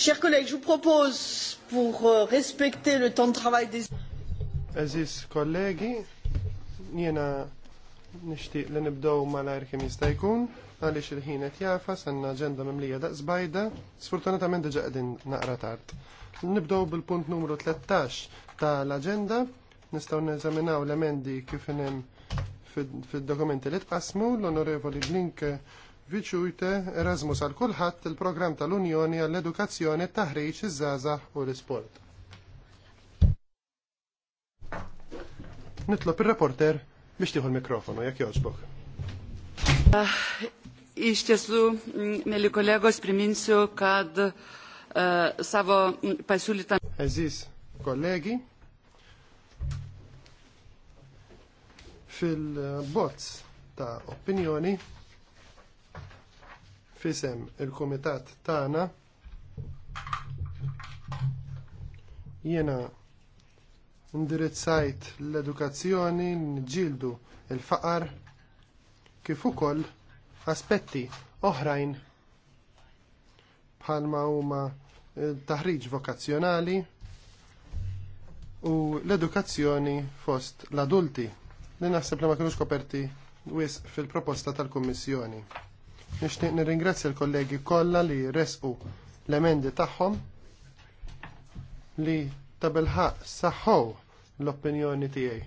Chers collègues, je vous propose, pour respecter le temps de travail des... Aziz kollegi, jena nishtiq li nibdow ma malajr kem jistajkun, għalix il-ħin qed jafas għandna aġenda mimlija daqs bajda, sfortunatament diġa qegħdin naqra tard. Nibdow bil-punt numru 13 ta' tal-aġenda, nistgħu neżaminaw l-emendi kif hemm fid-dokumenti li tqasmu l-Onorevoli Blinke viċujte Erasmus għal kulħadd il-programm tal-Unjoni għall-edukazzjoni taħriġ iż żaza u l-isport. Nitlob ir-reporter biex tieħu l-mikrofonu jekk jogħġbok. Iš tiesų, mėly kolegos, kad eh, savo mm, pajsulita. Eżis, kollegi, fil-bots ta' opinjoni fisem il-Kumitat tagħna jiena indirizzajt l-edukazzjoni nġildu l faqar kif ukoll aspetti oħrajn bħalma huma taħriġ vokazzjonali u l-edukazzjoni fost l-adulti li naħseb li ma kienux koperti wis fil-proposta tal-Kummissjoni. Nixtieq nirringrazzja l-kollegi kollha li resqu l-emendi tagħhom li tabelħaq saħħow l-opinjoni tiegħi.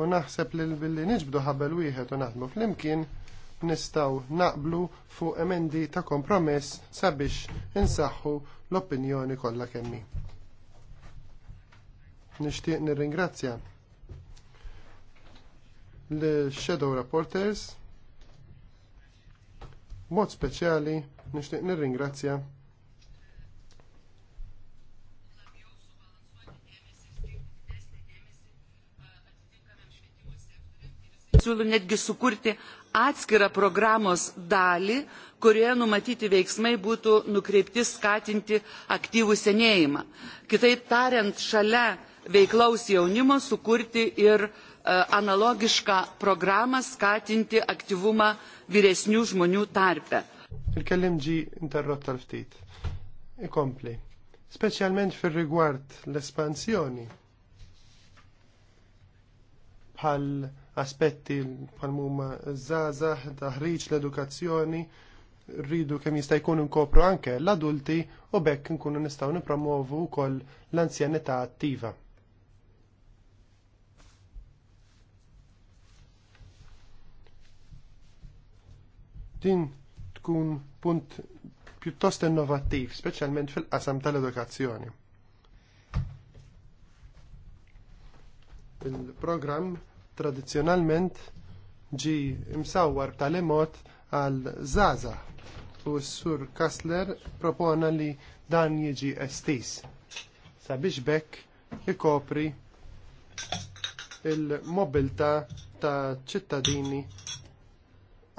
U naħseb li billi niġbdu ħabel wieħed u naħdmu flimkien nistaw naqblu fuq emendi ta' kompromess sabiex insaħħu l-opinjoni kollha kemmi. Nixtieq nirringrazzja l-Shadow Reporters Mod speċjali nixtieq nirringrazzja siūlau netgi sukurti atskirą programos dalį, kurioje numatyti veiksmai būtų nukreipti skatinti aktyvų senėjimą. Kitaip tariant, šalia veiklaus jaunimo sukurti ir E, analogišką programą skatinti aktyvumą vyresnių žmonių tarpe. Il-kellim ġi interrott tal-ftit. Ikompli. Speċjalment fir rigward l-espansjoni bħal aspetti bħal mumma zaza, taħriġ l-edukazzjoni, rridu kemm jista' jkun inkopru anke l-adulti u bekk nkunu nistgħu nippromovu wkoll l-anzjanità attiva. din tkun punt pjuttost innovattiv, speċjalment fil-qasam tal-edukazzjoni. Il-programm tradizzjonalment ġi imsawwar tal-emot għal zaza u s-sur Kassler propona li dan jiġi estis sabiex bekk ikopri il-mobilta ta' ċittadini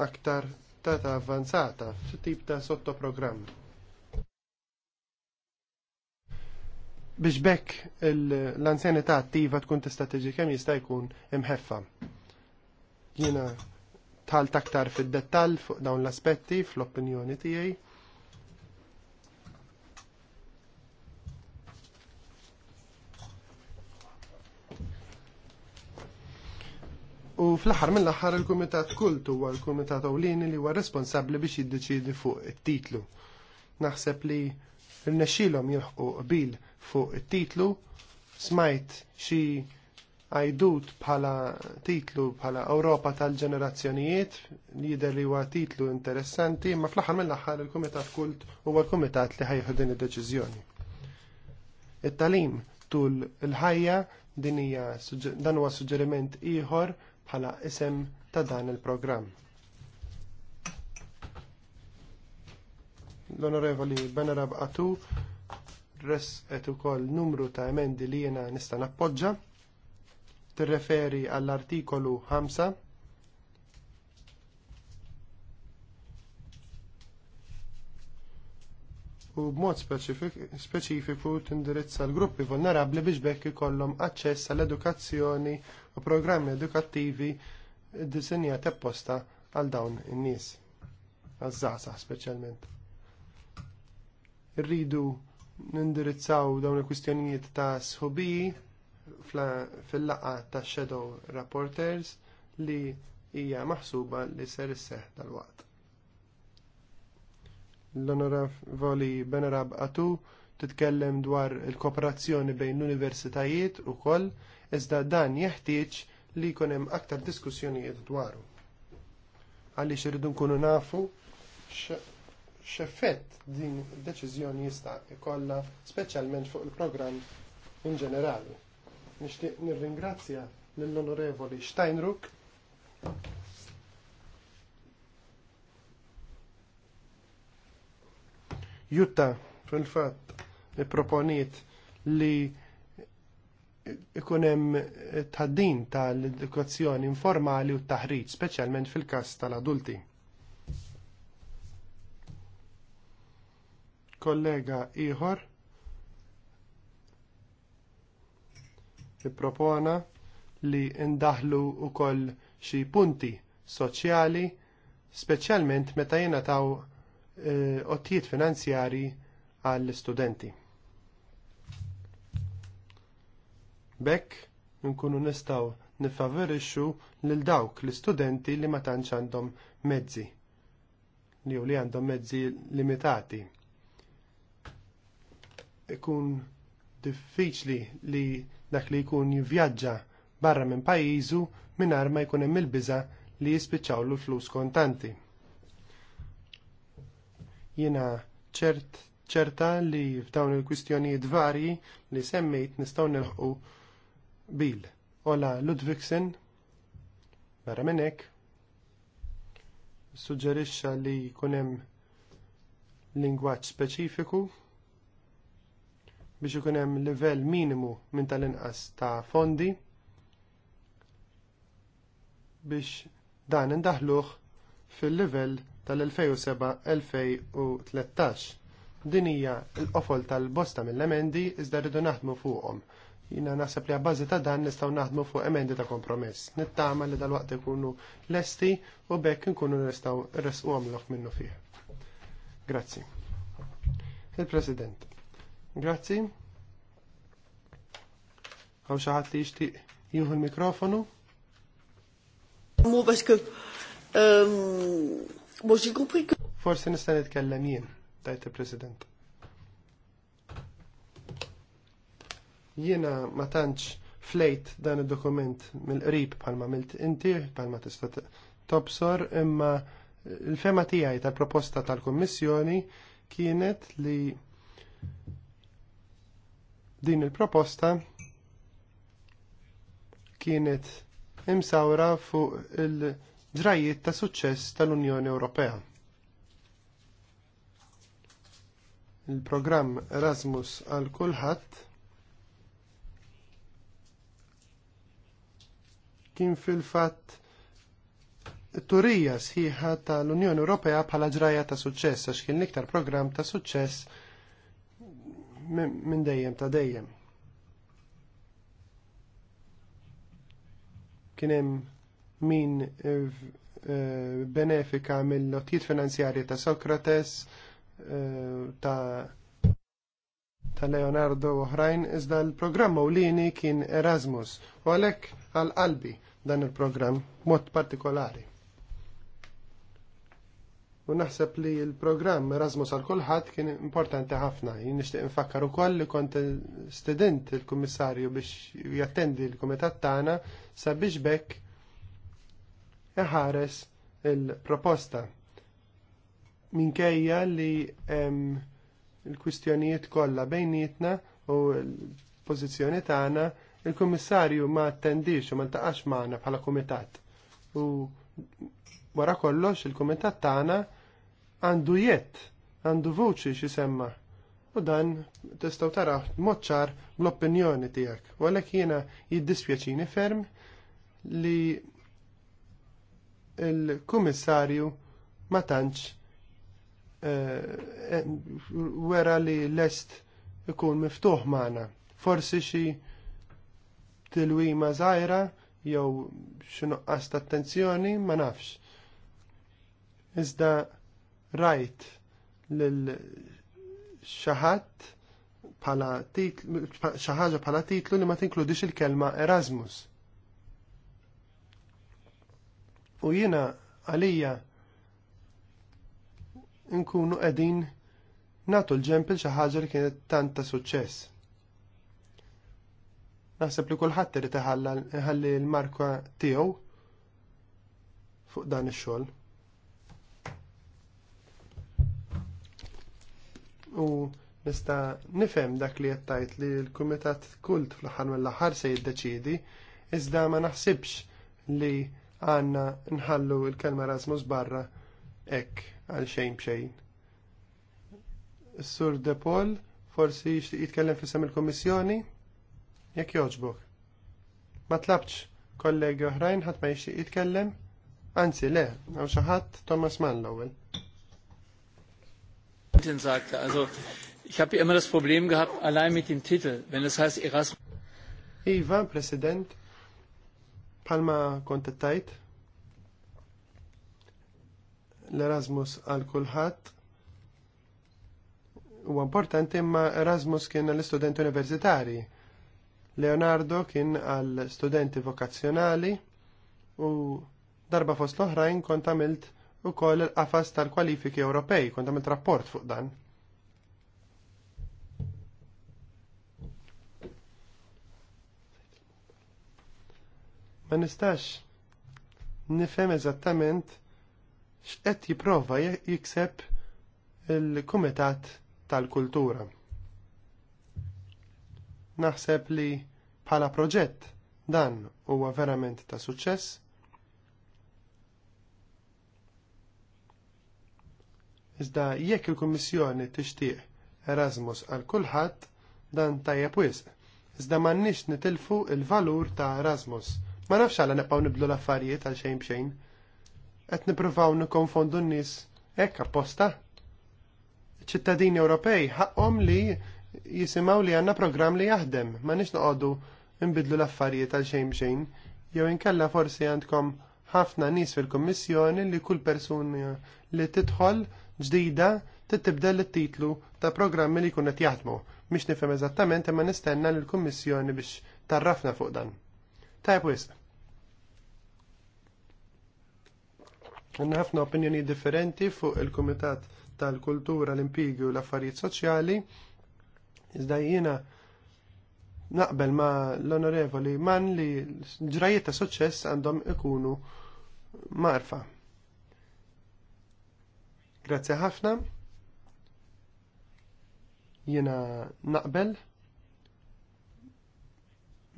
aktar Tata avanzata, f'tip ta' sottoprogramm. Biex bekk l-anzjanità attiva tkun tista' tiġi kemm jista' jkun imħeffa. Jiena tħalt aktar fid-dettall fuq dawn l-aspetti fl-opinjoni tiegħi U fl-aħħar mill-aħħar il-Kumitat Kult huwa l-Kumitat Ewlieni li huwa responsabbli biex jiddeċiedi fuq it-titlu. Naħseb li rnexxilhom jilħqu qbil fuq it-titlu smajt xi għajdut bħala titlu bħala Ewropa tal-ġenerazzjonijiet li jidher li huwa titlu interessanti, ma fl-aħħar mill-aħħar il-Kumitat Kult huwa l-Kumitat li ħajħu din id-deċiżjoni. It-talim tul il-ħajja din hija dan huwa suġġeriment ieħor bħala isem ta' dan il-programm. L-Onorevoli Benarab Atu resqet ukoll numru ta' emendi li jiena nista' nappoġġa tirreferi għall-artikolu 5 u b'mod speċifiku tindirizza l-gruppi vulnerabbli biex bekk ikollhom aċċess għall edukazzjoni u programmi edukattivi ddisinjati apposta għal dawn in-nies. Għaż-żgħażagħ speċjalment. Irridu nindirizzaw dawn il-kwistjonijiet ta' sħobiji fil laqgħa ta' Shadow Rapporters li hija maħsuba li ser isseħħ dal-waqt. L-onorevoli Benarab Atu titkellem dwar il-kooperazzjoni bejn l-universitajiet ukoll iżda dan jeħtieġ li jkun hemm aktar diskussjonijiet dwaru. Għaliex irridu nkunu nafu x'effett din id-deċiżjoni jista' jkollha speċjalment fuq il-programm in ġenerali. Nixtieq nirringrazzja lill-Onorevoli Steinruck Jutta fil-fatt proponiet li ikun hemm eh, tad tal-edukazzjoni informali u taħriġ speċjalment fil-każ tal-adulti. Kollega ieħor propona li ndaħlu wkoll xi punti soċjali, speċjalment meta jingħataw uh, ottijiet finanzjarji għall-studenti. Bekk nkunu nistgħu nifavorixxu lil dawk l-istudenti li ma tantx għandhom mezzi li li għandhom mezzi limitati. Ikun diffiċli li dak li jkun jivvjaġġa barra minn pajjiżu mingħajr ma jkun hemm il-biża li jispiċċaw l flus kontanti. Jiena ċert ċerta li f'dawn il-kwistjonijiet varji li semmejt nistgħu nilħqu Bil, Ola Ludvigsen, barra minnek, suġġerixxa li kunem lingwaġġ speċifiku biex ikun hemm livell minimu minn tal-inqas ta' fondi biex dan indaħluh fil-livell tal-2007-2013. Din hija l-qofol tal-bosta mill-emendi iżda rridu naħdmu fuqhom. Jina naħseb li għabbazi ta' dan nistaw naħdmu fuq emendi ta' kompromess. Nittama li dal-waqt ikunu lesti u bekk nkunu nistaw resqu għamlok minnu fiħ. Grazzi. Il-President. Grazzi. Għaw xaħat li jishtiq juhu l-mikrofonu. Mu mux Forse nista' nitkellem jien, tajt il-President. Jiena ma tantx flejt dan id-dokument mill-qrib palma milt inti, palma tista' tobsor, imma l-fema tiegħi tal-proposta tal-Kummissjoni kienet li din il-proposta kienet imsawra fuq il-ġrajiet ta' suċċess tal-Unjoni Ewropea. Il-programm Erasmus għal kulħadd kien fil-fatt turija sħiħa tal-Unjoni Ewropea bħala ġraja ta' suċċess għax kien l-iktar programm ta' suċċess minn dejjem ta' dejjem. Kien hemm min eh, benefika mill-lotjiet finanzjarji ta' Sokrates, eh, ta' ta' Leonardo oħrajn, iżda l-programm lini kien Erasmus. U għalhekk għal qalbi dan il-programm mod partikolari. U naħseb li l-programm Erasmus għal kulħadd kien importanti ħafna. Jien nixtieq infakkar ukoll li kont student il-kummissarju biex jattendi l-kumitat tagħna sabiex bekk iħares il-proposta. Minkejja li l-kwistjonijiet kollha bejnietna u l-pożizzjoni tagħna Il-Kummissarju ma attendix u ma ntaqax magħna bħala komitat. U wara kollox il-kumitat tagħna għandu jett, għandu vuċi xi semma. U dan tistgħu tara moċċar bl-opinjoni tiegħek. U għalhekk jiena jiddispjaċini ferm li il-kummissarju ma tantx eh, wera li lest ikun miftuħ magħna. Forsi xi tilwima żgħira jew xinu ta' attenzjoni ma nafx. Iżda rajt lil xaħat bħala titlu xaħġa bħala titlu li ma tinkludix il-kelma Erasmus. U jiena għalija nkunu qegħdin nagħtu l ġempil xi ħaġa li kienet tant ta' suċċess. Naħseb li kulħadd irid iħalli l-marka tiegħu fuq dan ix-xogħol. U nista' nifhem dak li qed tgħid li l-kumitat kult fl-aħħar mill-aħħar se jiddeċiedi, iżda ma naħsibx li għandna nħallu l-kelma Erasmus barra hekk għal xejn b'xejn. Sur De Paul forsi jitkellem fissam il kummissjoni jekk jogħġbok. Ma tlabx kollegi oħrajn ħadd ma jixtieq jitkellem? Anzi le, hawn xi ħadd Thomas Mann l-ewwel. sagte, also ich habe immer das Problem gehabt allein mit dem Titel, wenn es heißt Erasmus. Iva, President, palma kontettajt l-Erasmus għal kulħadd u importanti imma Erasmus kien l-istudenti universitari Leonardo kien għal studenti vokazzjonali u darba fost l-oħrajn kont għamilt ukoll il-qafas tal-kwalifiki Ewropej, kont għamilt rapport fuq dan. Ma nistax nifhem eżattament x'qed jipprova jikseb il-Kumitat tal-Kultura naħseb li bħala proġett dan huwa verament ta' suċċess. Iżda jekk il-Kummissjoni tixtieq Erasmus għal kulħadd dan tajjeb wisq. Iżda m'għandniex nitilfu il-valur ta' Erasmus. Ma nafx għala nebqgħu nibdlu l-affarijiet għal xejn b'xejn. Qed nippruvaw nikkonfondu n-nies hekk apposta ċittadini Ewropej ħaqhom li jisimaw li għanna program li jaħdem, ma nix noqodu imbidlu l-affarijiet għal xejn xejn, jew inkella forsi għandkom ħafna nis fil-kommissjoni li kull persuna li titħol ġdida tibdel it-titlu ta' programmi li kunet jaħdmu, biex nifhem eżattament imma nistenna l kummissjoni biex tarrafna fuq dan. Tajb wisq. Għanna ħafna opinjoni differenti fuq il-Kumitat tal-Kultura, l impigju u l-Affarijiet Soċjali Iżda jiena naqbel ma l-onorevoli man li ġrajiet ta' suċċess għandhom ikunu marfa. Grazzi ħafna. Jiena naqbel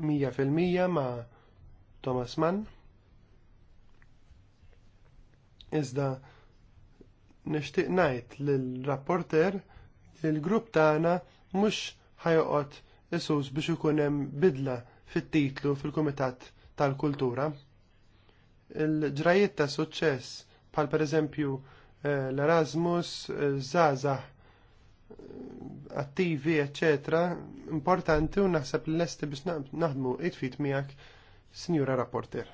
mija fil-mija ma Thomas Mann. Iżda nixtieq ngħid lill-rapporter li l-grupp tagħna mhux ħajoqgħod isus biex ikun hemm bidla fit-titlu fil-Kumitat tal-Kultura. Il-ġrajiet ta' suċċess bħal pereżempju eh, l-Erasmus, Zaza, eh, attivi, eccetera, importanti u naħseb l-lesti biex naħdmu it-fit miegħek, Sinjura Rapporter.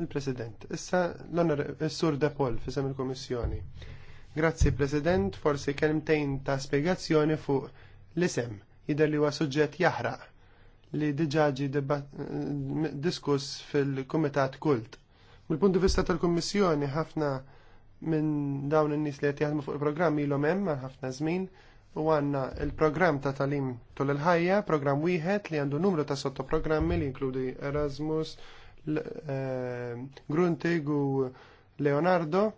Il-President, issa l Sur De Paul, fisem il-Komissjoni. Grazzi President, forsi kelmtejn ta' spiegazzjoni fuq l-isem, jider li huwa suġġett jaħraq li diġaġi diskuss fil-Kumitat Kult. Mill-punt di vista tal-Kummissjoni ħafna minn dawn in-nies li qed jaħdmu fuq il-programm ilhom hemm għal ħafna żmien u għandna il-programm ta' talim tul il-ħajja, programm wieħed li għandu numru ta' sottoprogrammi li jinkludi Erasmus, eh, Gruntig u Leonardo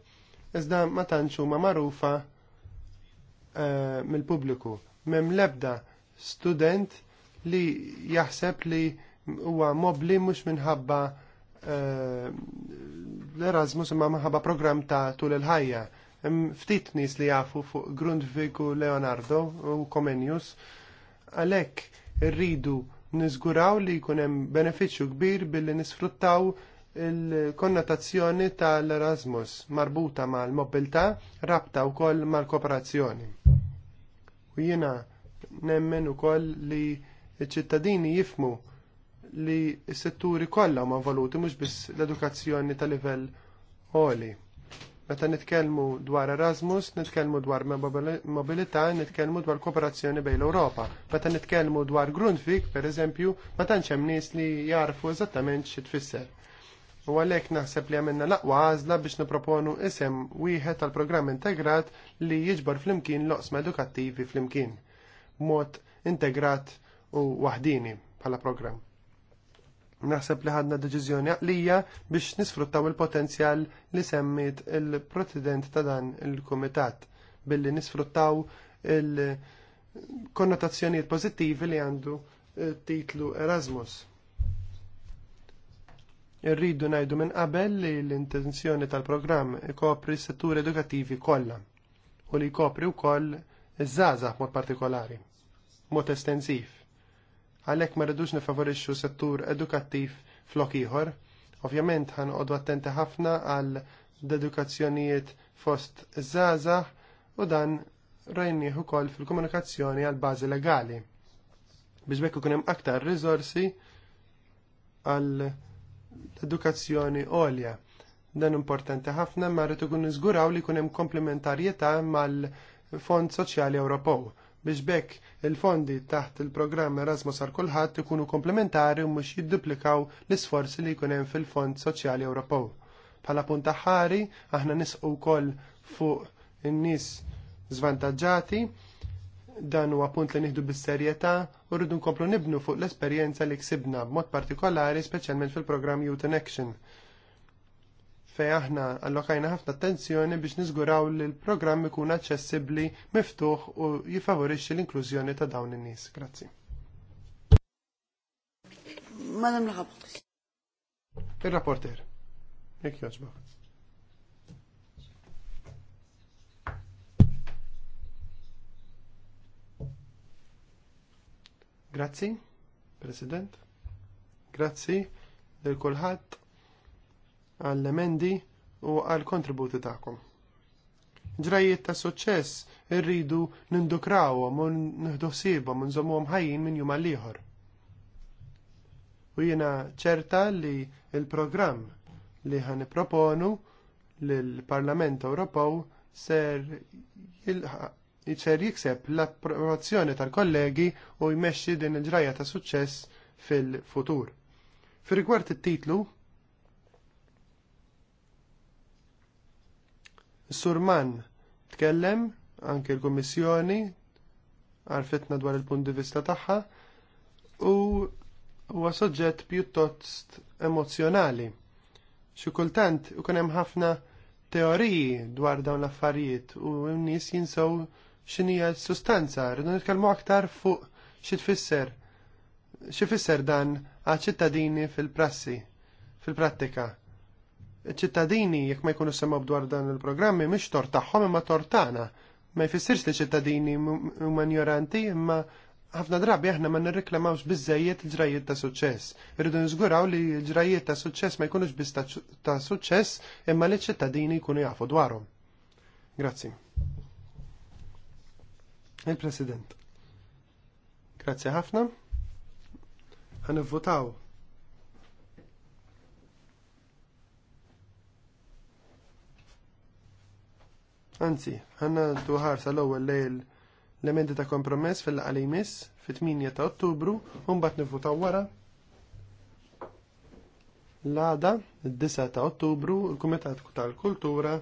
iżda ma tantx huma magħrufa uh, mill-pubbliku. Mem lebda student li jaħseb li huwa mobli mhux minħabba uh, eh, l-Erasmus imma minħabba programm ta' tul il-ħajja. Ftit nies li jafu fuq Grundviku Leonardo u Comenius għalhekk irridu niżguraw li jkun hemm benefiċċju kbir billi nisfruttaw il-konnotazzjoni tal-Erasmus marbuta mal-mobilità rabta wkoll mal-kooperazzjoni. U jiena nemmen ukoll li ċ-ċittadini jifmu li s-setturi kollha huma voluti mhux biss l-edukazzjoni ta' livell għoli. Meta nitkellmu dwar Erasmus, nitkellmu dwar mobilità, nitkellmu dwar kooperazzjoni bejn l-Ewropa. Meta nitkellmu dwar Grundvik, per eżempju, ma tantx hemm nies li jarfu eżattament xi tfisser. U għalhekk naħseb li għamilna laqwa għazla għażla biex niproponu isem wieħed tal-programm integrat li jiġbor flimkien loqsma edukattivi flimkien. Mod integrat u waħdini bħala programm. Naħseb li ħadna deċiżjoni għaqlija biex nisfruttaw il-potenzjal li semmit il-president ta' dan il-kumitat billi nisfruttaw il-konnotazzjonijiet pożittivi li għandu eh, titlu Erasmus Irridu ngħidu minn qabel li l-intenzjoni tal-programm ikopri s-settur edukattivi kollha u li jkopri wkoll iż-żgħażagħ mod partikolari, mod estensiv għalhekk ma rridux nifavorixxu settur edukattiv flok ieħor. Ovvjament ħanqodu attenti ħafna għal dedukazzjonijiet fost iż-żgħażagħ u dan rajnieh ukoll fil-komunikazzjoni għal bażi legali. Biex bekk ikun hemm aktar riżorsi għal l edukazzjoni għolja. Dan importanti ħafna ma rritu kun nizguraw li kunem komplementarjetà mal-Fond Soċjali Ewropew biex bekk il-fondi taħt il-programm Erasmus għal kulħadd ikunu komplementari u mhux jidduplikaw l-isforzi li jkun hemm fil-Fond Soċjali Ewropew. Bħala punt ħari aħna nisqu wkoll fuq in-nies żvantaġġati dan huwa punt li nieħdu bis-serjetà u rridu nkomplu nibnu fuq l-esperjenza li ksibna b'mod partikolari speċjalment fil-programm Youth in Action. Fej aħna allokajna ħafna attenzjoni biex niżguraw li l-programm ikun aċċessibbli, miftuħ u jifavorixxi l-inklużjoni ta' dawn in-nies. Grazzi. Madam il-rapporter. Jekk jogħġbok. Grazzi, President. Grazzi lil kulħadd għall-emendi u għall-kontributi tagħkom. Ġrajiet ta' suċċess irridu nindukrawhom u nħdossibhom u nżommuhom ħajjin minn jum għall ieħor. U jiena ċerta li il-programm li ħan proponu lill-Parlament Ewropew ser jilħaq jċer jikseb l-approvazzjoni tal-kollegi u jmexxi din il-ġrajja ta' suċċess fil-futur. Fir-rigward it-titlu, Surman tkellem anke l-Kummissjoni għarfitna dwar il-punt di vista tagħha u huwa soġġett pjuttost emozjonali. Xi kultant ikun hemm ħafna teoriji dwar dawn l-affarijiet u n-nies jinsew X'inija s-sustanza, rridu nitkellmu aktar fuq xi tfisser. Xi fisser dan għaċ-ċittadini fil-prassi, fil-prattika. Ċittadini jekk ma jkunu semmaw dwar dan il-programmi mhix tor tagħhom imma tortana. tagħna. Ma jfissirx li ċittadini huma ignoranti imma ħafna drabi aħna ma nirriklamawx biżejjed ġrajiet ta' suċċess. Irridu niżguraw li ġrajiet ta' suċċess ma jkunux biss ta' suċċess imma li ċittadini jkunu jafu dwarhom. Grazzi. Il-President. grazie ħafna. Għan votaw. Anzi, għanna duħar sal-ewwel lejl l-emendi ta' kompromess fil-qalimis fit-8 ta' Ottubru u mbagħad nivvutaw wara l-għada, id-9 ta' ottubru, il-Kumitat tal-Kultura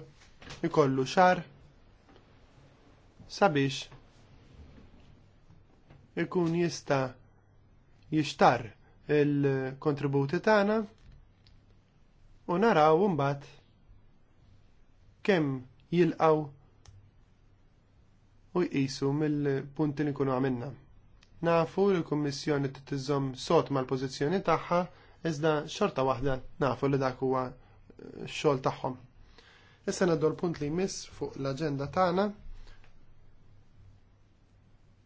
ikollu xar sabiex ikun jista jixtar il-kontributi tagħna u naraw mbagħad kemm jilqaw u jqisu mill-punti li nkunu għamilna. Nafu li l-Kummissjoni titiżomm sot mal-pożizzjoni tagħha iżda xorta waħda nafu li dak huwa x-xogħol eh, tagħhom. Issa naddu l-punt li jmiss fuq l-aġenda tagħna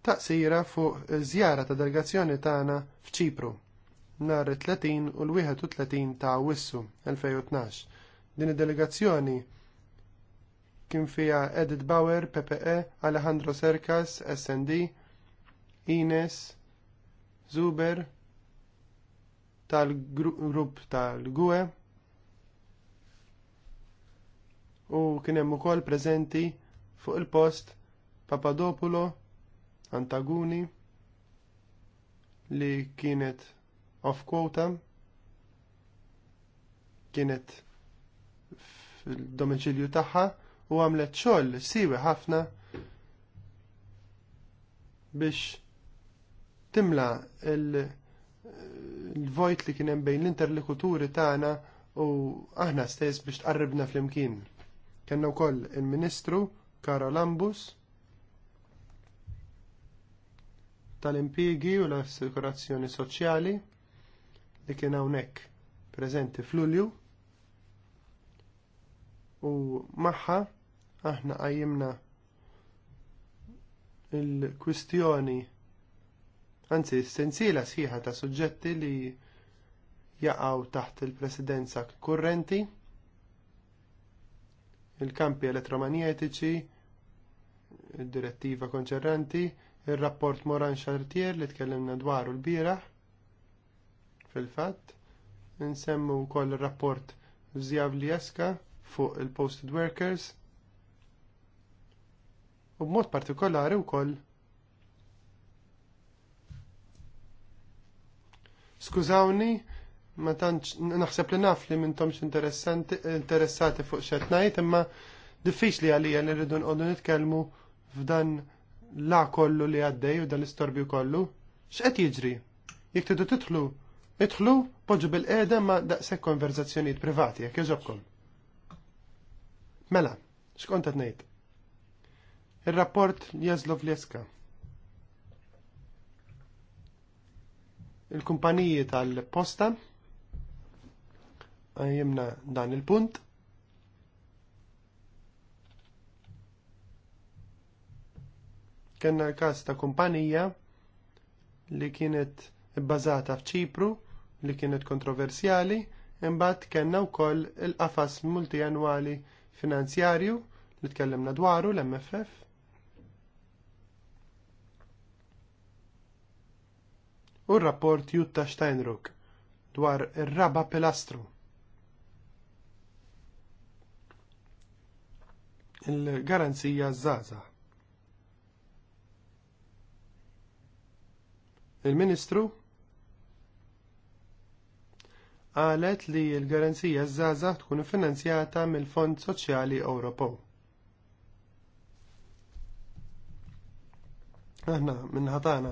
taqsira fuq żjara ta' delegazzjoni tagħna f'Ċipru nhar 30 u l-31 ta' Awwissu 2012. Din id-delegazzjoni kien fiha Edith Bauer, PPE, Alejandro Serkas, SND, Ines, Zuber, tal-grupp tal-GUE, u kien hemm ukoll preżenti fuq il-post Papadopulo, Antaguni li kienet off quota kienet fil-domiċilju tagħha u għamlet xogħol siwi ħafna biex timla il-vojt li kien hemm bejn l-interlokuturi tagħna u aħna stess biex tqarribna fl-imkien. Kenna wkoll il-Ministru Karol Ambus tal-impigi u l-assikurazzjoni soċjali li kien hawnhekk preżenti f'Lulju u magħha aħna qajjimna il-kwistjoni anzi s-sensiela sħiħa ta' suġġetti li jaqgħu taħt il-presidenza kurrenti il-kampi elettromanjetiċi, id-direttiva konċerranti, il-rapport Moran Xartier li tkellimna dwaru l-bieraħ fil-fatt. Nsemmu wkoll ir-rapport Lieska fuq il-posted workers. U b'mod partikolari wkoll Skużawni, ma tantx naħseb li naf li mintomx interessati fuq xed ngħid, imma diffiċli għalija li rridu nqogħdu nitkellmu f'dan la kollu li għaddej u dan l-istorbju kollu, x'qed jiġri? Jek tidu titħlu, idħlu poġġu bil-qeda ma daqshekk konverzazzjonijiet privati jekk jogħġobkom. Mela, x'kont qed ngħid? Ir-rapport Jazlov Leska. Il-kumpaniji tal-posta għajjimna dan il-punt kena l-każ ta' kumpanija li kienet bbażata f'Ċipru li kienet kontroversjali, imbagħad kellna wkoll il-qafas multijanwali finanzjarju li tkellimna dwaru l-MFF. U r-rapport Jutta Steinruck dwar ir-raba pilastru. Il-garanzija żgħażagħ. Il-Ministru qalet li l-garanzija z-zaza tkun finanzjata mill-Fond Soċjali Ewropew. Aħna minn ħatana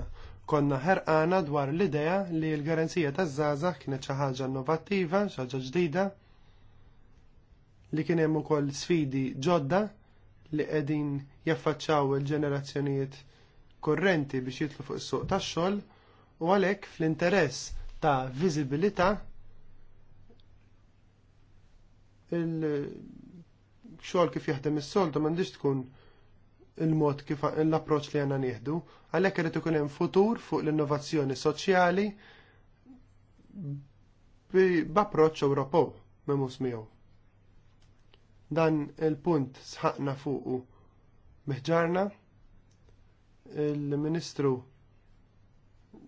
konna ħerqana dwar l-idea li l-garanzija taż-żgħażagħ kienet xi ħaġa innovattiva, xi ħaġa ġdida li kien hemm ukoll sfidi ġodda li qegħdin jaffaċċaw il-ġenerazzjonijiet korrenti biex jitlu fuq is-suq tax-xogħol u għalhekk fl-interess ta' viżibilità il-xogħol kif jaħdem is-soltu m'għandix tkun il-mod kif l-approċ li għanna nieħdu, għalhekk irid ikun hemm futur fuq l-innovazzjoni soċjali b'approċċ Ewropew memus miegħu. Dan il-punt sħaqna fuq meħġarna il-Ministru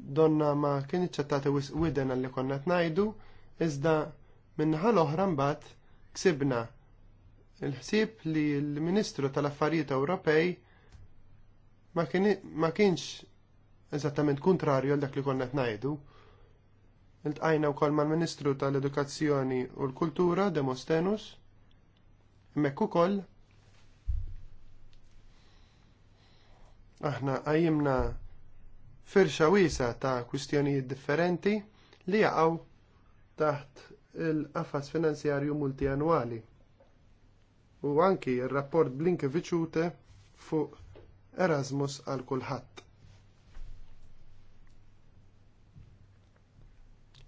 donna ma kien iċċettati widen għalli konna tnajdu, iżda minnaħa l-oħra mbagħad ksibna il-ħsieb li l-Ministru tal-Affarijiet Ewropej ma kienx eżattament kontrarju għal dak li konna tnajdu. Iltqajna wkoll mal-Ministru tal-Edukazzjoni u l-Kultura Demostenus, hemmhekk ukoll aħna qajjimna firxa wiesa ta' kwistjonijiet differenti li jaqgħu taħt il-qafas finanzjarju multianwali. U anki r rapport viċute fuq Erasmus għal kulħadd.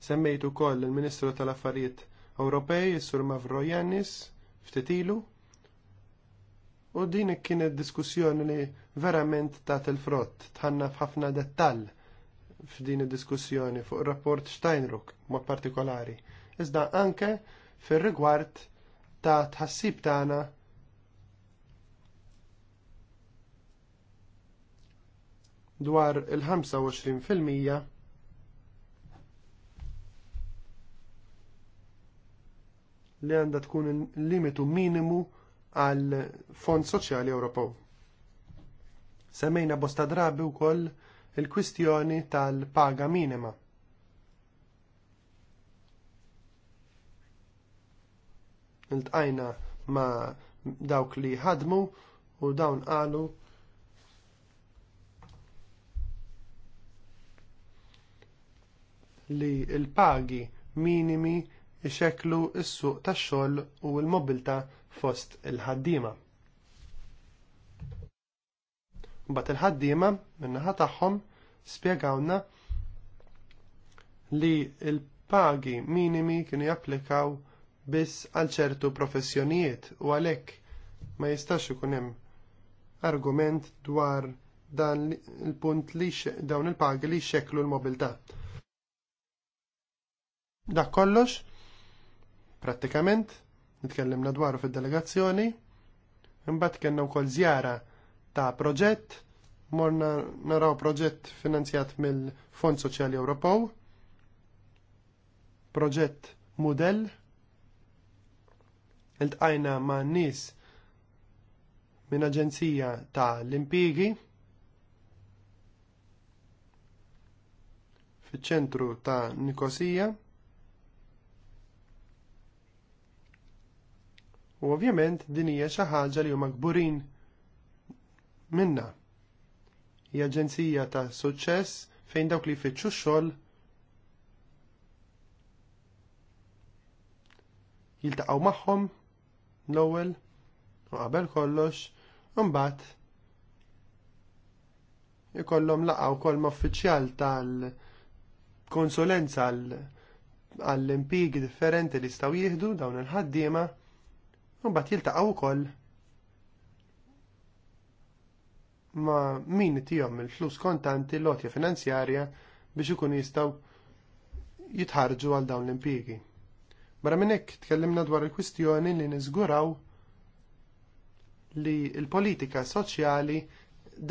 Semmejt ukoll il-Ministru tal-Affarijiet Ewropej, Sur Mavro Jannis, ftit ilu, u din kienet diskussjoni li verament tat il-frott, tħanna f'ħafna dettall f'din id-diskussjoni fuq ir rapport Steinruck mod partikolari, iżda anke fir-rigward ta' tħassib tagħna dwar il-25% li għandha tkun il-limitu minimu għal Fond Soċjali Ewropew. Semmejna bosta drabi wkoll il-kwistjoni tal-paga minima. Iltqajna ma dawk li ħadmu u dawn qalu li l-pagi minimi ixeklu s-suq tax-xogħol u l-mobilta fost il-ħaddiema. Mbagħad il-ħaddiema min-naħa tagħhom spjegawna li l-pagi minimi kienu japplikaw biss għal ċertu professjonijiet u għalhekk ma jistax ikun hemm argument dwar dan il-punt li dawn il-pagi li xeklu l-mobilità. Dak kollox, prattikament, nitkellimna dwaru fid-delegazzjoni, imbagħad kellna wkoll żjara ta' proġett, morna naraw proġett finanzjat mill-Fond Soċjali Ewropew, proġett Mudell. iltqajna ma' nies minn Aġenzija ta' l-Impigi fiċ-ċentru ta' Nikosija. U ovvjament din hija xi ħaġa li huma kburin minna. Hija aġenzija ta' suċċess fejn dawk li jfittxu xogħol jiltaqgħu magħhom l-ewwel u qabel kollox u mbagħad ikollhom laqgħu wkoll ma' uffiċjal tal-konsulenza għall-impigi differenti li jistgħu jieħdu dawn il-ħaddiema u mbagħad jiltaqgħu wkoll ma min tijom il-flus kontanti l-lotja finanzjarja biex ikun jistaw jitħarġu għal dawn l-impiegi. Mara minnek tkellimna dwar il-kwistjoni li nizguraw li il-politika soċjali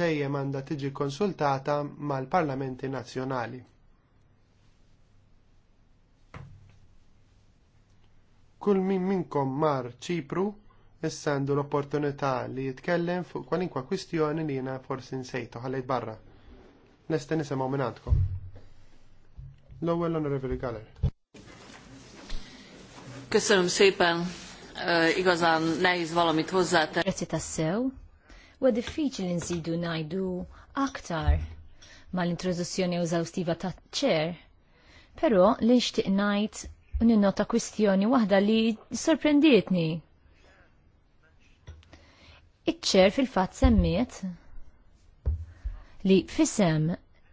dejjem għandha tiġi konsultata mal-parlamenti nazzjonali. Kull min minkom mar ċipru issa għandu l-opportunità li jitkellem fuq kwalinkwa kwistjoni li jiena forsi nsejtu ħallejt barra. Nesta nisimgħu minn L-ewwel Onorevoli Galler. Köszönöm szépen, uh, igazán nehéz valamit hozzátenni. Grazie tassew. U diffiċli nżidu ngħidu aktar mal-introduzzjoni eżawstiva ta' ċer, però li nixtieq ngħid u ninnota kwistjoni waħda li sorprendietni iċ fil-fatt semmiet li fisem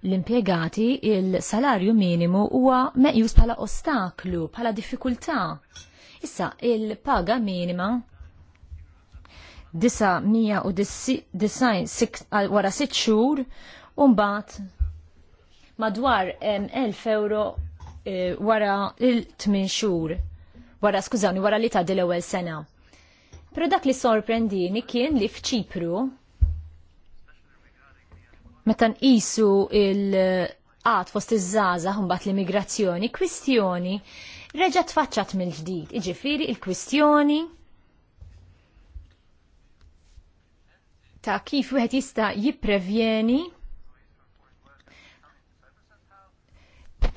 l-impiegati il-salarju minimu huwa meqjus bħala ostaklu, bħala diffikultà. Issa il-paga minima 996 wara 6 xhur u mbagħad madwar 1000 euro eh, wara il-8 xhur. Wara skużawni, wara li tgħaddi l-ewwel sena. Pero dak li sorprendini kien li fċipru meta nqisu il-qat fost iż-żaza mbagħad l-immigrazzjoni, kwistjoni reġa' tfaċċat mill-ġdid, iġifieri il-kwistjoni ta' kif wieħed jista' jipprevjeni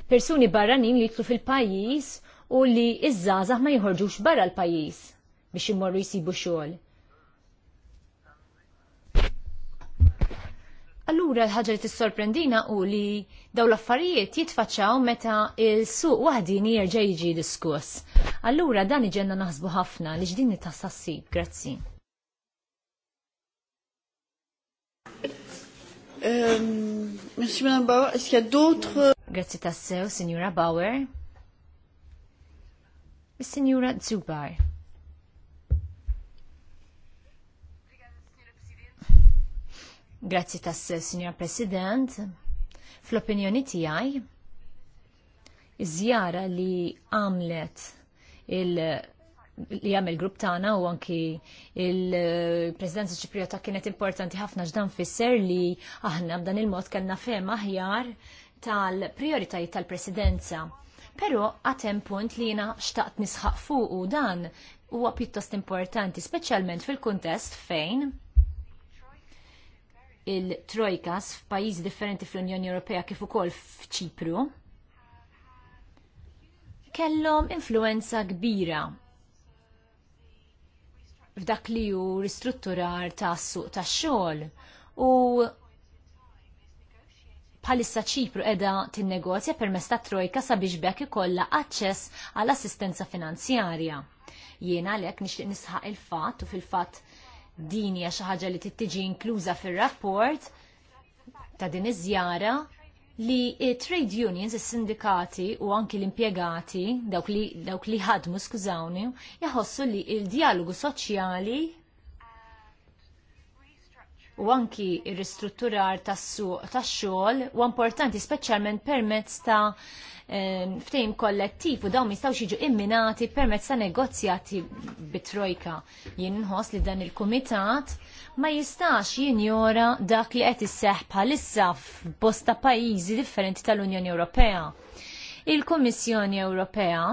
persuni barranin li jitlu fil-pajjiż u li iż-żgħażagħ ma jħorġux barra l-pajjiż biex imorru jisibu xogħol. Allura l-ħaġa li tissorprendina u li daw l-affarijiet jitfaċċaw meta il-suq waħdin jerġa' jiġi diskuss. Allura dan iġenna naħsbu ħafna li ġdin tassassib, grazzi. Ehm, merci Bauer, est-ce qu'il y a d'autres Grazzi tassew, Signora Bauer. Signora Zubar. Grazzi tas Signor President. Fl-opinjoni tiegħi iż-żjara li għamlet il- li il grupp tagħna u anki il-Presidenza Ċipriota kienet importanti ħafna ġdan fisser li aħna b'dan il-mod kellna fem aħjar tal-prioritajiet tal-Presidenza. Però għatem punt li jina xtaqt nisħaq fuq u dan huwa pjuttost importanti, speċjalment fil-kuntest fejn il-trojkas f'pajjiżi differenti fl-Unjoni Ewropea kif ukoll f'Ċipru kellhom influenza kbira f'dak li hu ristrutturar tas suq tax-xogħol u bħalissa ċipru qiegħda tinnegozja permezz tat trojka sabiex bekk ikollha aċċess għall assistenza finanzjarja. Jiena għalhekk nixtieq nisħaq il-fatt u fil-fatt din hija xi ħaġa li tittiġi inkluża fir-rapport ta' din iż-żjara li trade unions, is-sindikati u anki l-impjegati, dawk li dawk li ħadmu skużawni, jaħossu li il-dialogu soċjali u anki r ristrutturar tas-suq tax-xogħol u importanti speċjalment permezz ta' Eh, ftehim kollettiv u dawn jistgħux jiġu imminati permezz ta' negozjati bit-trojka. Jien inħoss li dan il-kumitat ma jistax jinjora dak li qed isseħħ bħalissa f'bosta pajjiżi differenti tal-Unjoni Ewropea. Il-Kummissjoni Ewropea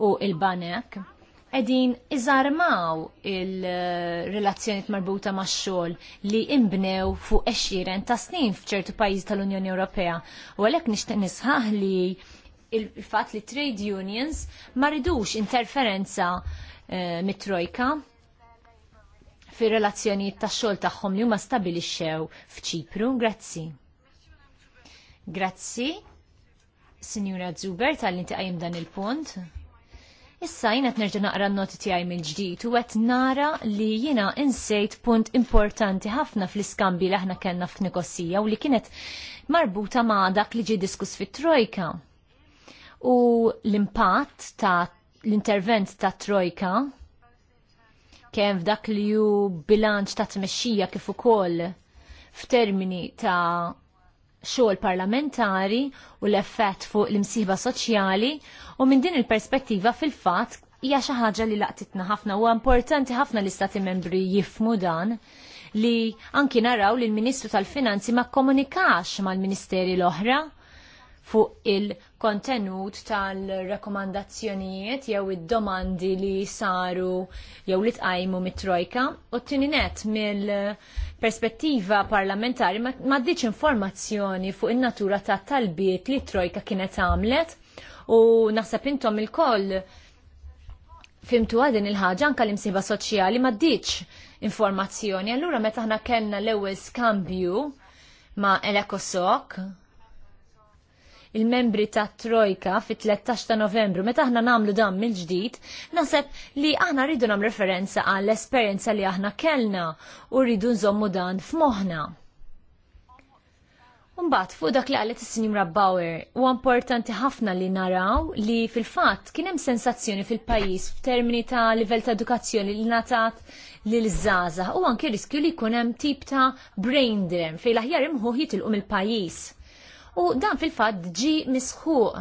u il-Banek edin iżarmaw il-relazzjoniet marbuta ma' xogħol li imbnew fuq eċiren ta' snin fċertu pajjiż tal-Unjoni Ewropea. U għalhekk nixtieq nisħaħ li il-fatt li trade unions ma ridux interferenza eh, mit-trojka fir relazzjonijiet tax-xogħol tagħhom li huma stabilixxew f'Ċipru. Grazzi. Grazzi, Sinjura Zuber tal-li qajm dan il-punt. Issa jina t-nerġa naqra n-noti tijaj mill-ġdijt u għet nara li jina insejt punt importanti ħafna fl-iskambi li aħna kena f'Nikossija u li kienet marbuta ma' dak li ġi diskus fit-trojka u l-impatt ta' l-intervent ta' Trojka kemm f'dak li ju bilanċ ta' tmexxija kif ukoll f'termini ta' xogħol parlamentari u l-effett fuq l imsiba soċjali u minn din il-perspettiva fil-fatt hija xi ħaġa li laqtitna ħafna u importanti ħafna li stati membri jifmu dan li anki naraw li l-Ministru tal-Finanzi ma komunikax mal-Ministeri l-oħra fuq il- kontenut tal-rekomandazzjonijiet jew id-domandi li saru jew li tqajmu mit-trojka u t-tini net mill-perspettiva parlamentari ma diċ informazzjoni fuq in-natura ta' talbiet li trojka kienet għamlet u naħseb intom il-koll fimtu għadin il-ħagġa anka l-imsiba soċjali ma diċ informazzjoni. Allura meta ħna kellna l-ewwel skambju ma' Elekosok, il-membri ta' Trojka fit-13 ta' Novembru, meta aħna namlu dan mill-ġdid, naseb li aħna rridu nam referenza għall esperjenza li aħna kellna u rridu nżommu dan f'moħħna. Mbagħad fuq dak li qalet is sinjum Rabbawer, huwa importanti ħafna li naraw li fil-fatt kien hemm sensazzjoni fil-pajjiż f'termini ta' livell ta' edukazzjoni li ngħatat lil żaza u anki riskju li jkun hemm tip ta' brain drain fejn laħjar aħjar imħuħ jitilqu mill-pajjiż u dan fil-fatt ġi misħuq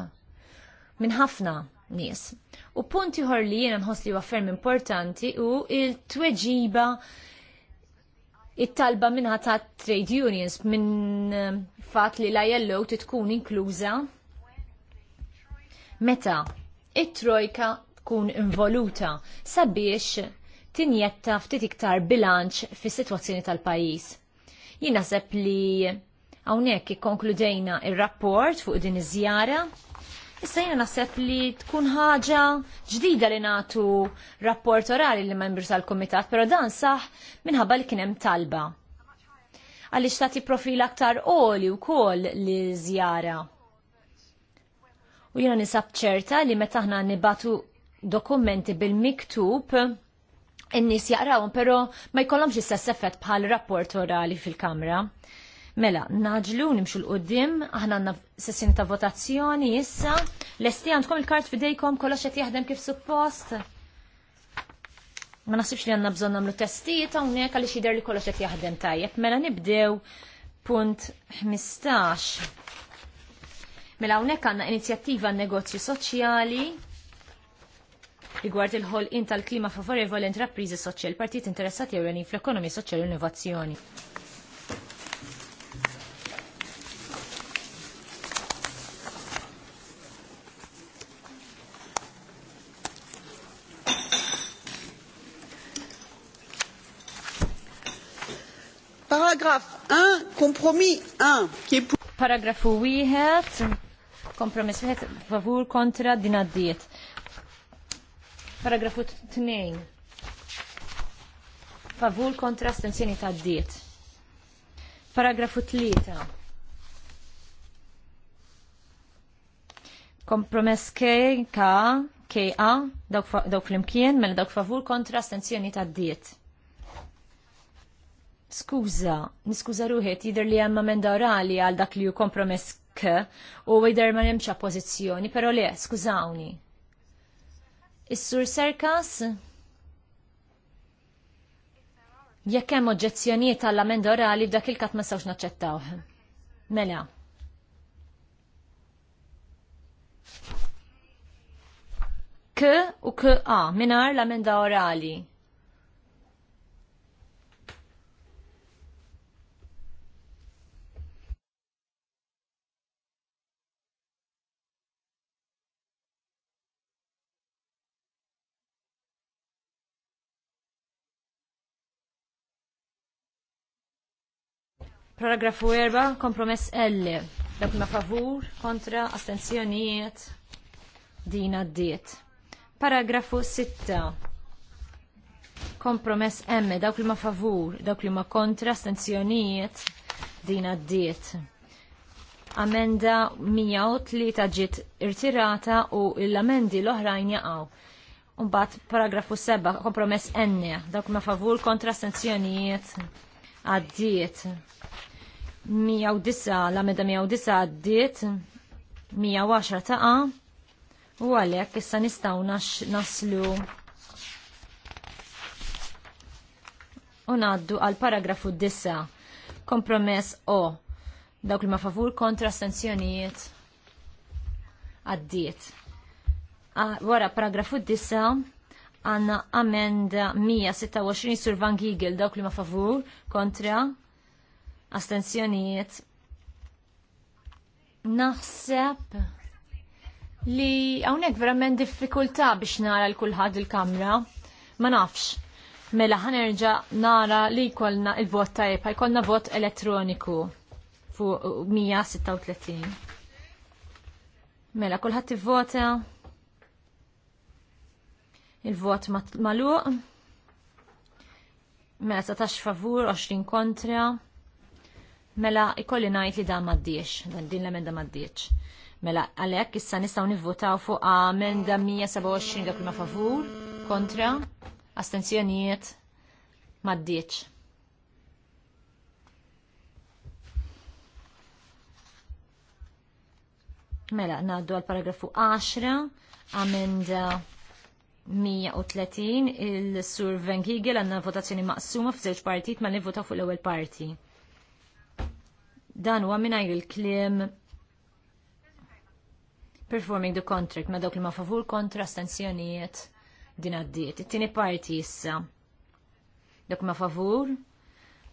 minn ħafna nies. U punti ħor li jena nħos li waffermi importanti u il-tweġiba it-talba minna ta' trade unions minn eh, fat li la jellow titkun inkluża meta it-trojka tkun involuta sabiex tinjetta ftit iktar bilanċ fis-sitwazzjoni tal-pajjiż. Jien naħseb li Hawnhekk ikkonkludejna il rapport fuq din iż-żjara. Issa jiena naħseb li tkun ħaġa ġdida li nagħtu rapport orali li membri tal-kumitat, però dan saħ minħabba li kien hemm talba. Għaliex tagħti profil aktar u wkoll li żjara. U jiena nisab ċerta li meta aħna nibatu dokumenti bil-miktub in-nies jaqrawhom, però ma jkollhomx istess effett bħal rapport orali fil-kamra. Mela, naġlu nimxu l-qoddim, aħna għanna sessin ta' votazzjoni issa. Lesti għandkom il-kart fidejkom kollox qed jaħdem kif suppost. Ma nasibx li għanna bżon namlu testijiet hawnhekk għaliex jidher li kollox qed jaħdem tajjeb. Mela nibdew punt 15. Mela hawnhekk għandna inizjattiva negozju soċjali rigward il ħolqien tal-klima favorevoli entrapriżi soċjali partit interessati ewlenin fl-ekonomija soċjali u innovazzjoni. Paragraf 1, kompromis 1. Paragrafu 1, kompromis 1, favur kontra din għaddiet. Paragrafu 2, favur kontra stenzjoni ta' għaddiet. Paragrafu 3. Kompromess K, K, K, A, dawk, flimkien, imkien mela dawk favur kontra stenzjoni ta' għaddiet. Skuża, niskuża ruħet, jidher li hemm emenda orali għal dak li hu kompromess k u jider ma nemċa pozizjoni, però le, skużawni. Is-sur Serkas? Jekk hemm oġġezzjonijiet għall amenda orali f'dak il-kat ma sawx naċċettawh. Mela. K u A minar l-amenda orali. Paragrafu 4, kompromess L. Dak ma favur, kontra, astenzjonijiet, din għaddiet. Paragrafu 6, kompromess M. Dawk li ma favur, dawk li ma kontra, astenzjonijiet, din għaddiet. Amenda li ġiet irtirata u l-amendi l-oħrajn jaqaw. Umbat paragrafu 7, kompromess N. Dawk ma favur, kontra, astenzjonijiet, għaddiet. 109, la meda 109 għaddiet, 110 taqa, u għalek issa nistaw naslu u naddu għal paragrafu 10, kompromess o, dawk li ma favur kontra sanzjonijiet għaddiet. Wara paragrafu 9, għanna amenda 126 sur Van Giegel dawk li ma favur kontra astenzjonijiet. Naħseb li għawnek verament diffikulta biex nara l-kulħad il-kamra. Ma nafx. Mela ħanerġa nara li kolna il-vot tajb, jkollna vot elettroniku fuq 136. Mela kulħadd vota Il-vot maluq. Mela satax favur, 20 kontra. Mela ikolli ngħid li dan maddiex, dan din l-emenda maddiex. Mela għalhekk issa nistgħu nivvotaw fuq amenda 127 dak ma favur, kontra, astenzjonijiet maddiex. Mela, naddu għal paragrafu 10, amenda 130 il-Sur Van Giegel għanna votazzjoni maqsuma f'żewġ partit ma nivvota fuq l-ewwel parti. Dan huwa minn il-kliem performing the contract ma dawk li ma favur kontra stanzjonijiet din għaddiet. It-tieni parti issa. Dawk ma favur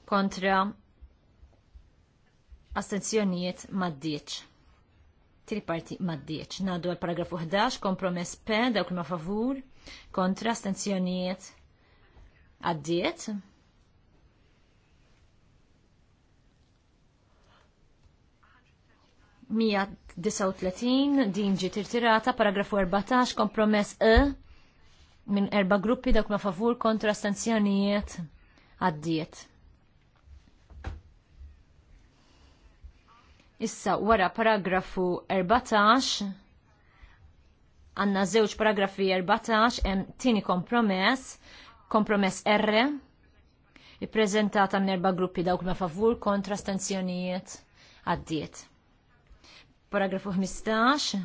kontra astenzjonijiet maddieċ. ddiċ. Tieni parti ma Ngħaddu għal paragrafu 11 kompromess P dawk li ma favur kontra astenzjonijiet għaddiet. Mija 39 din ġi tirtirata paragrafu 14 kompromess E minn erba gruppi dak ma favur kontra stanzjonijiet għaddiet. Issa wara paragrafu 14 għanna żewġ paragrafi 14 hemm tini kompromess, kompromess R, ippreżentata erba' gruppi dawk ma' favur kontra stanzjonijiet għaddiet. Paragrafu 15,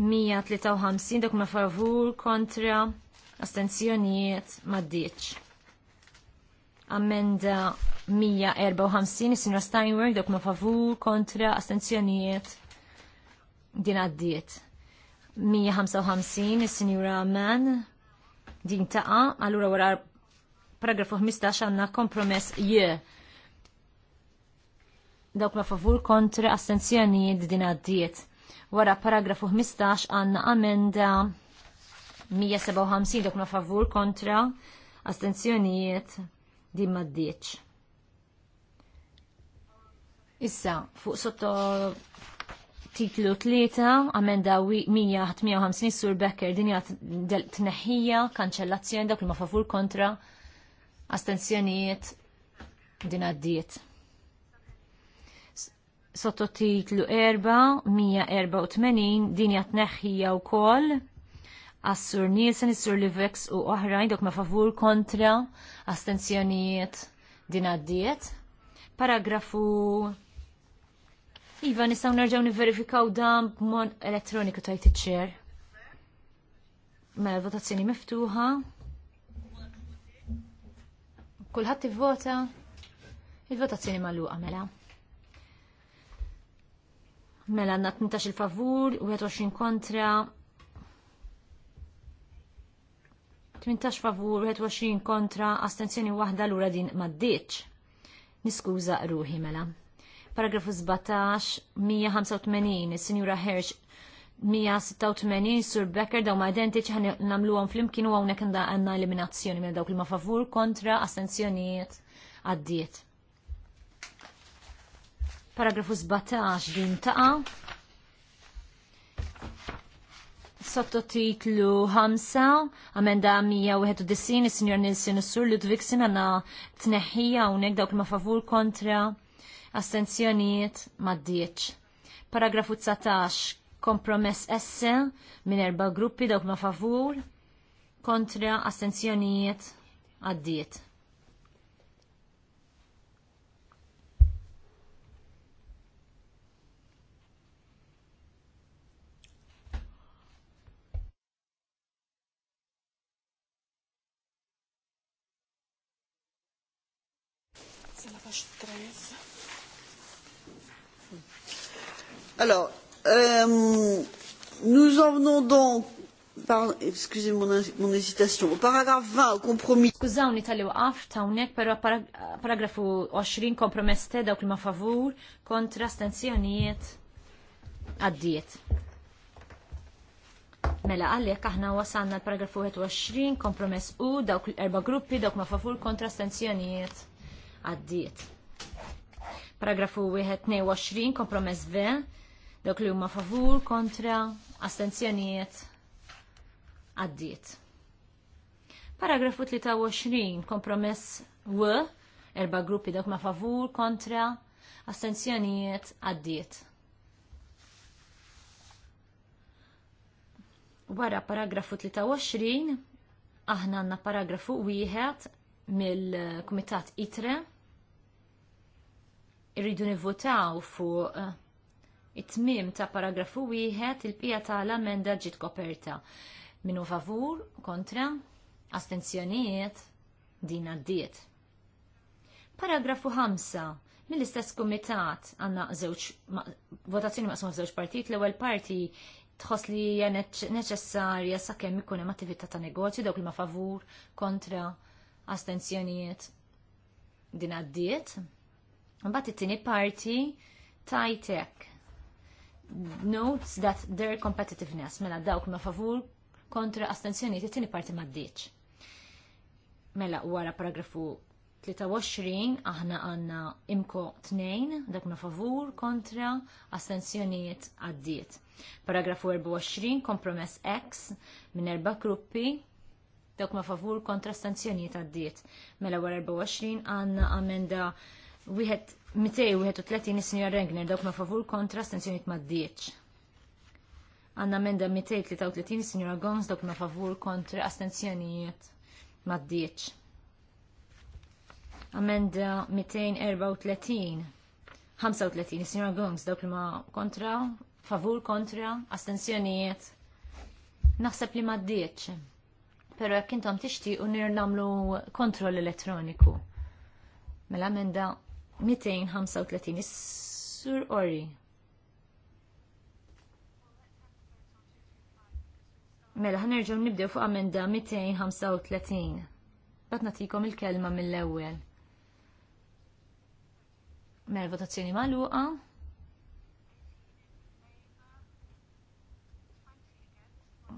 153 dawk ma' favur kontra astenzjonijiet maddiċ. Ammenda 154, Sinra Steinberg, dok ma' favur kontra astenzjonijiet din għaddiet. 155 is-Sinjura Mann din taqa, allura wara paragrafu 15 għandna kompromess je. Dawk ma favur kontra astenzjonijiet din għaddiet. Wara paragrafu 15 għandna amenda 157 dawk ma favur kontra astenzjonijiet din ma Issa, fuq sotto titlu 3, amenda 158 sur Becker din t tneħħija, kanċellazzjoni dak li ma favur kontra astenzjonijiet din għaddiet. titlu 4, 184 dinja t tneħħija u kol, għas-sur Nielsen, is-sur Livex u oħrajn dok ma favur kontra astenzjonijiet din għaddiet. Paragrafu Iva, nistaw nerġaw niverifikaw dan b'mon elettroniku tajt iċ-ċer. Mela, votazzjoni miftuħa. Kulħadd ivvota. Il-votazzjoni magħluqa mela. Mela għandna 18 il-favur, 21 kontra. 18 favur, 21 kontra, astenzjoni waħda lura din maddiċ. Niskuża ruħi mela paragrafu 17, 185, il-Sinjura Hirsch, 186, Sur Becker, daw ma identiċi ħan namluwom fl-imkien u għawnek għanna eliminazzjoni minn dawk li ma favur kontra assenzjonijiet għaddiet. Paragrafu 17 din taqa. Sottotitlu 5, amenda 191, il-Sinjor Nilsen, sur Ludwigsen għanna tneħħija għawnek dawk li ma favur kontra astenzjonijiet maddiċ. Paragrafu 19, kompromess esse minn erba gruppi dawk ma favur kontra astenzjonijiet għaddiet. Sala faċ Alors, euh, nous en venons donc excusez mon, mon hésitation, au paragraf 20, au compromis. Skużawni tal-li waqaf tawnek, pero paragrafu 20 kompromess te dawk li ma favur kontra stenzjonijiet għaddiet. Mela għallek aħna wasanna l-paragrafu 21, kompromess u dawk l-erba gruppi dawk ma favur kontra stenzjonijiet għaddiet. Paragrafu 22, kompromess V, Dok li huma favur kontra astenzjonijiet għaddiet. Paragrafu 23, kompromess W, erba gruppi dok ma favur kontra astenzjonijiet għaddiet. Wara paragrafu 23, aħna għanna paragrafu wieħed mill-Kumitat ITRE irridu nivvotaw fuq eh, it-tmim ta' paragrafu wieħed il-pija tal-amenda ġiet koperta. Minu favur, kontra, astenzjonijiet, din għaddiet. Paragrafu 5. Mill-istess kumitat għanna votazzjoni maqsuma f'żewġ partit, l-ewwel parti tħoss li hija neċessarja sakemm ikun hemm attività ta' negozju dawk li ma favur, kontra, astenzjonijiet, din għaddiet. Mbagħad it-tieni parti tajtek notes that their competitiveness mela dawk ma favur kontra astenzjonijiet it-tieni parti ddiċ. Mela wara paragrafu 23 aħna għanna imko 2 dak ma favur kontra astensjoniet għaddiet. Paragrafu 24 kompromess X minn erba' gruppi dawk ma favur kontra astensjonijiet għaddiet. Mela wara 24 għanna amenda Wieħed 231 is-Sinjor Regner dawk ma' favur kontra astensjonijiet ma' dieċ. Għanna menda 233 is-Sinjora Gons dawk ma' favur kontra astensjonijiet ma' dieċ. Amenda 234 35 is-Sinjora Gons dawk li ma' kontra favur kontra astenzjonijiet. naħseb li ma' dieċ. Pero jekk intom tixtiequ nir nagħmlu kontroll elettroniku. Mela amenda 235 is-sur ori. Mela, ħanerġaw nibdew fuq amenda 235. Bat natikom il-kelma mill-ewwel. Mela, votazzjoni magħluqa.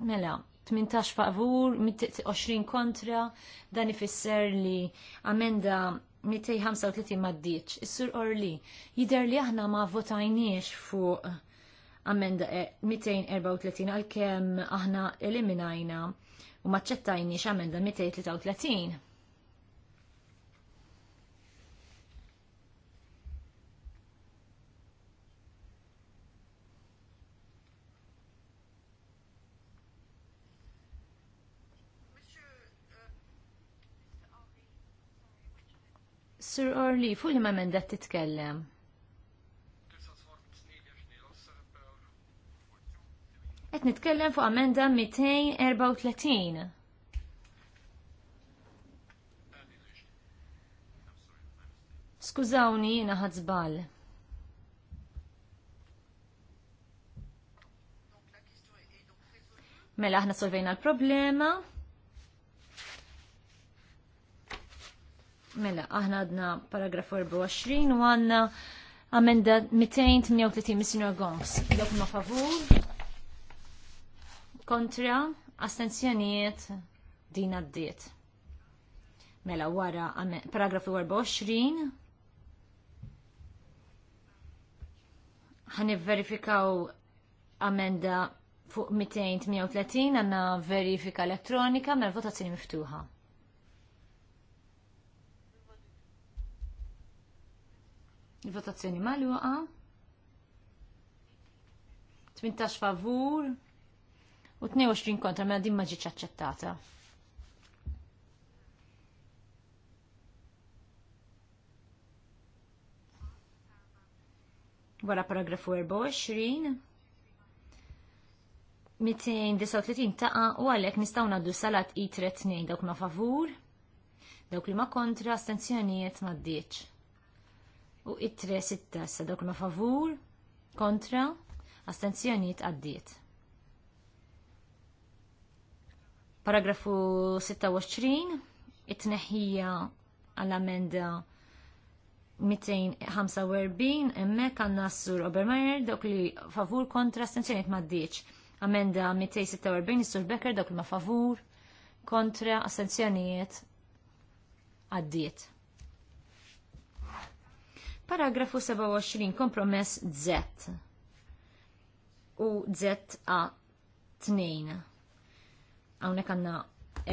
mela, 18 favur, 20 kontra, dan ifisser li amenda 235 maddiċ, Is-Sur Orli, jider li aħna ma votajniex fuq ammenda 234 għal-kem aħna eliminajna u maċċettajniex ammenda 233. Sur Orli, fuq li ma mendat titkellem? Et nitkellem fuq amenda 234. Skużawni jina ħadżbal. Mela aħna solvejna l-problema. Mela, aħna għadna paragraf 24 u għanna amenda 238 mis-sinjor Gomes. Jokum ma favur, kontra, astenzjonijiet, din għaddiet. Mela, wara paragraf 24, ħan verifikaw amenda fuq 238 għanna verifika elettronika mela votazzjoni miftuħa. Il-votazzjoni maluqa. 18 favur u 22 kontra mela din ma ġietx aċċettata. Wara paragrafu 24. 239 taqa u għalek nistaw naddu salat i 3 dawk ma favur, dawk li ma kontra, astenzjonijiet ma d-dieċ u it-tre sitta sa dok ma favur kontra astenzjonijiet għaddiet. Paragrafu 26 it-tneħħija għall-amenda 245 hemmhekk għandna s-sur Obermeyer dok li favur kontra astenzjonijiet maddiċ. Amenda 246 s-sur Becker dok li ma favur kontra astenzjonijiet għaddiet. Paragrafu 27, kompromess Z u ZA2. Hawnhekk għandna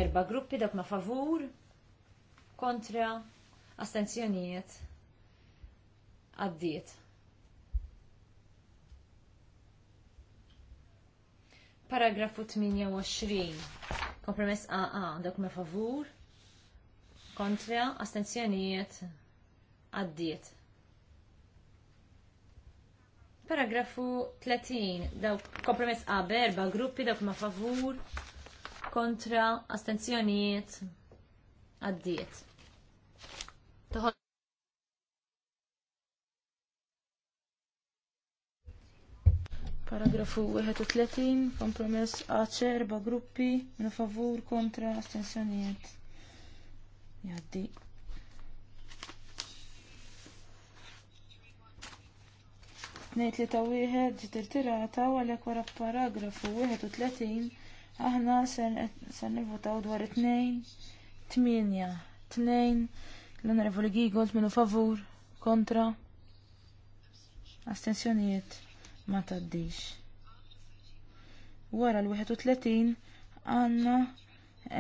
erba' gruppi dak ma' favur, kontra, astenzjonijiet, għaddiet. Paragrafu 28. Kompromess AA, dak ma favur, kontra, astenzjonijiet, għaddiet. Paragrafu 30, daw kompromess A, berba gruppi dawk ma favur kontra astenzjonijiet għaddiet. Paragrafu 31, kompromess a ċerba gruppi, ma favur kontra astensjonijiet. għaddiet. 2 3 wieħed ġiet irtirata u għalhekk wara paragrafu 31 aħna se nivvotaw dwar 2-8 l-onorevoli Gigold minu favur kontra astensjonijiet ma taddix. Wara l-31 għandna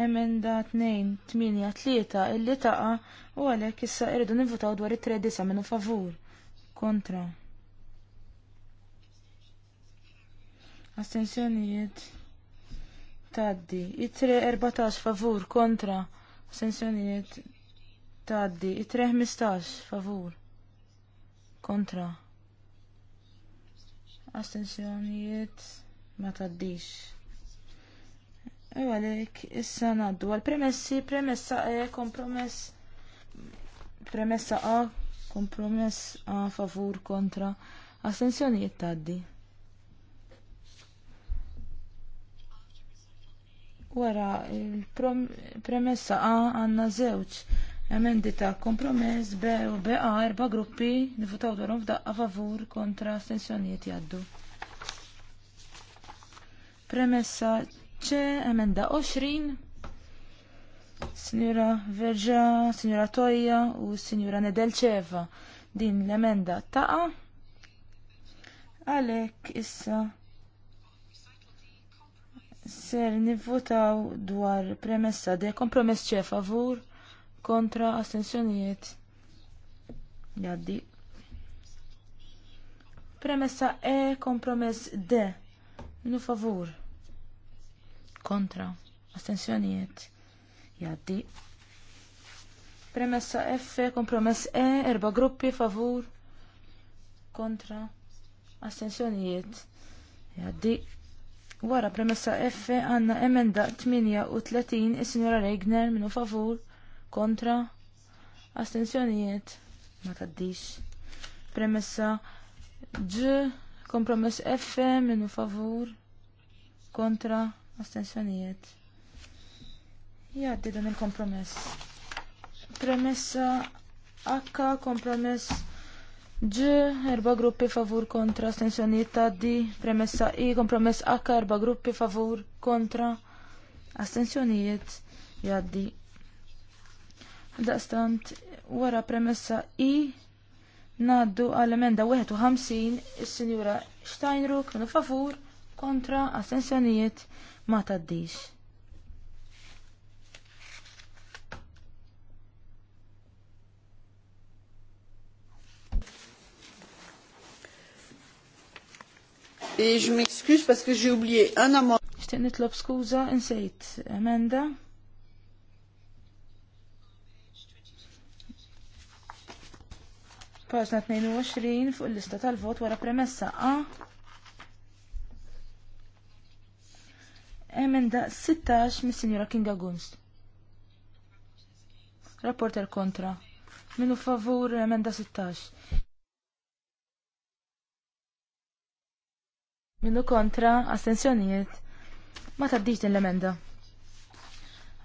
emenda 2 8 illi taqa u għalhekk issa irridu nivvotaw dwar it-3 minu favur kontra Astensjonijiet taddi. Itre 14 favur kontra. Astensjonijiet taddi. Itre 15 favur kontra. Astensjonijiet ma taddix. U għalek, issa naddu għal premessi, premessa E, kompromess, premessa A, kompromess A, favur, kontra, Astenzjonijiet taddi. Wara, il-premessa A għanna zewċ emendi ta' kompromess B u A erba gruppi nifutaw dwarhom f'daqqa favur kontra astensjonijiet jaddu. Premessa C emenda 20 Signora Verġa, Signora Toja u Signora Nedelċeva din l-emenda ta' għalek issa Ser nivvotaw dwar premessa de kompromess ċe favur kontra astensjonijiet. Jaddi. Premessa E kompromess D. Minu favur. Kontra. Astensjonijiet. Jaddi. Premessa F, kompromess E, erba gruppi, favur, kontra, astensjonijiet. Jaddi. Wara premessa F għanna emenda 38 is-Sinjora Regner minu favur kontra astensjonijiet ma taddix. Premessa G kompromess F minu favur kontra astensjonijiet. Jaddi dan il-kompromess. Premessa H kompromess G, erba gruppi favur kontra, astensjoniet taddi, premessa I, kompromess H, erba gruppi favur kontra, astensjoniet jaddi. Daqstant, wara premessa I, naddu għal-emenda 51, il-sinjura Steinruck, minu favur kontra, astensjoniet ma taddix. Et je m'excuse parce que j'ai oublié un amendement. Xtiq nitlob skuża insejt emenda. Paġna 22 fuq il-lista tal-vot wara premessa A. Emenda 16 mis-Sinjora Kinga Gunst. Rapporter kontra. Minu favur emenda 16. Minnu kontra, astensjonijiet, ma taddix din l-emenda.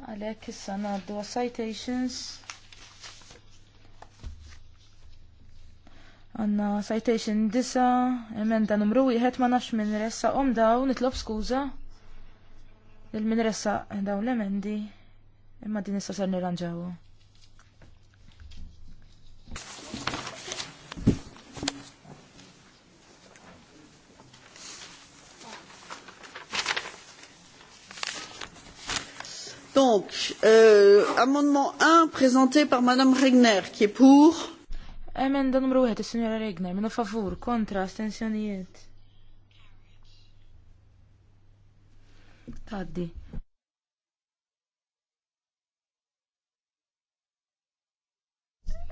Għalek, issa naddu citations. Għanna citation disa, emenda numru wieħed ma nafx minn ressa om daw, nitlob skuza. il minn ressa daw l-emendi, imma din issa ser nirranġawu. Donc, euh, amendement 1 présenté par Madame Regner, qui est pour. Emenda numru 1, signora Regner, minu favur, kontra, astensjonijiet. Taddi.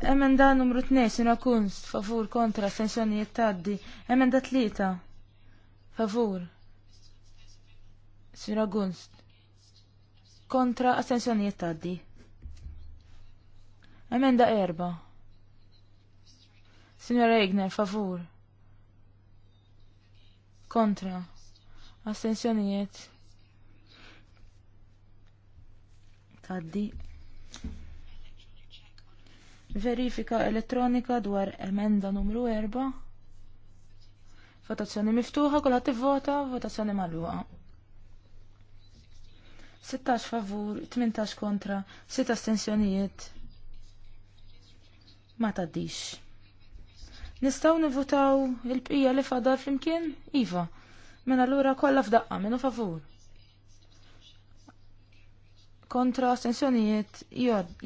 Emenda numru 2, signora Kunst, favur, kontra, astensjonijiet, taddi. Emenda 3, favur. Signora Kunst kontra astensjonijiet taddi. Emenda erba. Signora Egner, favur. Kontra. Astensjonijiet. Taddi. Verifika elettronika dwar emenda numru 4. Votazzjoni miftuħa, kolla tivvota, votazzjoni maluqa. 16 favur, 18 kontra, 6 astensjonijiet. Ma taddix. Nistaw nivutaw il-bqija li fadar flimkien? Iva. l mela allura kollha f'daqqa minnu favur. Kontra astensjonijiet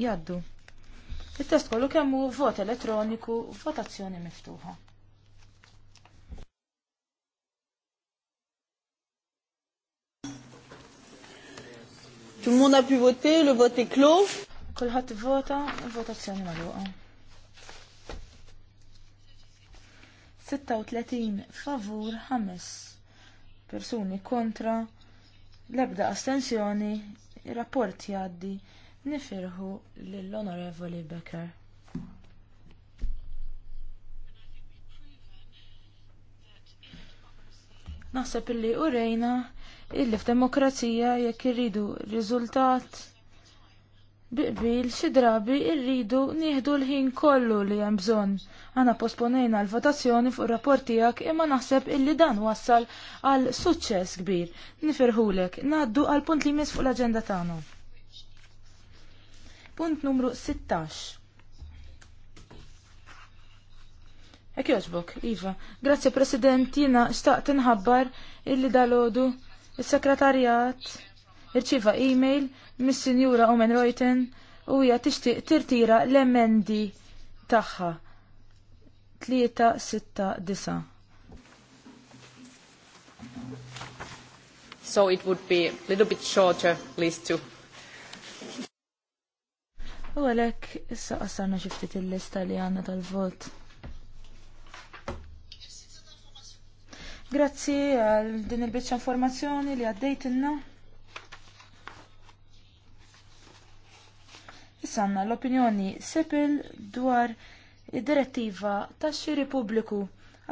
jaddu. Il-test kollu kemmu vot elettroniku, votazzjoni miftuħa. Tout le monde a pu voter, le vote est clos. Kulħat vota, votazzjoni magħluqa. 36 favur, 5 persuni kontra, l-ebda astensjoni, rapport jaddi, nifirħu lill-Onorevoli Becker. Naħseb illi urejna illi f'demokrazija jekk irridu riżultat biqbil xi drabi rridu nieħdu l-ħin kollu li hemm bżonn. aħna posponejna l-votazzjoni fuq rapport tiegħek imma naħseb illi dan wassal għal suċċess kbir. Nifirħulek, ngħaddu għal punt li jmiss fuq l-aġenda tagħna. Punt numru 16. Ek joġbok, Iva. Grazie President, jina xtaqt nħabbar illi dalodu Is-sekretarjat irċiva email mis-Sinjura Omen Reuten u hija tixtieq tirtira l-emendi tagħha. 369. So it would be a little bit shorter list too. U għalek, issa qassarna xiftit il-lista li għanna tal-vot. Grazzi għal din il-bicċa informazzjoni li għaddejtinna. Issanna l-opinjoni sepil dwar id-direttiva ta' xiri publiku.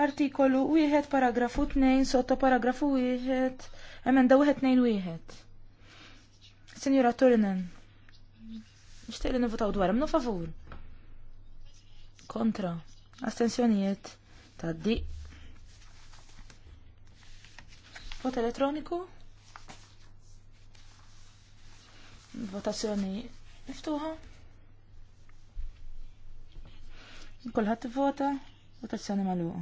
artikolu 1 paragrafu 2 sotto paragrafu 1 emenda 1 2 1. Signora Turinen, nishtiq li nivotaw dwar, mnu favur. Kontra, astensjonijiet, taddi Vot elettroniku. Votazzjoni miftuħa. Kolħat vota? votazzjoni magħluqa.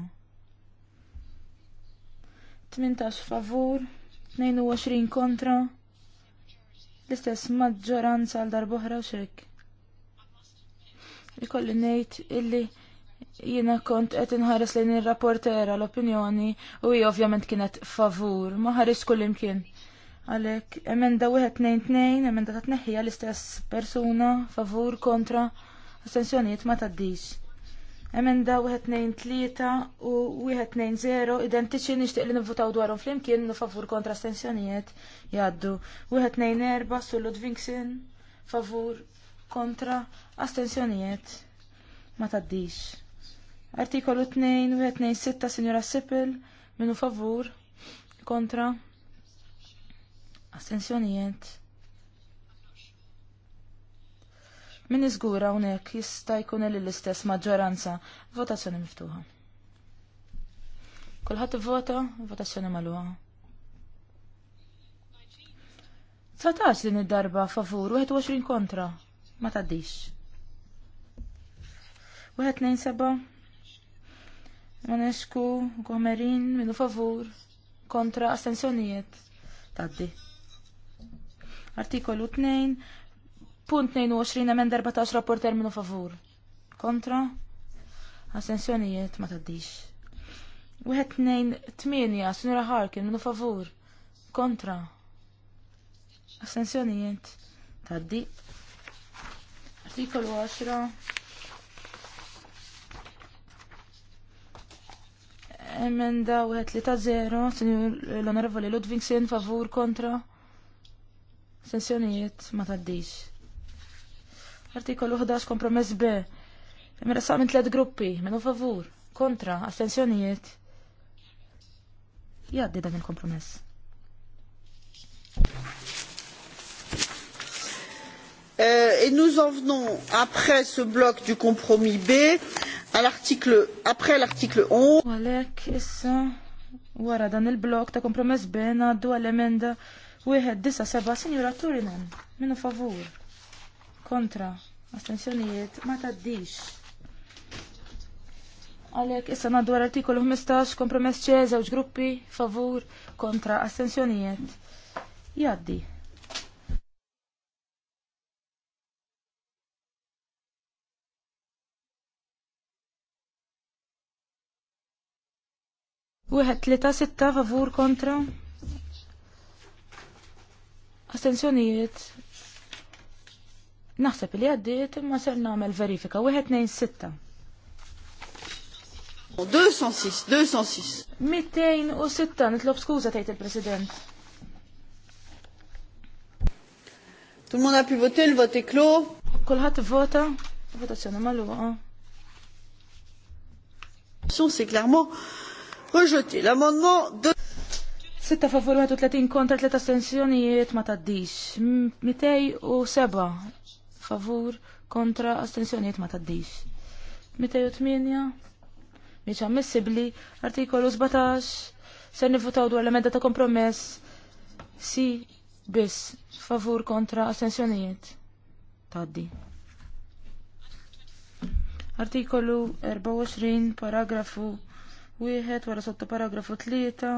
18 favur, 22 kontra, l-istess maġġoranza għal darbohra u xek. Ikolli ngħid illi Jiena kont qed inħares lejn ir-rapportera l-opinjoni u hija ovvjament kienet favur, ma ħares kullimkien. Għalhekk emenda wieħed 2 2 emenda ta' tneħħija l-istess persuna favur kontra astensjonijiet ma taddix. Emenda wieħed 2 3 u 1-2-0, identiċi nixtieq li nivvutaw dwarhom flimkien nu favur kontra astensjonijiet jgħaddu. Wieħed 2 erba' su Ludvingsin favur kontra astensjonijiet ma taddix. Artikolu 226, Signora Sippel, minu favur, kontra, astensjonijiet. Min iżgura unek jista' jkun l-istess maġġoranza votazzjoni miftuħa. Kulħadd ivvota, votazzjoni magħluha. 19 din id-darba favur, 21 kontra. Ma tgħaddix. 1 Manesku, Gomerin, minu favur, kontra astensjonijiet. Taddi. Artikolu 2, punt 22, emend 14, rapporter minu favur. Kontra, astensjonijiet ma taddix. Wieħed nejn 8, Sunira Harkin, minu favur. Kontra. Astensjonijiet. Taddi. Artikolu 10. Emenda 1 ta zero, senjur l-onorevoli Ludvingsen, favur kontra. Sensjonijiet ma taddix. Artikolu 11, kompromess B. Imressaq mela minn tlet gruppi, Menu favur, kontra, astensjonijiet. Jaddi dan il-kompromess. Euh, et nous en venons après ce bloc du compromis B après l'article 11. Għalek, issa, wara dan il-blok ta' kompromess bena għaddu għal-emenda disa seba' Signora Turinen, minu favur, kontra, astensjonijiet, ma taddix. Għalek, issa naddu għal artiklu 15, kompromess ċe, gruppi, favur, kontra, astensjonijiet. Jaddi. Wieħed tlieta sitta favur kontra. Astenzjonijiet. Naħseb li għaddiet imma ser nagħmel verifika. Wieħed nejn sitta. 206, 206. 206, nitlob skuża tgħid il-President. Tout le monde a pu voter, le vote est clos. Kulħat vota, votazzjoni maluqa. C'est clairement rejeté. L'amendement de... 6 favur 31 kontra 3 astensjonijiet ma taddix. seb'a, favur kontra jiet ma taddix. tminja miex ammissibli artikolu 17 se nivutaw dwar l-emenda ta' kompromess si biss favur kontra astensjonijiet taddi. Artikolu 24 paragrafu wieħed wara sotto paragrafu tlieta.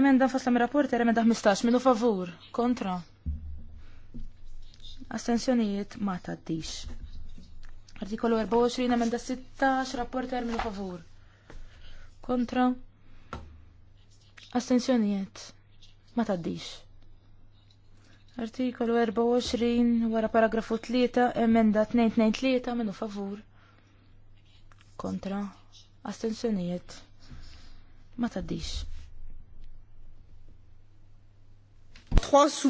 Emenda fasla mir rapporter emenda 15 minu favur kontra. Astensjonijiet ma taddix. Artikolu 24 emenda 16 rapporter minu favur kontra. Astensjonijiet ma taddix. Artikolu 24 wara paragrafu tlieta, emenda 223 minu favur kontra astensjonijiet ma taddix.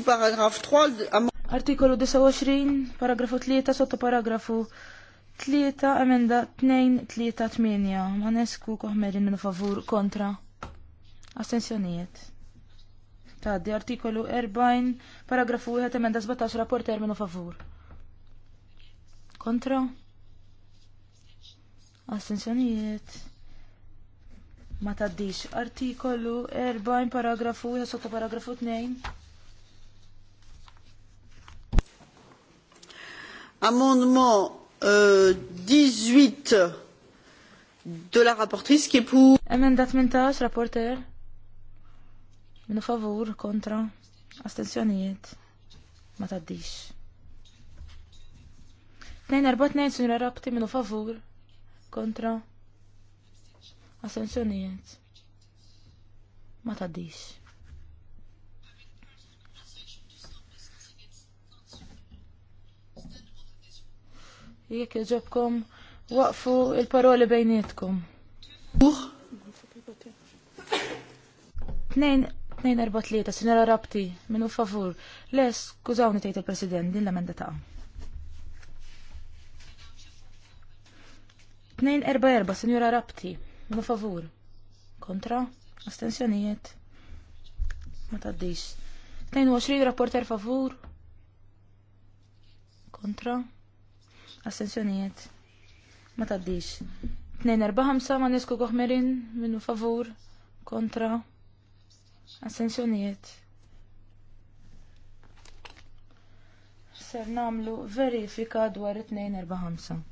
paragraf 3 Artikolu 29, paragrafu 3, sotto paragrafu 3, emenda 2, 3, Ma' Manesku koħmerin minu favur kontra. Astensjonijiet. Taddi, artikolu 40, paragrafu 1, emenda 17, rapporter minn favur. Kontra. Assenzjonijiet. Ma taddix. Artikolu 40 paragrafu, jew sotto paragrafu 2. Amendement euh, 18 de la rapportrice qui est pour. Amendement 18, rapporteur. Minu favur, kontra. Astenzjonijiet. Ma taddix. 242, sunra rabti, minu favur kontra assenzjonijiet ma taddix. Jek jġobkom waqfu il-paroli bejnietkom. Uh. Tnejn, tnejn erba tlieta, sinjora Rabti, minu favur. Les, skużawni tgħid il-President, din l-emenda ta' 244, senjora Rabti, ma favur. Kontra, astensjonijiet. Ma taddix. 22, rapporter favur. Kontra, astensjonijiet. Ma taddix. 245, ma nisku goħmerin, minnu favur. Kontra, astensjonijiet. Ser namlu verifika dwar 245.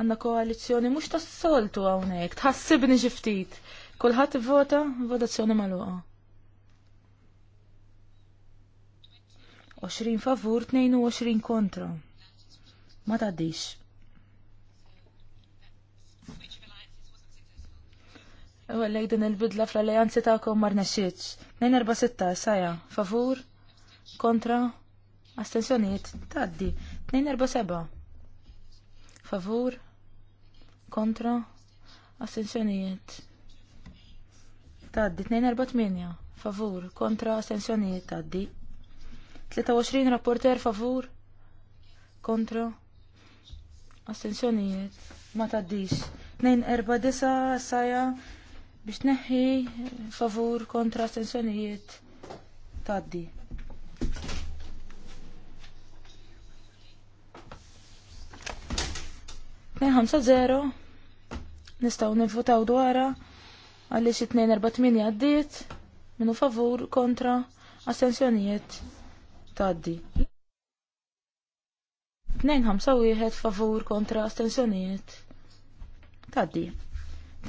Għanna koalizjoni mux ta' soltu għawnek, tħassibni ġiftit. Kulħat vota, votazzjoni maluqa. 20 favur, 22 kontra. Ma taddix. għallek din il-bidla fl-alleanzi kom marna xieċ. 246, saja, favur, kontra, astensjoniet, taddi. 247 favur, kontra, astensjonijiet. Taddi 248, favur, kontra, astensjonijiet, taddi. 23 rapporter favur, kontra, astensjonijiet, ma taddix. 249 saja biex neħi favur kontra astensjonijiet, taddi. 250 nistaw nifutaw dwara għaliex 8 għaddiet minu favur kontra astensjonijiet taddi. 2-5-1 favur kontra astensjonijiet taddi.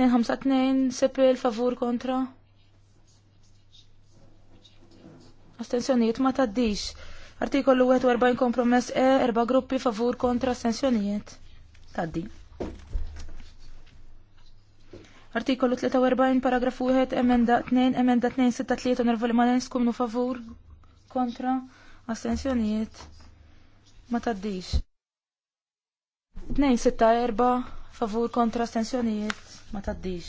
2-5-2 sepil favur kontra Astenzjonijiet, ma taddix. Artikolu 41 kompromess E, erba gruppi favur kontra astensjonijiet din. Artikolu 43, paragraf 1, emenda 2, emenda 2, 6, 3, nervu li kumnu favur, kontra, astensjonijiet, ma taddix. 2, 6, 4, favur, kontra, astensjonijiet, ma taddix.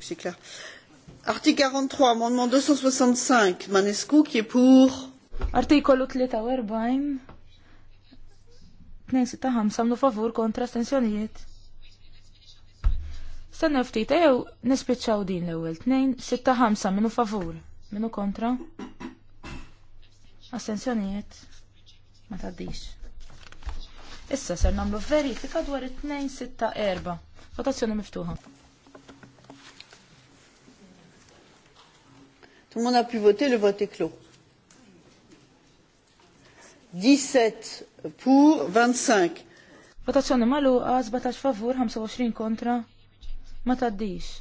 C'est clair. Article 43, amendement 265, Manescu, qui est pour. Artikolu 43, 265 samlu favur kontra stensjonijiet. Stenna ftit jew nispiċċaw din l-ewwel 265 minu favur, minu kontra. Astensjonijiet ma tgħaddix. Issa ser nagħmlu verifika dwar it erba'. Votazzjoni miftuħa. Tout le monde voter, le vote est clos. 17 pour 25. Votazzjoni malu a 17 favur 25 kontra. Ma taddix.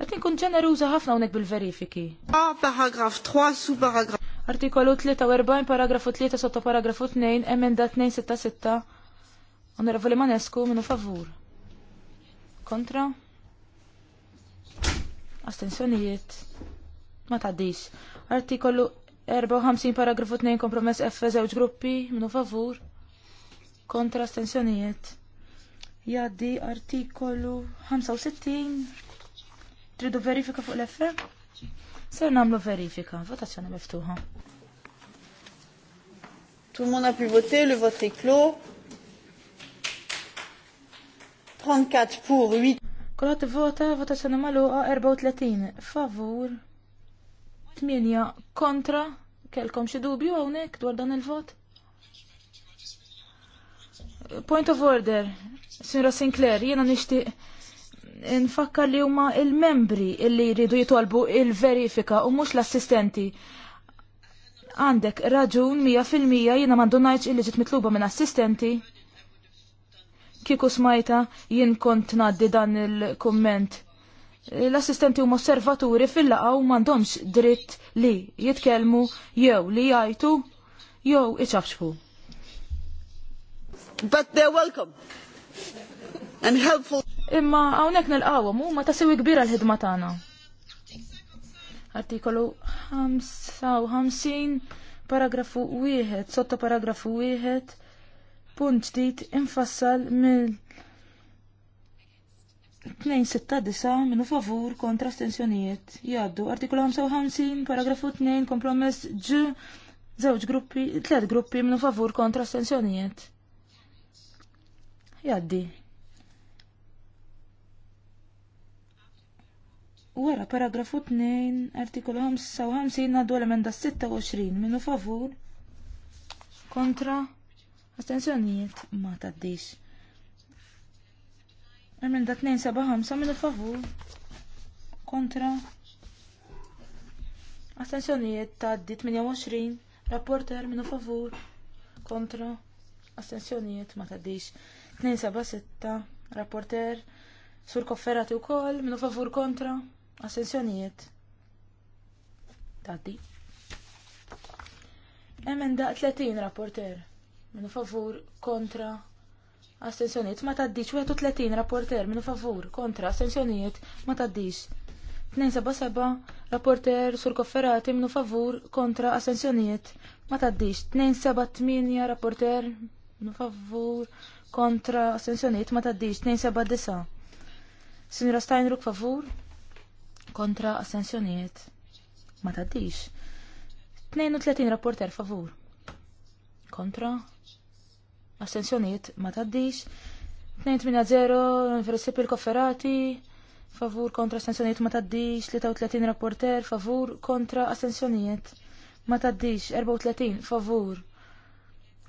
Qed inkun ġeneruża ħafna unek bil-verifiki. A Paragraf 3 su paragraf. Artikolu 43 paragrafu 3 sotto paragrafu 2 emenda 266. Onorevoli Manescu minu favur. Kontra. Astensjonijiet. Ma taddix. Artikolu 54 paragrafu 2 kompromess F żewġ gruppi minnu favur kontra stensjonijiet. Jaddi artikolu 65 tridu verifika fuq l-F? Ser namlu verifika, votazzjoni miftuħa. Tout le monde a pu voter, le vote est clos. 34 pour 8. Kolat vota, votazzjoni maluqa 34 favur Tminja kontra, kelkom xi dubju hawnhekk dwar dan il-vot? Point of order, Sinra Sinclair, jiena nixtieq nfakka li huma il-membri illi jridu jitolbu il-verifika u mhux l-assistenti. Għandek raġun mija fil-mija jiena m'għandu ngħidx illi ġit mitluba minn assistenti. Kieku smajta jien kont ngħaddi dan il-kumment l-assistenti huma osservaturi fil u m'għandhomx dritt li jitkellmu jew li jajtu jew iċafxfu. But they're welcome and helpful. Imma hawnhekk nilqawhom huma ma sewi kbira l-ħidma tagħna. Artikolu 55 paragrafu 1 sotto paragrafu 1 punt ġdid infassal mill 269 minu favur kontra stensjonijiet. Jaddu. Artikolu 55, paragrafu 2, kompromess ġ. Zewġ gruppi, tlet gruppi minu favur kontra stensjonijiet. Jaddi. Wara paragrafu 2, artikolu 55, naddu l-emenda 26 minu favur kontra astensjonijiet ma taddix. Emenda 275 minu favur kontra astensjonijiet ta' 28 rapporter minu favur kontra astensjonijiet ma taddix 276 rapporter sur kofferati u kol minu favur kontra astensjonijiet taddi emenda 30 rapporter minu favur kontra astensjonijiet ma taddiċ 31 rapporter minn favur kontra astensjonijiet ma taddiċ 277 rapporter sur kofferati minn favur kontra astensjonijiet ma taddiċ 278 rapporter minn favur kontra astensjonijiet ma taddiċ 279 Sinjura Steinruk favur kontra astensjonijiet ma taddix. 32 rapporter favur. Kontra, Astensjoniet ma taddix. l Universip il-Kofferati. Favur kontra astensjoniet ma taddix. 33 rapporter. Favur kontra astensjoniet ma taddix. 34 favur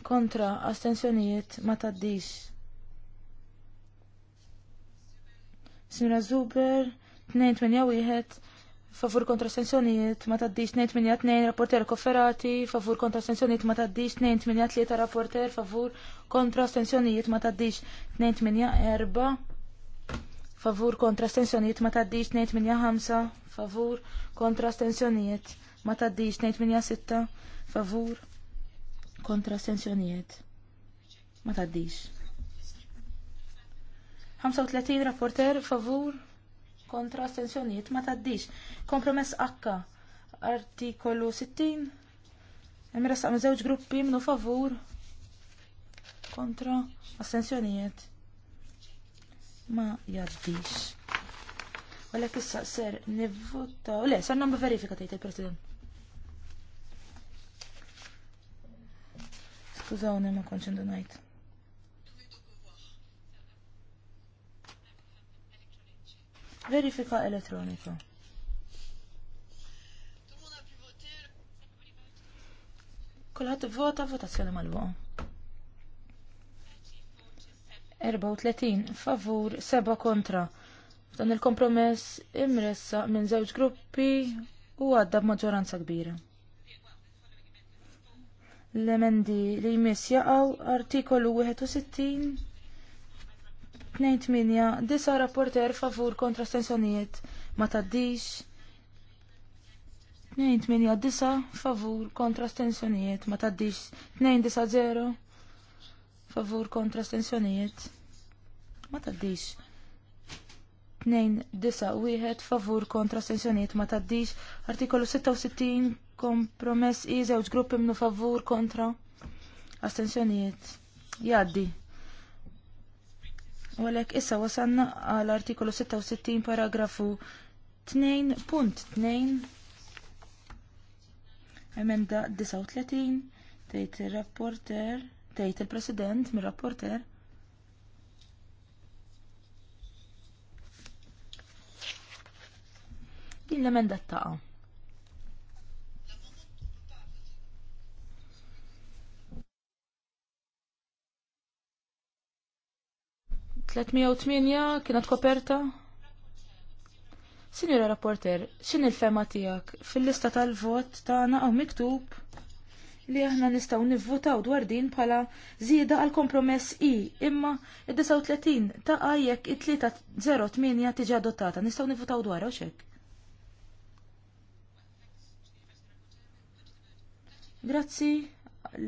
kontra astensjoniet ma taddix. Sinra Zuber 281 favur kontra sensjonijiet ma taddix 282 rapporter kofferati, favur kontra sensjonijiet ma taddix 283 rapporter, favur kontra sensjonijiet ma taddix 284, favur kontra sensjonijiet ma taddix 285, favur kontra sensjonijiet ma taddix 286, favur kontra sensjonijiet ma taddix. 35 rapporter favur kontra astensjonijiet ma taddix. Kompromess H, artikolu 60, imressaq minn żewġ gruppi minu favur kontra astensjonijiet ma jaddix. Għalek issa ser nivvota, u le, ser namlu verifika tgħid il-President. Skużawni ma konċendu ngħid. Verifika elettronika. Kulħadd vota votazzjoni mal-voqa. 34 favur, 7 kontra. Dan il-kompromess imressa minn żewġ gruppi u għadda b'maġġoranza kbira. L-emendi li jmiss jaqgħu artikolu 61 2-8 disa rapporter favur kontra stensjonijiet ma taddix 2-8 disa favur kontra stensjonijiet ma taddix 2-9-0 favur kontra stensjonijiet ma taddix 2-9-1 favur kontra stensjonijiet ma taddix artikolu 66 kompromess i zewġ gruppi mnu favur kontra astensjonijiet jaddi U għalek issa wasanna għal artikolu 66 paragrafu 2.2 emenda 39 tejt il-rapporter tejt il-president mir rapporter din l-emenda taqa' 308 kienet koperta? Sinjura rapporter, xin il-fema tijak? Fil-lista tal-vot ta' għaw miktub li aħna nistaw nivvutaw dwar din bħala zida għal kompromess I imma id-39 ta' għajek it-308 tiġi adottata nistaw nivvutaw dwar għaw xek. Grazzi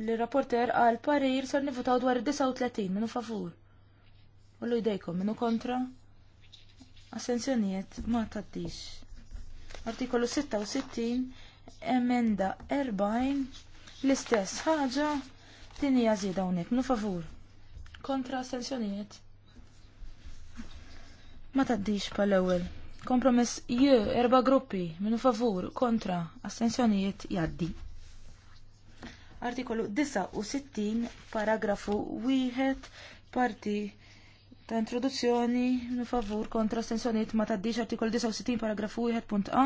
l-rapporter għal parir sar nivvutaw dwar id-39 minu favur u l-idejkom minnu kontra assenzjonijiet ma taddix. Artikolu 66 emenda 40 l-istess ħaġa tini jażida hawnhekk Nu favur kontra assenzjonijiet ma taddix pal-ewwel. Kompromess ju, erba gruppi minu favur kontra assenzjonijiet jaddi. Artikolu 69 paragrafu 1 parti ta' introduzzjoni minn favur kontra astensjonijiet ma taddix artikol 69 paragrafu 1.a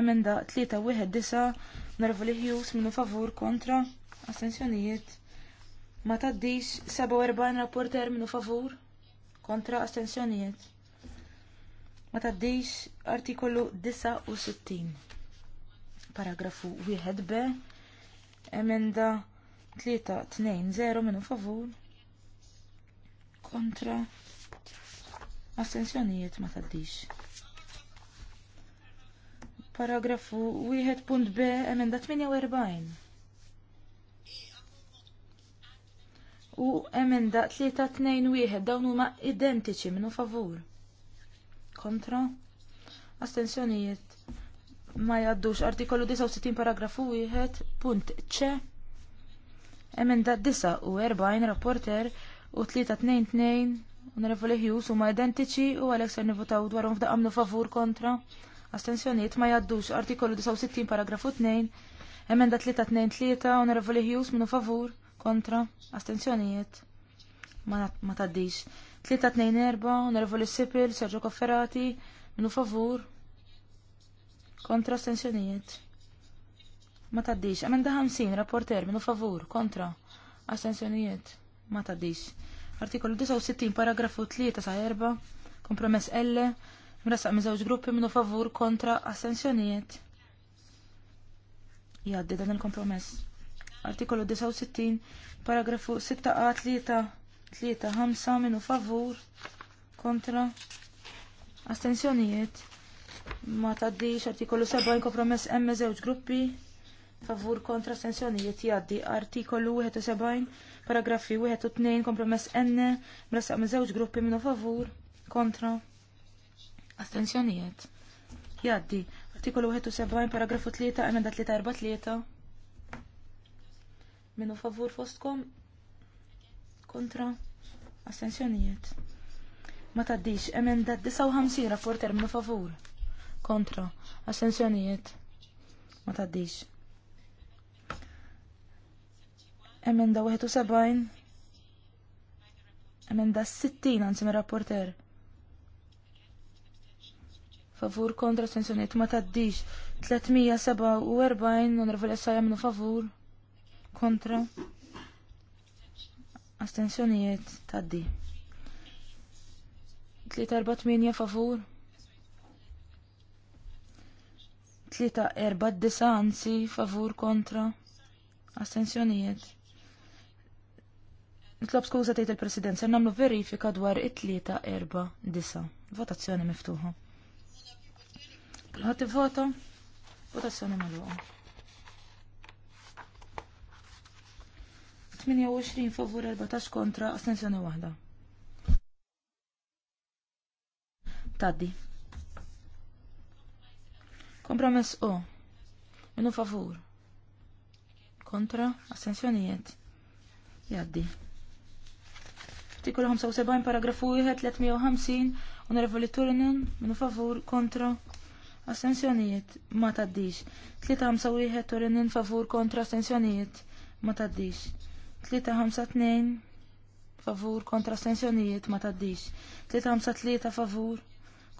emenda 319 li Hughes minn favur kontra astensjonijiet ma taddix 47 rapporter minn favur kontra astensjonijiet ma taddix artikolu 69 paragrafu 1b emenda 320 minu favur kontra astensjonijiet ma taddix. Paragrafu 1.b emenda 48. U emenda 3.2.1 dawn huma identiċi minnu favur. Kontra astensjonijiet ma jaddux artikolu 69 paragrafu 1.c. punt c emenda 49 rapporter u 322 onorevoli Hughes huma identiċi u għalhekk ser nivutaw dwarhom f'daqqa għamlu favur kontra astensjonijiet ma jgħaddux artikolu 69 paragrafu 2 emenda 323 onorevoli Hughes minu favur kontra astensjonijiet ma, ma taddix 324 onorevoli Sipil Sergio Kofferati minu favur kontra astensjonijiet ma taddix emenda 50 rapporter minnu favur kontra astensjonijiet ma tadix. Artikolu 69 paragrafu 3 sa' 4 kompromess L mrasaq minn gruppi minnu favur kontra assenzjonijiet. Jaddi dan il-kompromess. Artikolu 69 paragrafu 6a 3 3 5 minnu favur kontra astensjonijiet. Ma taddix artikolu 7 kompromess M żewġ gruppi favur kontra astensjonijiet jgħaddi artikolu 71 Paragrafi 1 u 2 kompromess N mresaq me żewġ gruppi minnu favur kontra astensjonijiet. Jaddi. Artikolu 71 paragrafu 3 emenda 343 minnu favur fostkom kontra astensjonijiet. Ma taddix emenda 59 rapporter minnu favur kontra astensjonijiet. Ma taddix. Emenda 71. Emenda 60 anzi mir-rapporter. Favur kontra astensjonijiet ma taddix. 347 onorevoli Assaja minnu favur kontra astensjonijiet taddi. 348 favur. 349 anzi favur kontra astensjonijiet Nitlob skuża tgħid il-President se nagħmlu verifika dwar it-tlieta erba' disa. Votazzjoni miftuħa. Kulħadd ivvota? Votazzjoni magħluqa. 28 favur 14 kontra astenzjoni waħda. Taddi. Kompromess O. Minu favur. Kontra astensjonijiet. Jaddi artikolu 75 paragrafu 1 350 onorevoli Turinen minu favur kontra astensjonijiet ma taddix 351 turnin favur kontra astensjonijiet ma taddix 352 favur kontra astensjonijiet ma taddix 353 favur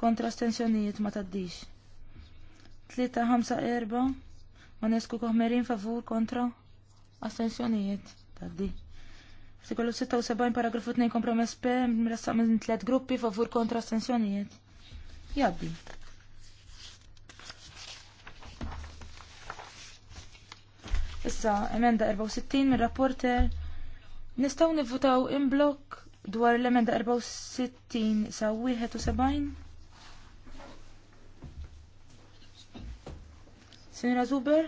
kontra astensjonijiet ma taddix 354 manesku koħmerin favur kontra astensjonijiet taddi. Artikolu 76 paragrafu 2 kompromess P mirassam minn tliet gruppi favur kontra astensjonijiet. Jabbi. Issa emenda 64 mir rapporter nistgħu nivvutaw in blok dwar l-emenda 64 sa 71. Sinra Zuber,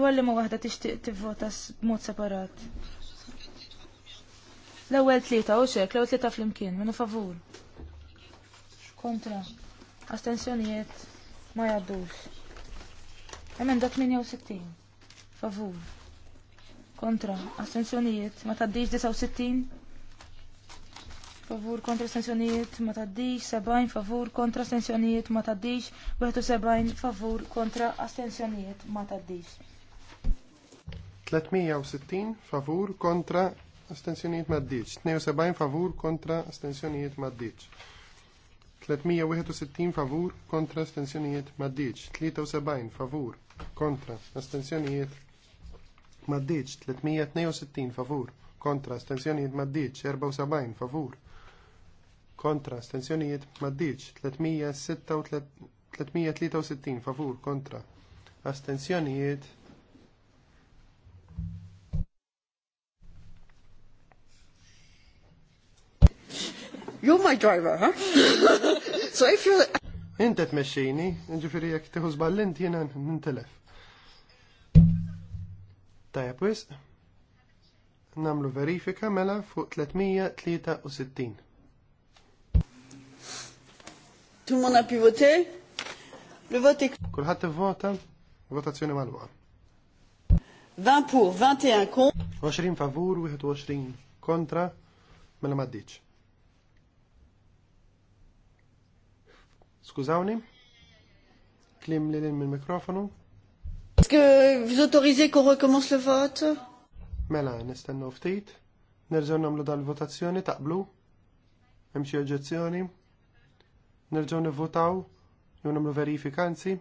dwar li ma waħda tixtieq tivvota b'mod separat. L-ewwel tlieta u xek, l-ewwel tlieta flimkien, minnu favur. Kontra. Astensjonijiet ma jgħaddux. Emenda 68. Favur. Kontra. Astensjonijiet ma taddix 69. Favur kontra astensjonijiet ma taddix 70. Favur kontra astensjonijiet ma taddix 71. Favur kontra astensjonijiet ma taddix. 360 favur kontra astensjonijiet maddiċ. 72 favur kontra astensjonijiet maddiċ. 361 favur kontra astensjonijiet maddiċ. 73 favur kontra astensjonijiet maddiċ. 362 favur kontra astensjonijiet maddiċ. 74 favur kontra astensjonijiet maddiċ. 363 favur kontra astensjonijiet You're my driver, huh? so if you... Inta tmexxini, ġifiri jek tiħu ballint jena nintelef. Tajja pwis, namlu verifika mela fuq 363. Tu le monde a Le vote est... ħatte vota, votazzjoni mal-wqa. 20 pour, 21 contre. 20 favur, 21 kontra, mela maddiċ. Skużawni? Klim li l-in mikrofonu Est-ce vous autorisez qu'on recommence le vote Mela, nistennu ftit. Nerġaw namlu dal-votazzjoni, taqblu? Hemm xi oġġezzjoni? Nerġaw nivvotaw jew namlu verifikanzi?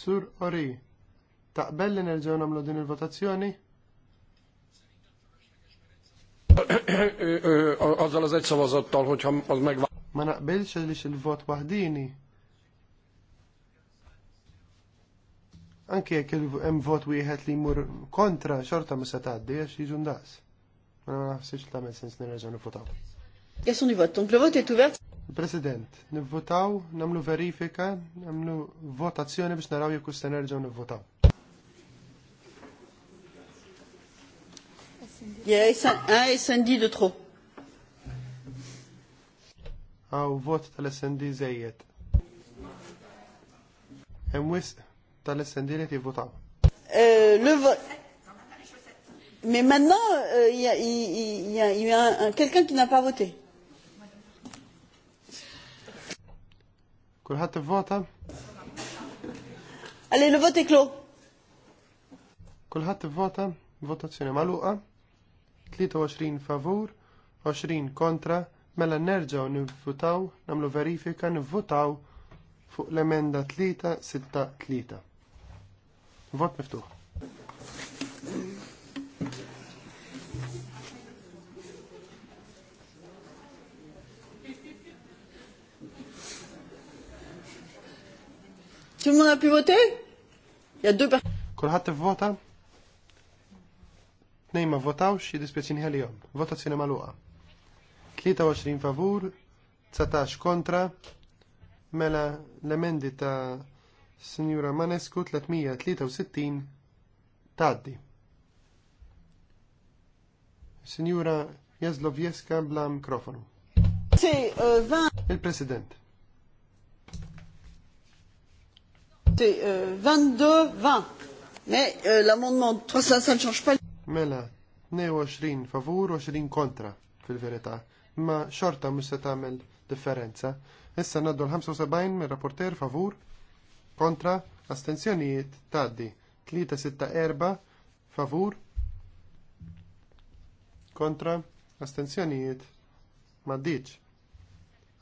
Sur Ori, taqbel li nerġaw namlu din il-votazzjoni? azzal az egy szavazattal, hogyha az megvá... Ma naqbilx is il-vot wahdini. Anke jekk hemm vot wieħed li jmur kontra xorta ma se tgħaddi għax jiġu ndaqs. Ma naħsibx tagħmel sens nirreġgħu nivvotaw. Jesu nivvot, donc le vote est ouvert. President, nivvotaw, namlu verifika, namlu votazzjoni biex naraw jekk se nerġgħu nivvotaw. SND ah, de trop. Għaw ah, vot tal-SND zejjed. Emwis tal-SND li tivvotaw. Euh, le vote. Mais maintenant, euh, il y a, y a, y a quelqu'un qui n'a pas voté. Kulħat vota? Allez, le vote est clos. Kulħat vota, votazzjoni maluqa. 23 favur, 20 kontra, mela nerġaw nivvutaw, namlu verifika nivvutaw fuq l-emenda 363. Vot miftuħ. Tout le Il y a deux personnes. Tnejn ma votawx, jiddispjaċini ħalihom. Votazzjoni magħluqa. 23 favur, 19 kontra, mela l-emendi ta' Sinjura Manesku 363 tgħaddi. Sinjura Jazlovjeska bla mikrofonu. Eh, Il-President. 22-20. Eh, Mais euh, l'amendement 305 ne change pas mela 22 favur u 20 kontra fil-verità, ma xorta mhux se tagħmel differenza. Issa naddu l-75 mir rapporter favur kontra astenzjonijiet taddi 364 favur kontra astenzjonijiet maddiċ.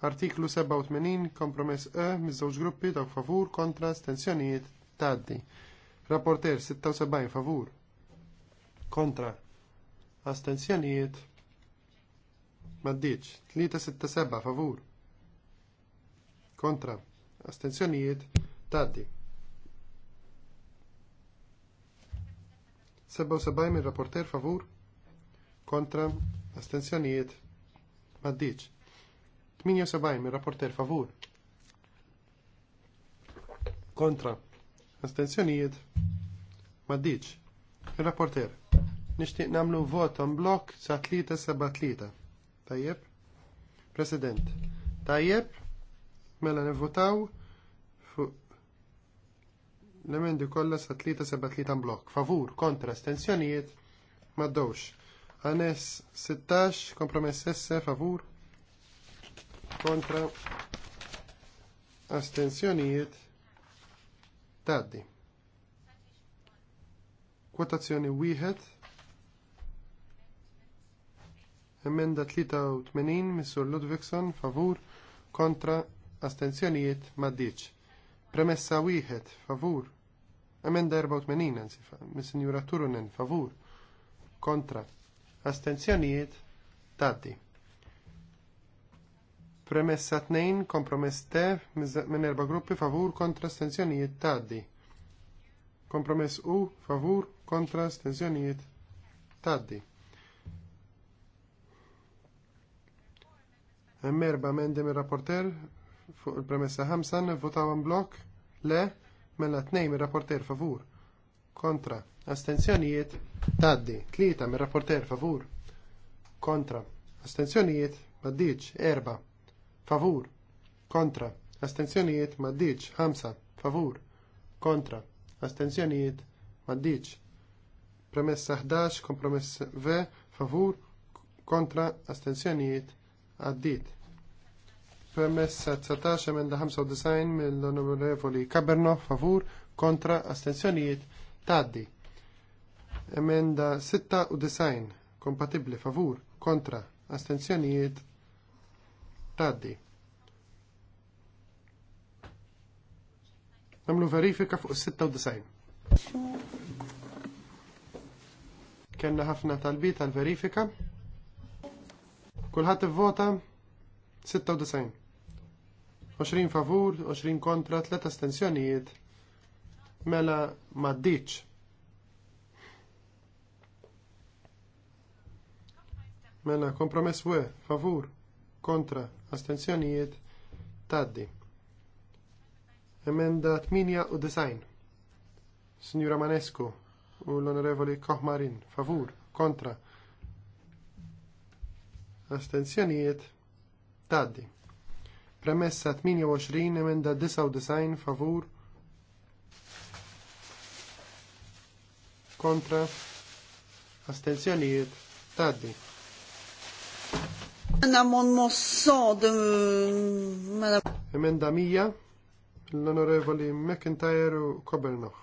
Artiklu 87 kompromess E miż-żewġ gruppi ta' favur kontra astenzjonijiet taddi. Rapporter 76 favur kontra astenzjonijiet maddiċ 367 favur kontra astenzjonijiet taddi 77 mir rapporter favur kontra astenzjonijiet maddiċ 78 mir rapporter favur kontra astenzjonijiet maddiċ il-rapporter Nixtieq nagħmlu vot on blok sa 373. Tajjeb? President. Tajjeb? Mela nivvotaw fu l-emendi kollha sa 373 blok. Favur, kontra, stenzjonijiet, maddowx. Anes 16, kompromess S, favur, kontra, astenzjonijiet, taddi. Kwotazzjoni wieħed Emenda 83 Missur Ludvigson favur kontra astenzjonijiet maddiċ. Premessa wieħed favur. Emenda 84 anzi Missinjura Turunen favur kontra astenzjonijiet taddi. Premessa 2 kompromess te minn erba' gruppi favur kontra astenzjonijiet taddi. Kompromess u favur kontra astenzjonijiet taddi. Hemm erba' emendi mir-rapporter fuq il-premessa ħamsa nivvotaw in blok le mela tnejn mir-rapporter favur. Kontra. Astenzjonijiet taddi. Tlieta mir-rapporter favur. Kontra. Astenzjonijiet maddiġ Erba. Favur. Kontra. Astenzjonijiet maddiġ Ħamsa. Favur. Kontra. Astenzjonijiet maddiġ Premessa 11, kompromess V, favur, kontra, astenzjonijiet, għaddit. Premessa 19 emenda 95 mill-Onorevoli Caberno favur kontra astensjonijiet taddi. Emenda 96 kompatibli favur kontra astensjonijiet taddi. Namlu verifika fuq 96. Kenna ħafna talbi tal-verifika. Kulħadd ivvota 96. 20 favur, 20 kontra, 3 astensjonijiet. Mela maddiċ. Mela kompromess we, favur, kontra, astensjonijiet, taddi. Emenda 8 u design. Signora Manescu u l-Onorevoli Kohmarin, favur, kontra, astensjonijiet, taddi. Premessa 28 emenda 99 favur kontra astenzjonijiet taddi. Emenda mija l-onorevoli McIntyre u Kobernoch.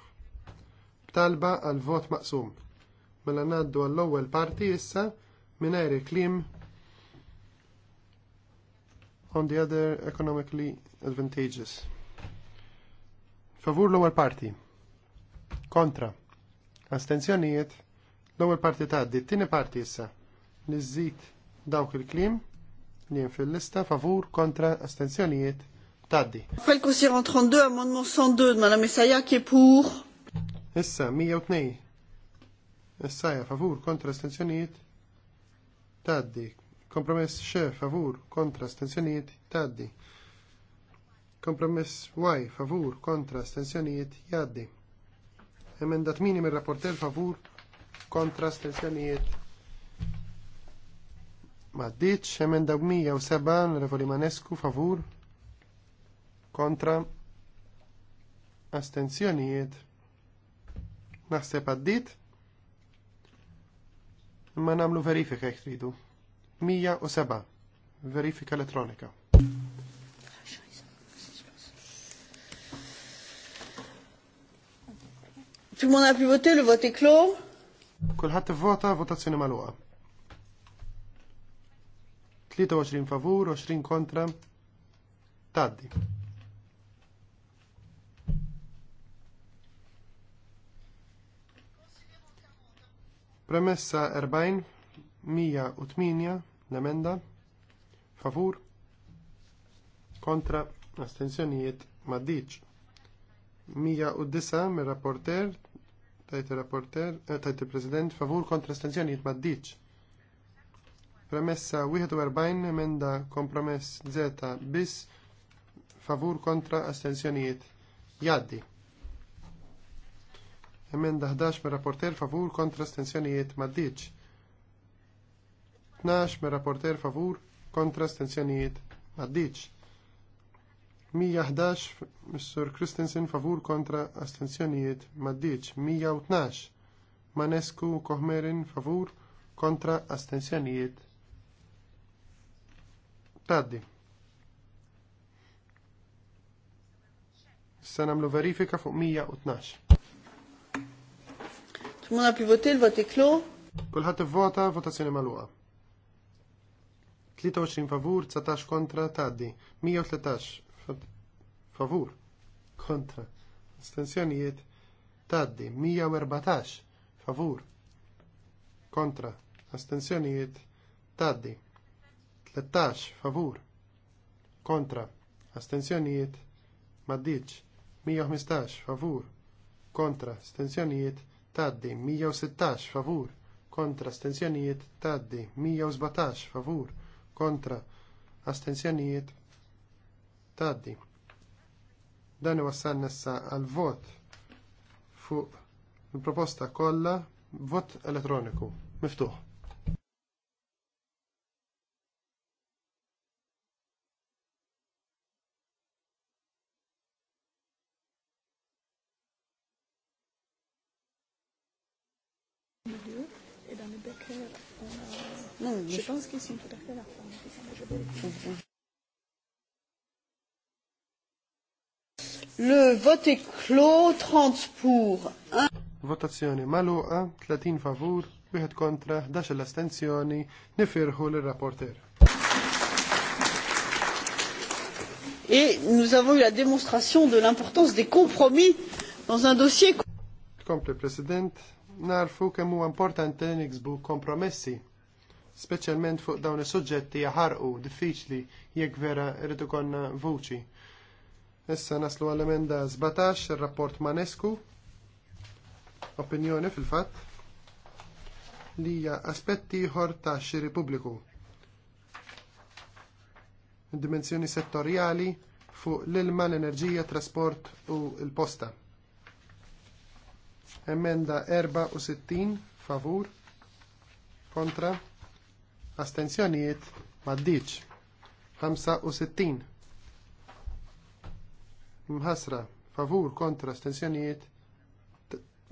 Talba għal vot maqsum. Mela naddu għall-ewwel parti issa mingħajr klim on the other economically advantageous. Favur l-ewwel parti. Kontra. Astenzjonijiet. L-ewwel parti tgħaddi, t-tieni parti issa. Nizzit dawk il-klim li fil-lista favur kontra astenzjonijiet tgħaddi. Quel considérant 32 amendement 102 de madame Essaya qui est pour Issa 102. Essaya favur kontra astenzjonijiet taddi. Kompromess xe favur kontra stenzjonijiet taddi. Kompromess Y favur kontra stenzjonijiet jaddi. Emendat minim il rapportel favur kontra stenzjonijiet Maddiċ, emenda 107, Revoli manesku, favur, kontra, astenzjonijiet, naħseb għaddit, imma namlu verifika jek tridu. 107. Verifika elettronika. Tout le monde a pu voter, le vote est clos. Kul Kulħadd vota, votazzjoni maluqa. 23 favur, 20 kontra. Taddi. Premessa 40, 108, l-emenda favur kontra astensjonijiet maddiċ 109 mir rapporter tajt il-rapporter eh, tajt il-president favur kontra astensjonijiet maddiċ premessa 41 emenda kompromess z bis favur kontra astensjonijiet jaddi emenda 11 mir rapporter favur kontra astensjonijiet maddiċ 12 me rapporter favur kontra stenzjonijiet maddiċ. 111 Mr. Christensen favur kontra astenzjonijiet maddiċ. 112 Manescu Kohmerin favur kontra astenzjonijiet taddi. Issa nagħmlu verifika fuq 112. Tmuna pivotil voti votiklu Kulħat ivvota votazzjoni magħluqa. 23 favur, 19 kontra taddi. 113 favur kontra astensjonijiet taddi. 114 favur kontra astensjonijiet taddi. 13 favur kontra astensjonijiet maddiċ. 115 favur kontra astensjonijiet taddi. 116 favur kontra astensjonijiet taddi. 117 favur kontra astenzjonijiet taddi. Dan iwassal nessa għal vot fuq il-proposta kollha vot elettroniku miftuħ. Le vote est clos, 30 pour. Votazione maluqa, 30 favur, 1 kontra, 10 l-astenzjoni, nifirħu l-rapporter. Et nous avons eu la démonstration de l'importance des compromis dans un dossier. Komple President, narfu kemm huwa importanti niksbu kompromessi speċjalment fuq dawn is-suġġetti jaħarqu diffiċli jekk vera rridu konna vuċi. Issa naslu għall-emenda 17 ir-rapport Manescu opinjoni fil-fatt li hija aspetti ħor ta' xiri pubbliku. Dimensjoni settorjali fuq l-ilma, l-enerġija, trasport u l-posta. Emenda 64 favur kontra Astenzjonijiet maddiċ. 65. Mħasra. Favur kontra astenzjonijiet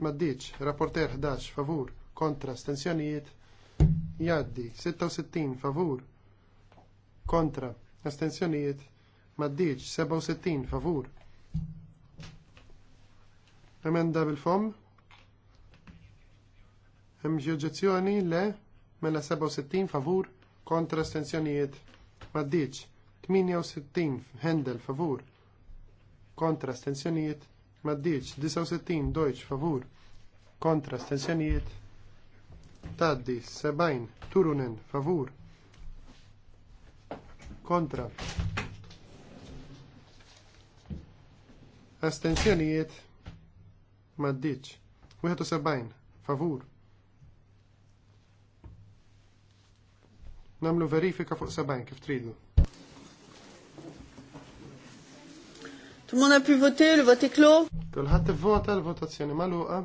maddiċ. Rapporter 11. Favur kontra astenzjonijiet jaddi. 66. Favur kontra astenzjonijiet maddiċ. 67. Favur. Emenda bil-fom. Hemm xi oġġezzjoni le mela 67 favur kontra astensjonijiet maddiċ. 68 Hendel favur kontra astensjonijiet maddiċ. 69 Deutsch favur kontra astensjonijiet Taddi 70 Turunen favur kontra astenzjonijiet. maddiċ. 71 favur Namlu verifika fuq sabajn kif tridu. Tumuna pivoti monde voti klo? voter, t-vota Kulħadd ivvota l-votazzjoni maluqa.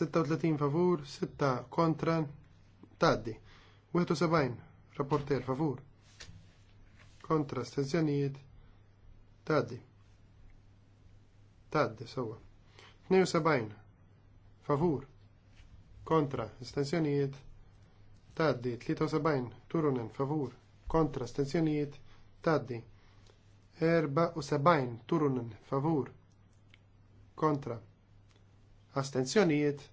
36 favur, 6 kontra, taddi. 71 rapporter favur. Kontra stenzjonijiet, taddi. Taddi, sowa. 72 favur. Kontra stenzjonijiet, taddi 73 turunen favur kontra stenzjonijiet taddi 74 turunen favur kontra astenzjonijiet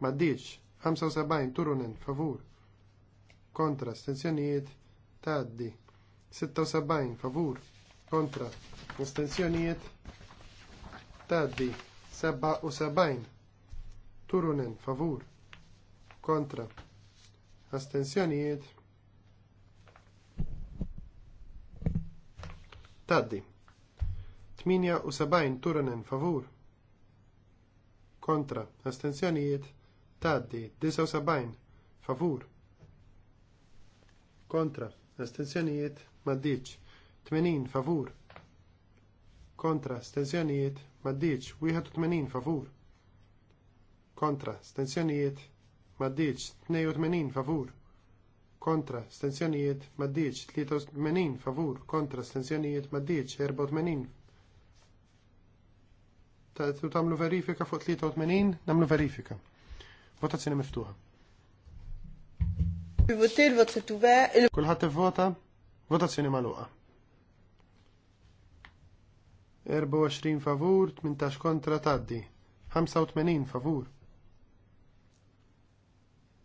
maddiċ 75 turunen favur kontra astenzjonijiet taddi 76 favur kontra astenzjonijiet taddi 77 turunen favur kontra astensjonijiet taddi 78 turanen favur kontra astensjonijiet taddi 79 favur kontra astensjonijiet maddiċ 80 favur kontra astensjonijiet maddiċ 81 favur kontra astensjonijiet maddiċ 82 favur kontra stenzjonijiet maddiċ 83 favur kontra stenzjonijiet maddiċ 84 ta' tu tamlu verifika fuq 83 namlu verifika votazzjoni miftuħa Votir, vot se tu vota, votazzjoni maluqa. 24 favur, 18 kontra taddi. 85 favur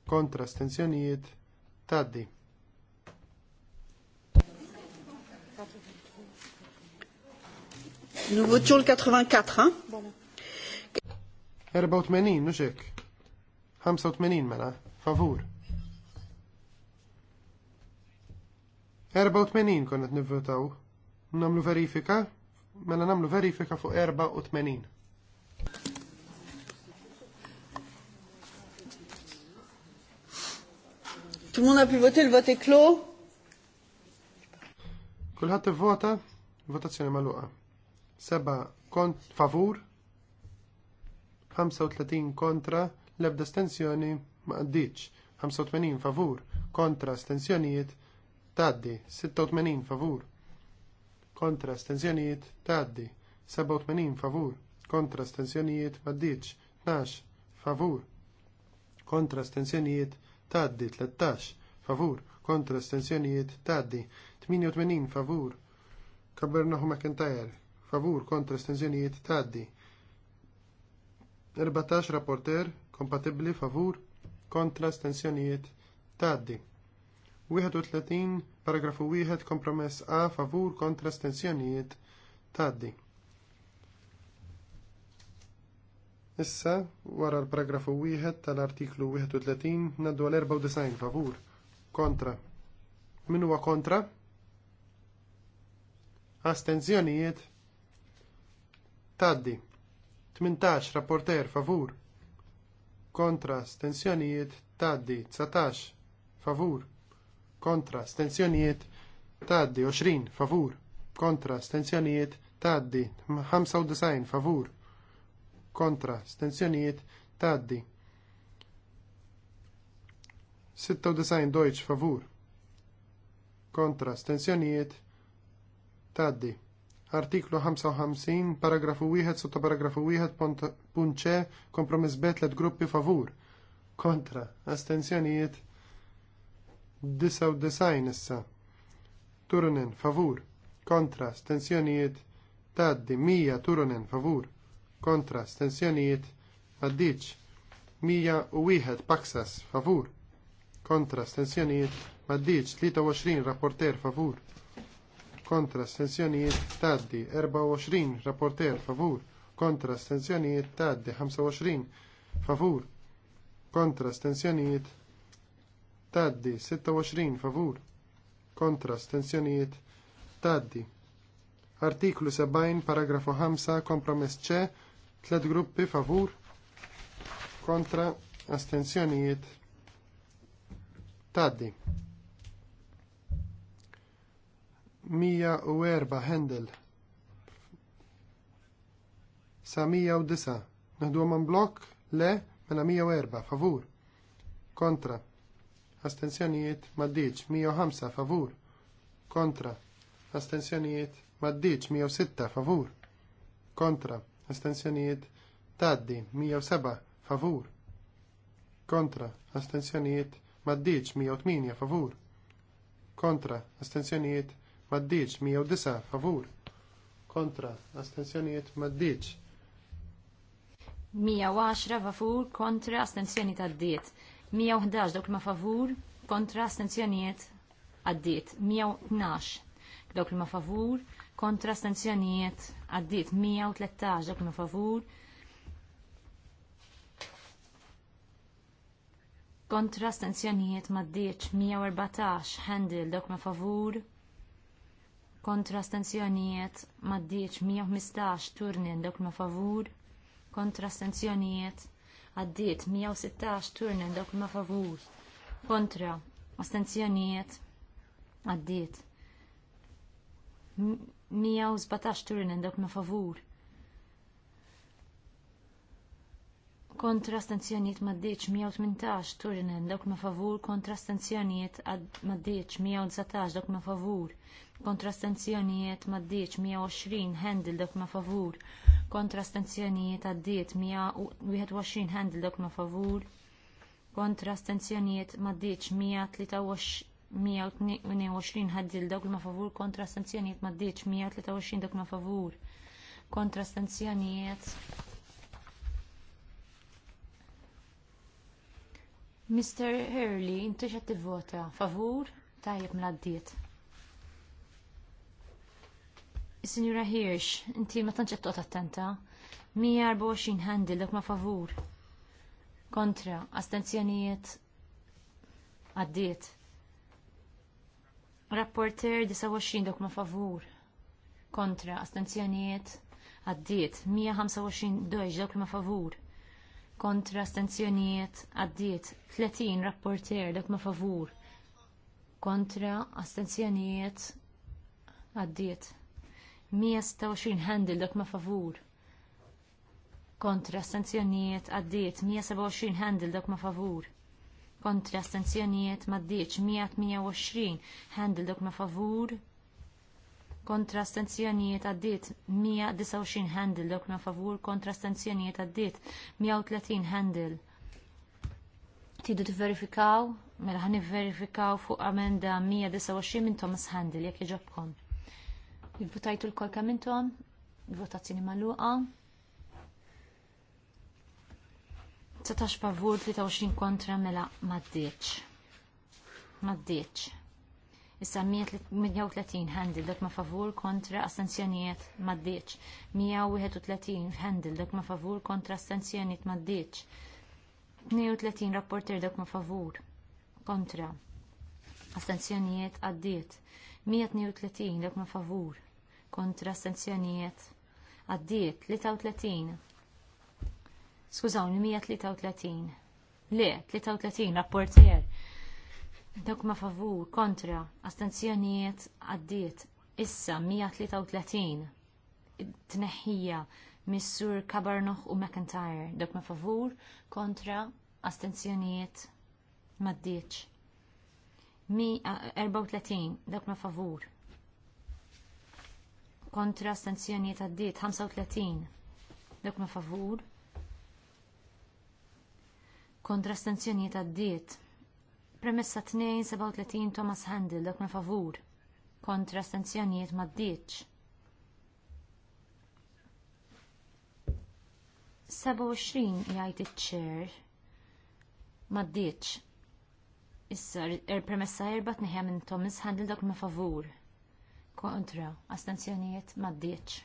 kontra stenzjonijiet taddi. Nous votions le 84, hein? Voilà. 84, menin, xek. 85 mela, favur. 84 konet nivvotaw. Namlu verifika? Mela namlu verifika fuq 84. Tout le monde a pu voter, le vote est Kulħadd ivvota, votazzjoni magħluqa. Seba kont favur, 35 kontra, l-ebda stenzjoni ma qaddiċ, 85 favur, kontra stensjonijiet taddi, 86 favur, kontra stenzjonijiet taddi, 87 favur, kontra stensjonijiet ma qaddiċ, 12 favur, kontra stenzjonijiet taddi taddi 13 favur kontra astensjonijiet taddi 88 favur Kabernahu McIntyre favur kontra astensjonijiet taddi 14 rapporter kompatibli favur kontra astensjonijiet taddi 31 paragrafu 1 kompromess A favur kontra astensjonijiet taddi Issa, wara l-paragrafu wieħed tal-artiklu 31, naddu għal-94 favur. Kontra. Min huwa kontra? Astenzjonijiet. Taddi. 18 rapporter favur. Kontra astenzjonijiet. taddi 19 favur. Kontra astenzjonijiet. taddi 20 favur. Kontra astenzjonijiet. taddi 95 favur kontra stenzjonijiet taddi. 96 Deutsch favur kontra stenzjonijiet taddi. Artiklu 55, paragrafu 1, sotto paragrafu 1, punċe, kompromiss betlet gruppi favur. Kontra, astenzjonijiet, 99 issa. Turunen, favur. Kontra, astenzjonijiet, taddi, 100, turunen, favur kontra stensjonijiet maddiċ. 101 paksas favur kontra stensjonijiet maddiċ 23 rapporter favur kontra stensjonijiet taddi 24 rapporter favur kontra stensjonijiet taddi 25 favur kontra stensjonijiet taddi 26 favur kontra stensjonijiet taddi Artiklu 70 paragrafu 5 kompromess ċe Tlet gruppi favur kontra astenzjonijiet taddi. 104 Handel sa 109 naħdu għaman blok le mela 104 favur kontra astenzjonijiet maddiċ 105 favur kontra astenzjonijiet maddiċ 106 favur kontra astensjonijiet taddi 107 favur kontra astensjonijiet maddiċ 108 favur kontra astensjonijiet maddiċ 109 favur kontra astensjonijiet maddiċ 110 favur kontra astensjoni taddiet 111 dok ma favur kontra astensjonijiet għaddiet 112 dawk li ma favur kontra stanzjonijiet għaddiet 113 dawk li ma favur kontra stanzjonijiet ma ddiċ 114 handil dawk ma favur kontra stanzjonijiet ma ddiċ 115 turnin dawk ma favur kontra stanzjonijiet għaddiet 116 turnin dawk ma favur kontra astenzjonijiet għaddiet 117 turin endok ma favur. Kontra stanzjoniet maddiċ 118 turin endok ma favur. Kontra stanzjoniet maddiċ 119 dok ma favur. Kontra stanzjoniet maddiċ 120 handel dok ma favur. Kontra stanzjoniet għaddiet 121 handel dok ma favur. Kontra stanzjoniet maddiċ 123 122 ħaddil dawk li ma favur kontra sanzjonijiet ma ddiċ 123 dawk ma favur kontra sanzjonijiet. Mr. Hurley, inti xa tivvota favur tajjeb mladdiet. Mela Signora Hirsch, inti ma tantx t attenta. 124 ħandil dok ma favur. Kontra, astenzjonijiet għaddiet. Rapporter 29 dok ma favur. Kontra, astenzjonijiet għaddiet. 125 dojġ dok ma favur. Kontra, astenzjonijiet għaddiet. 30 rapporter dok ma favur. Kontra, astenzjonijiet għaddiet. 126 handil dok ma favur. Kontra, astenzjonijiet għaddiet. 127 handil dok ma favur kontra astenzjonijiet maddiċ 128 handel dok ma favur kontra astenzjonijiet għaddiet 129 handel dok ma favur kontra astenzjonijiet għaddiet 130 handel tidu t-verifikaw mela ħan verifikaw fuq amenda 129 minn Thomas Handel jek jġobkom il l-kolka minn Tom il-votazzjoni maluqa Setax favur 23 kontra mela maddieċ. Maddieċ. Issa 130 handil dak ma favur kontra astenzjonijiet maddieċ. 131 handil dak ma favur kontra assenzjonijiet maddieċ. 32 rapporter dak ma favur kontra assenzjonijiet għaddiet. 132 dak ma favur kontra astenzjonijiet għaddiet. 33 Skużawni, 133. Le, 33, rapportier. Dok ma favur, kontra, astenzjonijiet għaddiet. Issa 133. Tneħħija Missur Kabarnoħ u McIntyre. Dok ma favur, kontra, astenzjonijiet maddiċ. 34, dok ma favur. Kontra astenzjonijiet għaddiet, 35. dok ma favur, kontra stanzjoniet għaddiet. Premessa 237 Thomas Handel dak ma favur kontra stanzjoniet ma ddiċ. 27 jgħid iċ-ċer ma ddiċ. Issa, er premessa erba tneħja minn Thomas Handel dak ma favur kontra astanzjoniet ma ddiċ.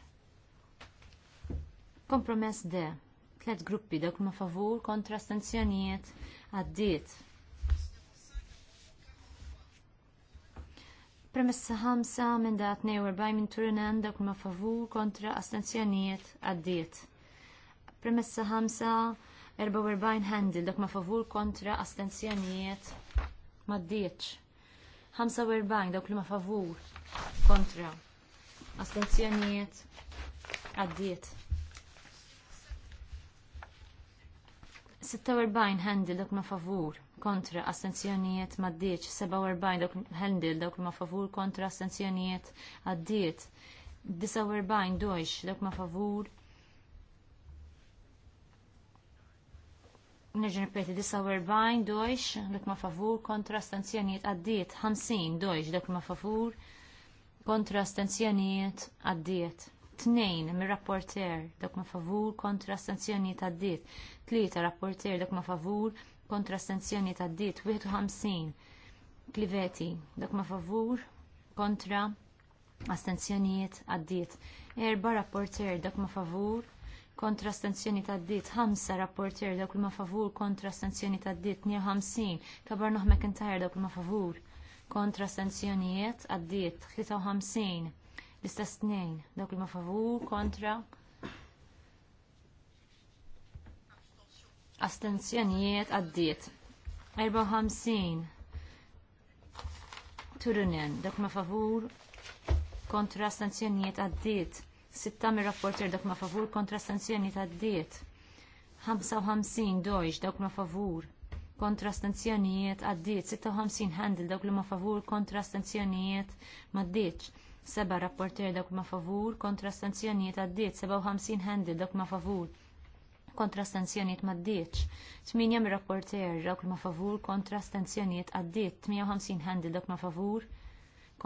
Kompromess de. Tlet gruppi dak ma favur kontra astenzjonijiet għaddiet. Premessa ħamsa minn da 42 minn Turinan dak ma favur kontra astenzjonijiet għaddiet. Premessa ħamsa 44 handil dak ma favur kontra astenzjonijiet ma ddietx. 45 dak ma favur kontra astenzjonijiet għaddiet. 46 handil dok ma favur kontra astenzjonijiet ma d 47 dok handil dok ma favur kontra astenzjonijiet għaddiet, 49 dojx dok ma favur Nerġa nirpeti 49 dojx dok ma favur kontra astenzjonijiet għaddiet, 50 dojx dok ma favur kontra astenzjonijiet għaddiet. Tnejn mir rapporter dak ma favur kontra sanzjoni ta' dit. Tlieta rapporter dak ma favur kontra sanzjoni ta' wieħed ħamsin. kliveti dak ma favur kontra astenzjonijiet għaddiet. Erba rapporter dak ma favur kontra astenzjoni ta' dit. Hamsa rapporter dak ma favur kontra astenzjoni ta' dit. 52 kabar noħ McIntyre dak ma favur kontra astenzjonijiet għaddiet. 53 L-istess tnejn, dawk li ma favur, kontra. Astenzjonijiet għaddiet. 54. Turunen, dak ma favur, kontra astenzjonijiet għaddiet. Sitta mir rapporter dak ma favur, kontra astenzjonijiet għaddiet. 55 dojġ dawk ma favur, kontra astenzjonijiet għaddiet. 56 handel dawk li ma favur, kontra astenzjonijiet ma Seba rapporter dak ma favur kontra stanzjonijiet għaddiet. 57 handi dak ma favur kontra stanzjonijiet ma ddiċ. 8 rapporter dak ma favur kontra stanzjonijiet għaddiet. 58 handi dak ma favur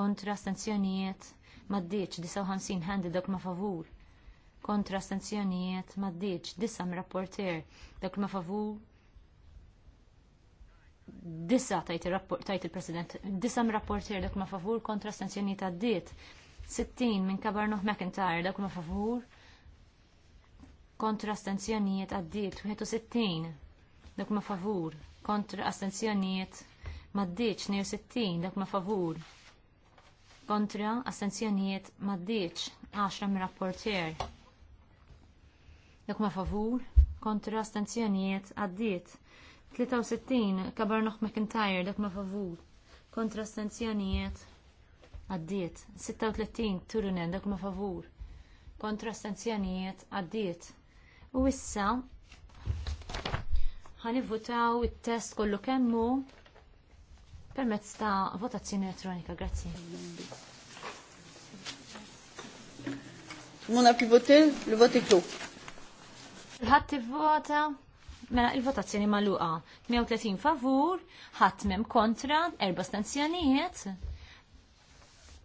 kontra stanzjonijiet ma ddiċ. 59 handi dak ma favur kontra stanzjonijiet ma ddiċ. 9 rapporter dak ma favur disa tajt il-President, disa rapportier dak ma favur kontra sanzjoni ta' diet. 60 minn noħ McIntyre dak ma favur kontra astenzjonijiet għaddiet 61 dak ma favur kontra ma' diet. 62 dak ma favur kontra ma' diet. 10 minn rapportier dak ma favur kontra astenzjonijiet għaddiet 63 Kabarnoch McIntyre dak ma favur kontra stanzjonijiet għaddiet 36 Turunen dak ma favur kontra stanzjonijiet għaddiet u issa ħanivvutaw it-test kollu kemmu permezz ta' votazzjoni elettronika grazzi Mona pivotil, l-voti tu. L-ħat vota Mela il-votazzjoni maluqa. 130 favur, ħatmem kontra, erba stanzjonijiet.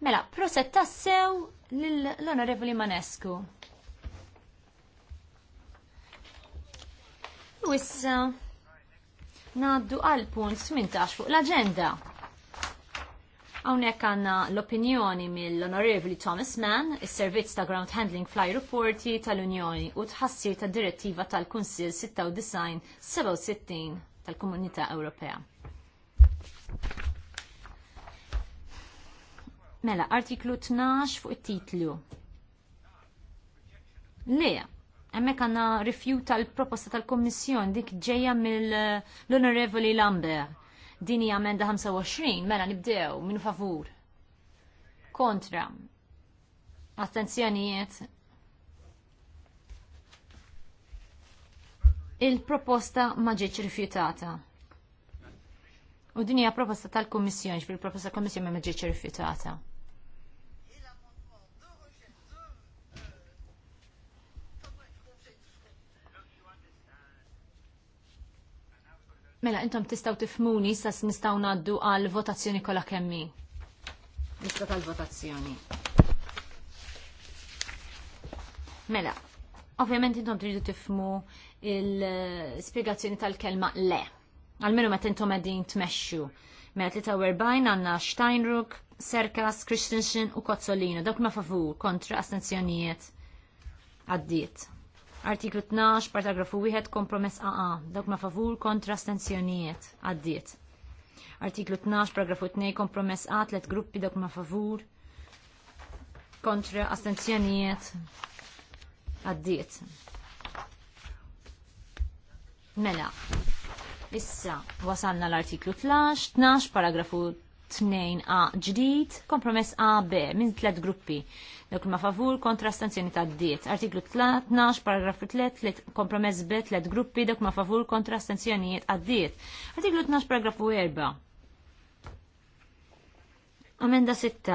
Mela, proset tassew l-Onorevoli Manescu. U issa, naddu għal punt 18 fuq l-agenda. Hawnhekk għandna l-opinjoni mill-Onorevoli Thomas Mann, is-servizz ta' ground handling fl-ajruporti tal-Unjoni u tħassir tad direttiva tal-Kunsil 96-67 tal-Komunità Ewropea. Mela, artiklu 12 fuq it-titlu. Le, emmek għanna rifjuta l-proposta tal-Kommissjon dik ġeja mill-Onorevoli Lambert. Din hija emenda 25, mela nibdew minn favur. Kontra. Attenzjonijiet. Il-proposta ma ġietx rifjutata. U din hija proposta tal-Kummissjoni, fil-proposta tal-Kummissjoni ma ġietx rifjutata. Mela, intom tistaw tifmuni sa nistaw naddu għal votazzjoni kolla kemmi. Nistaw tal-votazzjoni. Mela, ovvjament intom tridu tifmu il-spiegazzjoni tal-kelma le. Għalmenu meta intom għedin tmexxu. Mela 43 għanna Steinruck, Serkas, Christensen u Kozzolino. Dawk ma favur kontra astenzjonijiet għaddiet. Artiklu 12, paragrafu 1, kompromess AA. Dawk ma favur kontra stenzjonijiet. Għaddiet. Artiklu 12, paragrafu 2, kompromess A, tlet gruppi dawk ma favur kontra astenzjonijiet. Għaddiet. Mela, issa wasalna l-artiklu 12, 12, paragrafu 2A ġdid, kompromess A, B, minn tlet gruppi. Dak ma favur kontra astenzjoni diet. Artiklu 12, paragrafu 3, kompromess B, tlet gruppi, dak ma favur kontra astenzjonijiet għaddiet. Artiklu 12, paragrafu 4. Amenda 6.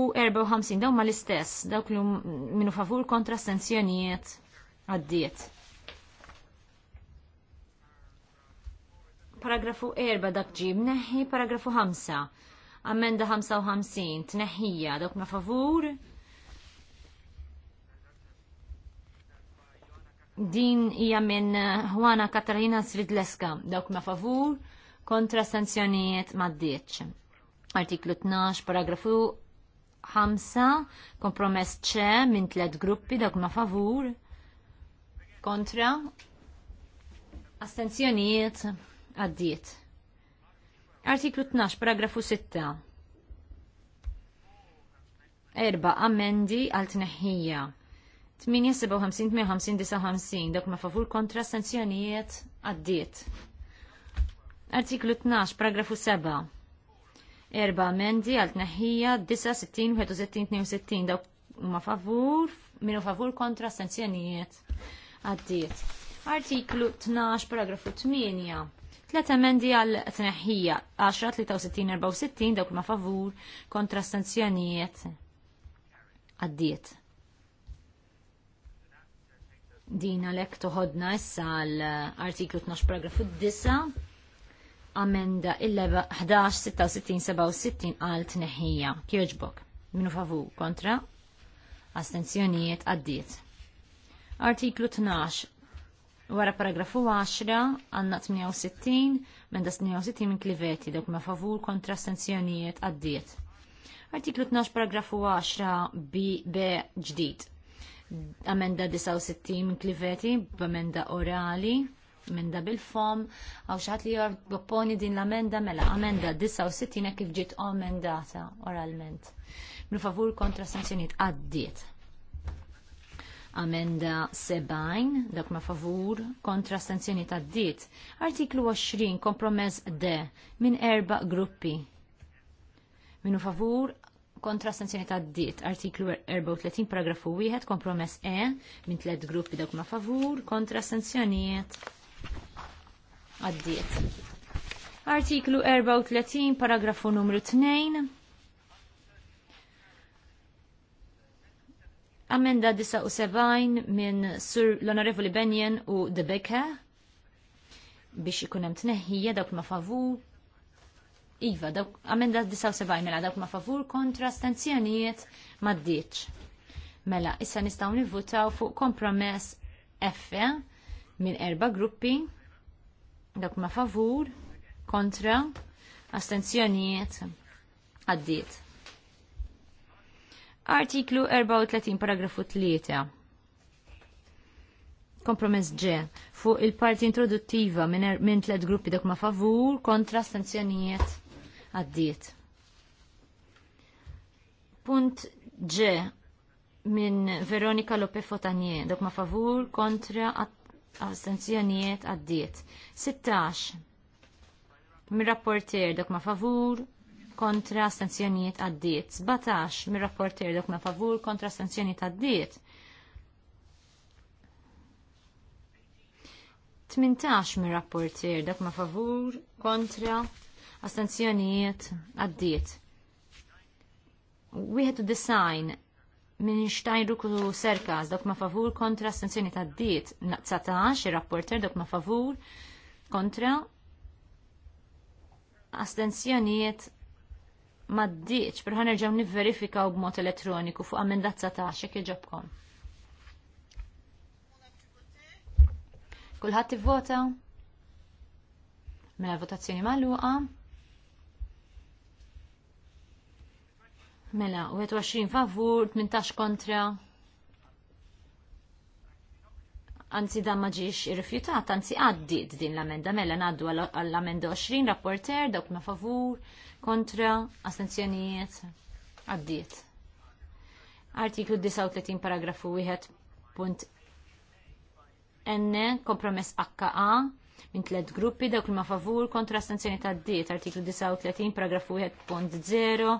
U 54 daw ma l-istess, dawk li minu favur kontra astenzjonijiet għaddiet. Paragrafu 4 dak ġib neħi, paragrafu 5 Ammenda 55, tneħħija, dawk ma favur. Din hija minn Juana Katarina Svidleska, dawk ma favur, kontra sanzjonijiet ma Artiklu 12, paragrafu 5, kompromess ċe minn tlet gruppi, dawk ma favur, kontra astenzjonijiet għaddiet. Artiklu 12, paragrafu 6. Erba ammendi għal tneħħija. 58-59-59, dak ma favur kontra sanzjonijiet għaddiet. Artiklu 12, paragrafu 7. Erba amendi għal tneħħija 69 62 62 dak ma favur, minu favur kontra sanzjonijiet għaddiet. Artiklu 12, paragrafu 8 Tlet emendi għal tneħħija 10, 63, 64 dawk ma favur kontra stanzjonijiet għaddiet. Dina lek toħodna issa għal artiklu 12 paragrafu 9 amenda 11, 66, 67 għal tneħħija. Kjoġbok, minu favur kontra astenzjonijiet għaddiet. Artiklu 12 Wara paragrafu 10 għanna 68 minn da 68 minn kliveti dok ma favur kontra sanzjonijiet għaddiet. Artiklu 12 paragrafu 10 bi be ġdid. Amenda 69 minn kliveti b'amenda orali amenda bil-fom, għaw xaħat li jopponi din l-amenda mela, amenda 69 kif ġiet omendata oralment. Minn favur kontra sanzjonijiet għaddiet. Amenda 70, dak ma favur, kontra ta' dit. Artiklu 20, kompromess D, minn erba gruppi. Minu favur, kontra ta' dit. Artiklu 34, paragrafu 1, kompromess E, minn tlet gruppi dak ma favur, kontra astenzjonijiet għaddiet. Artiklu 34, paragrafu numru 2, Amenda 79 minn Sur l-Onorevoli Benjen u De Becca biex ikun hemm tneħħija dawk ma' favur. Iva, dawk amenda 79 mela dawk ma' favur kontra stanzjonijiet ma' d-dieċ. Mela, issa nistgħu nivvutaw fuq kompromess F eh, minn erba gruppi dawk ma' favur kontra astenzjonijiet għaddiet artiklu 34 paragrafu 3. Kompromess ġe fuq il-parti introduttiva minn er- min tlet gruppi dak ma favur kontra stanzjonijiet għaddiet. Punt ġe minn Veronika Lope Fotanie dak ma favur kontra astenzjonijiet għaddiet. 16 mir rapporter dak ma favur kontra sanzjonijiet għaddiet. 17 mir rapporter dok ma favur kontra sanzjonijiet għaddiet. 18 mir rapporter dak ma favur kontra astenzjonijiet għaddiet. design minn xtajn ruku Serkas dok ma favur kontra sanzjoni ta' diet. 19 rapporter dok ma favur kontra astenzjonijiet Ma maddiċ, per u nivverifikaw b'mod elettroniku fuq amendazza ta' xek iġobkom. Kulħadd ivvota? Mela votazzjoni magħluqa. Mela, 21 favur, 18 kontra. Anzi dan ma ġiex irrifjutat, anzi għaddiet din l-amenda. Mela ngħaddu għall-amenda 20 rapporter dawk ma favur kontra astenzjonijiet għaddiet. Artiklu 39 paragrafu 1.n punt N kompromess HA minn tliet gruppi dawk li ma favur kontra astenzjoni ta' diet artiklu 39 paragrafu 1.0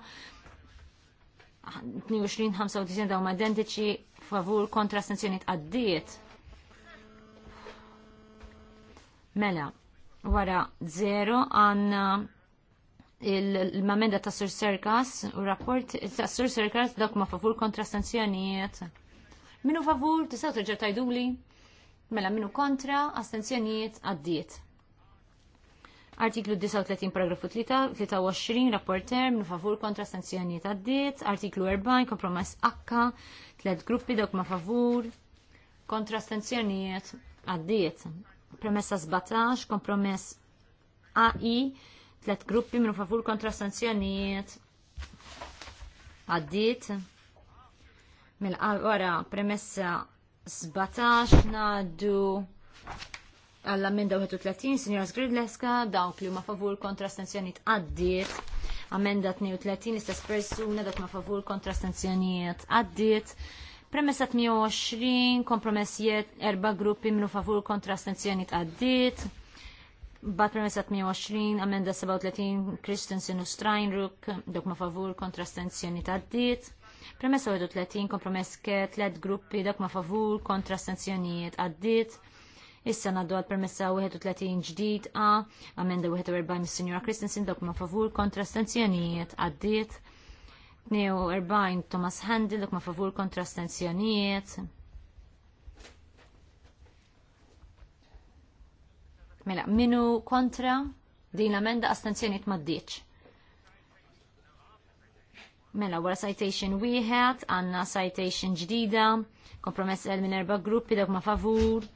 22-95 daw ma identiċi favur kontra astenzjoni ta' diet mela wara 0 għanna il-mamenda ta' Sur Serkas u rapport ta' Sur Serkas dak ma' favur kontra astenzjonijiet. Minu favur, tisaw terġa tajduli, mela minu kontra, astenzjonijiet għaddiet. Artiklu 39, paragrafu 23, rapporter, minu favur kontra astenzjonijiet għaddiet. Artiklu 40, kompromess akka, tlet gruppi dak ma' favur kontra astenzjonijiet għaddiet. Promessa 17, kompromess AI, tlet gruppi minn favur kontra sanzjonijiet għaddit mill-għara premessa 17 naddu għall amenda 31, Signora Sgridleska, dawk li huma favur kontra sanzjonijiet għaddiet amenda 32 istess persuna dak ma favur kontra stanzjonijiet Premessa 28, kompromessijiet erba gruppi minn favur kontra stanzjonijiet għaddiet. Bat premessa 28, amenda 37, Christensen u Strainruk, dok ma favur kontra stenzjoni ta' d-diet. Premessa 30, kompromess ke tlet gruppi dok ma favur kontra stenzjonijiet għaddit. Issa naddu għal permessa 31 ġdid A, amenda 41 mis signora Christensen dok ma favur kontra stenzjonijiet għaddit. 42 Thomas Handel dok ma favur kontra stenzjonijiet Mela, minu kontra din l-amenda t maddiċ. Mela, wara citation wieħed, għanna citation ġdida, kompromess għal minn erba gruppi dawk ma favur,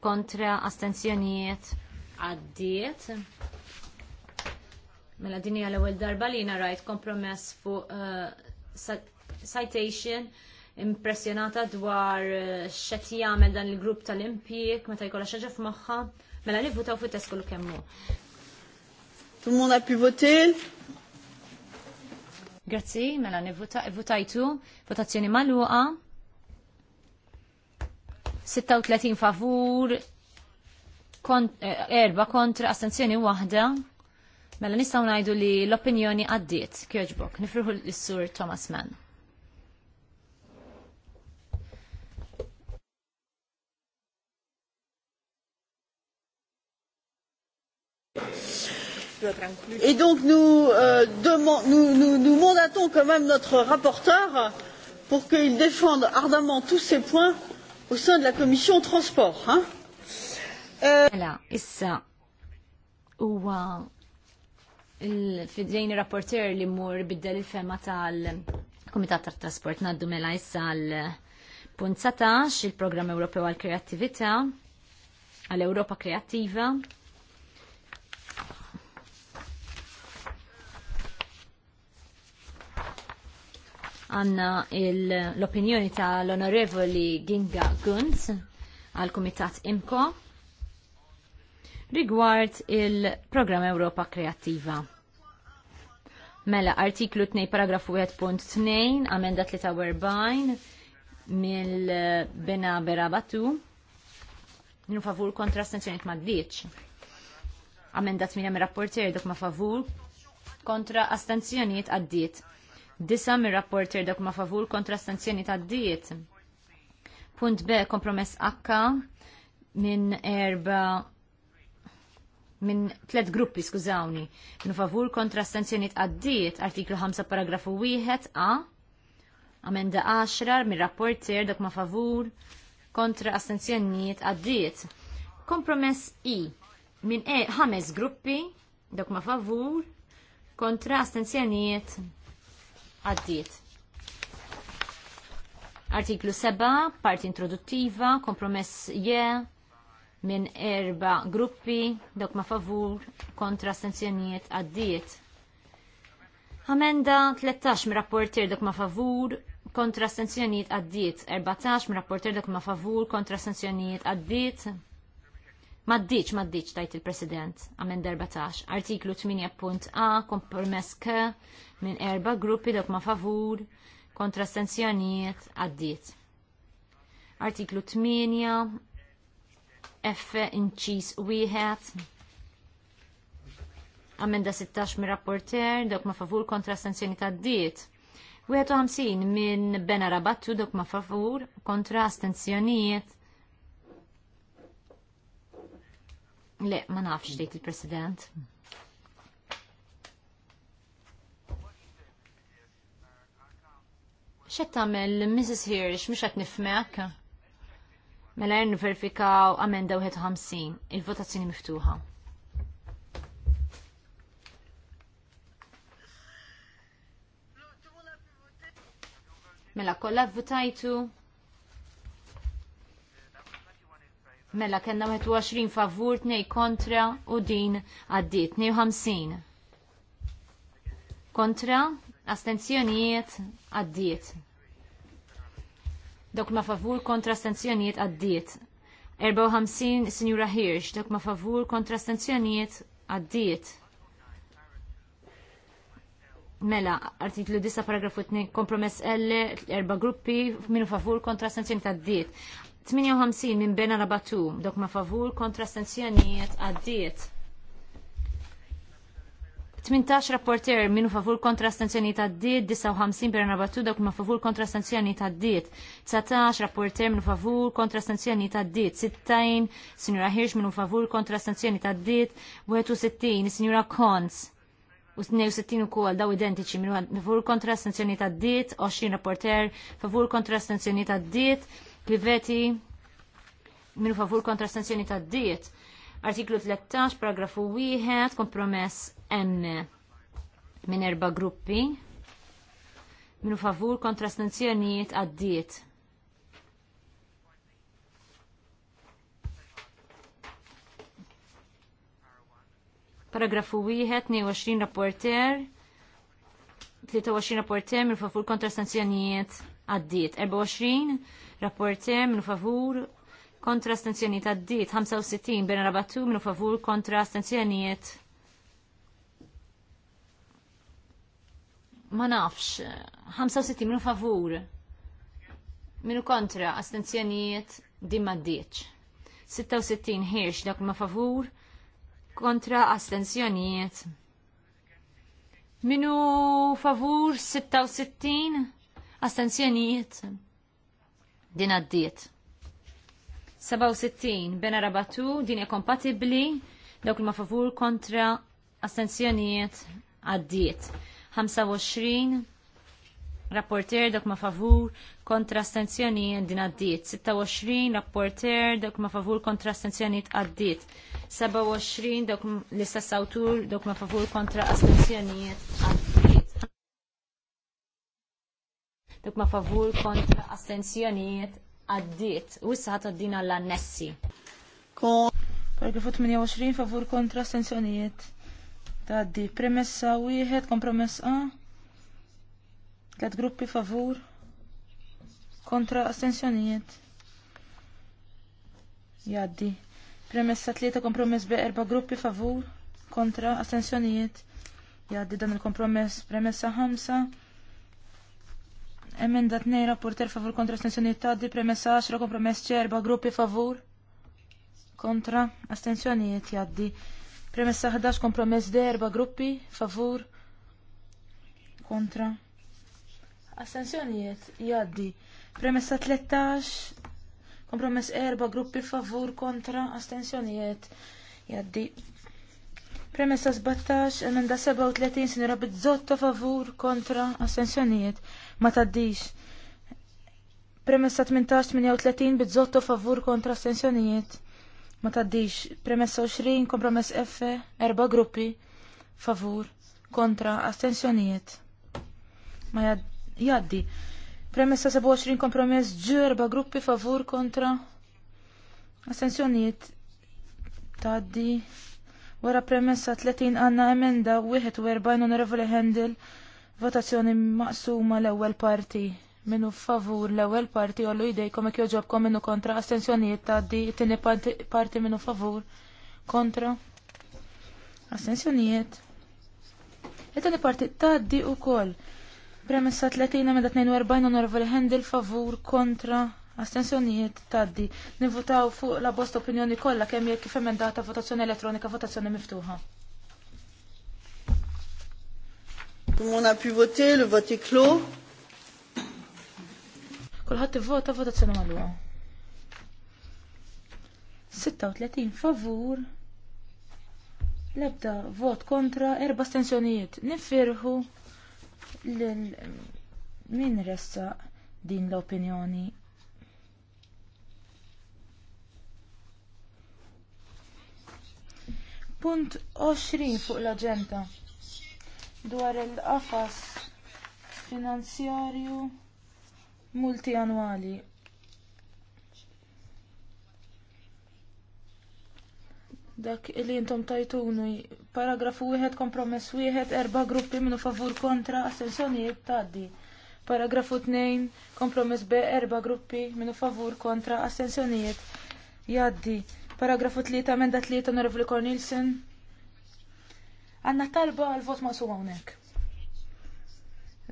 kontra astenzjonijiet għaddiet. Mela, din hija l-ewwel darba li rajt kompromess fuq uh, citation impressjonata dwar eh, xet jagħmel dan il-grupp tal-impjieg meta jkollha xaġa magħha, mela li votaw fit-test kollu kemm hu. Tumuna pivotil? Grazzi, mela nivvotajtu, votazzjoni magħluqa. 36 favur, kont, eh, erba kontra, astenzjoni waħda. Mela nistgħu ngħidu li l-opinjoni għaddiet, kjoġbok, nifruħu l-sur Thomas Mann. Et donc nous, euh, demand, nous, nous, nous mandatons quand même notre rapporteur pour qu'il défende ardemment tous ces points au sein de la commission transport. Hein euh... Voilà, et ça. Wow. il fidejn rapporter li mur biddel il-fema tal-Komitat tal-Trasport naddu mela jissa l-punt 17, il-Programm Ewropew għal kreativita għal-Europa Kreativa. għanna l-opinjoni ta' l-onorevoli Ginga Gunz għal Kumitat Imko rigward il-Programm Ewropa Kreattiva. Mela artiklu 2 paragraf 1.2 amenda 43 mill-Bena Berabatu minu favur kontra sanzjoniet ma' d-dieċ. Amenda 8 mir rapporter dok ma' favur kontra astenzjoniet għaddiet. Disa mir rapporter dak ma favur kontra sanzjoni ta' diet. Punt B, kompromess H minn erba minn tlet gruppi, skużawni, minn favur kontra sanzjoni ta' diet, artiklu 5 paragrafu 1 A, amenda 10 mir rapporter dak ma favur kontra ta' għaddiet. Kompromess I minn E ħames gruppi dak ma favur kontra astenzjonijiet għaddiet. Artiklu 7, parti introduttiva, kompromess je minn erba gruppi, dok ma favur, kontra stenzjonijiet għaddiet. Amenda 13 mi rapporter dok ma favur, kontra stenzjonijiet għaddiet. 14 mir rapporter dok ma favur, kontra stenzjonijiet għaddiet. Maddiċ, maddiċ, tajt il-President, għamen darba tax. Artiklu 8.a, kompromess k, minn erba gruppi dok ma favur, kontra sanzjoniet, għaddiet. Artiklu 8, F inċis wieħed. Amenda 16 mir rapporter, dok ma favur kontra sanzjoniet, għaddiċ. diet. 51 minn Bena Rabattu dok ma favur kontra astenzjonijiet Le, ma nafx dejt il-President. ċet tamel Mrs. Hirsch, mux għat nifmek? Mela jern verifikaw amenda 51, il-votazzjoni miftuħa. Mela kolla votajtu. Mela kena 21 favur, 2 kontra u din għaddit. 52. Kontra, astenzjonijiet għaddit. Dok ma favur kontra astenzjonijiet għaddit. 54 Sinjura Hirsch, dok ma favur kontra astenzjonijiet għaddit. Mela, artiklu 9 paragrafu 2 kompromess L, erba gruppi, minu favur kontra astenzjonijiet għaddit. 58 minn Bena Rabatu, dok ma favur kontra astenzjonijiet għaddiet. 18 rapporter minn favur kontra astenzjonijiet għaddiet, 59 Bena Rabatu, dok ma favur kontra astenzjonijiet għaddiet. 19 rapporter minn favur kontra astenzjonijiet għaddiet. 60 Sinjura Hirsch minn favur kontra astenzjonijiet għaddiet. 61 Sinjura Kons u 62 ukoll daw identiċi minn favur kontra astenzjonijiet għaddiet, 20 rapporter favur kontra astenzjonijiet għaddiet. Kliveti minu favur kontra astensjoni ta' diet. Artiklu 13, paragrafu 1, kompromess N minn erba gruppi. Minu favur kontra astensjonijiet għaddiet. Paragrafu 1, 22 rapporter, 23 rapporter minn favur kontra astensjonijiet għaddiet. 24 Rapporter minu favur kontra astenzjonijiet għaddiet. 65 ben rabattu minu favur kontra astenzjonijiet. Ma nafx. 65 minu favur. Minu kontra astenzjonijiet din d ddiċ. 66 hirx dak ma favur kontra astenzjonijiet. Minu favur 66 astenzjonijiet din għaddiet. 67 bena rabatu din hija kompatibbli dawk ma favur kontra astensjonijiet għaddiet. 25 rapporter dak ma favur kontra astensjonijiet din għaddiet. 26 rapporter dak ma favur kontra astensjonijiet għaddiet. 27 dawk l-istess autur, dak ma favur kontra astensjonijiet għaddiet. dak ma favur kontra astenzjonijiet għaddiet. U issa ħat għaddina l-annessi. Paragrafu 28 favur kontra astenzjonijiet. Taddi premessa wieħed kompromess A. Għad gruppi favur kontra astenzjonijiet. Jaddi. Premessa tlieta kompromess B erba gruppi favur kontra astenzjonijiet. Jaddi dan il-kompromess premessa ħamsa Emenda t-nej rapporter favur kontra astensjoni taddi premessa 10 kompromess ċerba gruppi favur kontra astensjonijiet jaddi. Premessa 11 kompromess derba gruppi favur kontra astensjonijiet jaddi. Premessa 13 kompromess erba gruppi favur kontra astensjonijiet jaddi. Premessa 17, emenda 37, sinjora bizzotto favur kontra assenzjonijiet. Ma taddix. Premessa 18, 38, bizzotto favur kontra assenzjonijiet. Ma taddix. Premessa 20, kompromess F, erba gruppi favur kontra astensjonijiet. Ma jaddi. Premessa 27, kompromess G, erba gruppi favur kontra astensjonijiet. Taddi. Wara premessa 30 għanna emenda 41 onorevoli Handel votazzjoni maqsuma l-ewwel parti. minnu favur l-ewwel parti għallu jdejkom jekk joġobkom minnu kontra astensjonijiet tgħaddi it tini parti minnu favur kontra astensjonijiet. It-tieni parti tgħaddi kol Premessa 30 emenda 42 onorevoli Handel favur kontra Astensjonijiet taddi. nivvutaw fuq la bosta opinjoni kollha kemm jekk kif emendata votazzjoni elettronika votazzjoni miftuħa. Tout le monde a pu voter, le vote est clos. Kulħadd ivvota votazzjoni magħluqa. 36 favur, l-ebda vot kontra, erba' astensjonijiet. Nifirħu lil min resta din l-opinjoni Punt 20 fuq l-agenda dwar il-qafas finanzjarju multianwali. Dak li jintom tajtunu paragrafu wieħed kompromess wieħed erba' gruppi minnu favur kontra assenzjonijiet tgħaddi. Paragrafu 2 kompromess B erba' gruppi minnu favur kontra assenzjonijiet jgħaddi. Paragrafu 3, emenda 3, Norvli Cornelsen. Għanna talba għal-vot ma' suwawnek.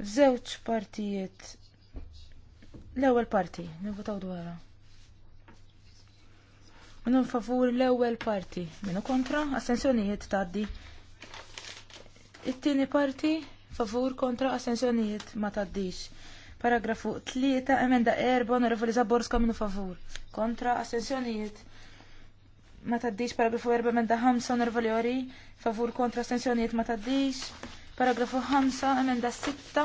F'żewġ partijiet. L-ewwel parti, nivvotaw dwarha. Minnum favur l-ewwel parti, minnu kontra, assenzjonijiet taddi. It-tieni parti, favur kontra assenzjonijiet ma taddix. Paragrafu 3, emenda 4, Norvli Zaborska minnu favur. Kontra assenzjonijiet? ma taddix paragrafu 4 emenda 5 onorevoli ori favur kontra stensjoniet ma taddix paragrafu 5 emenda 6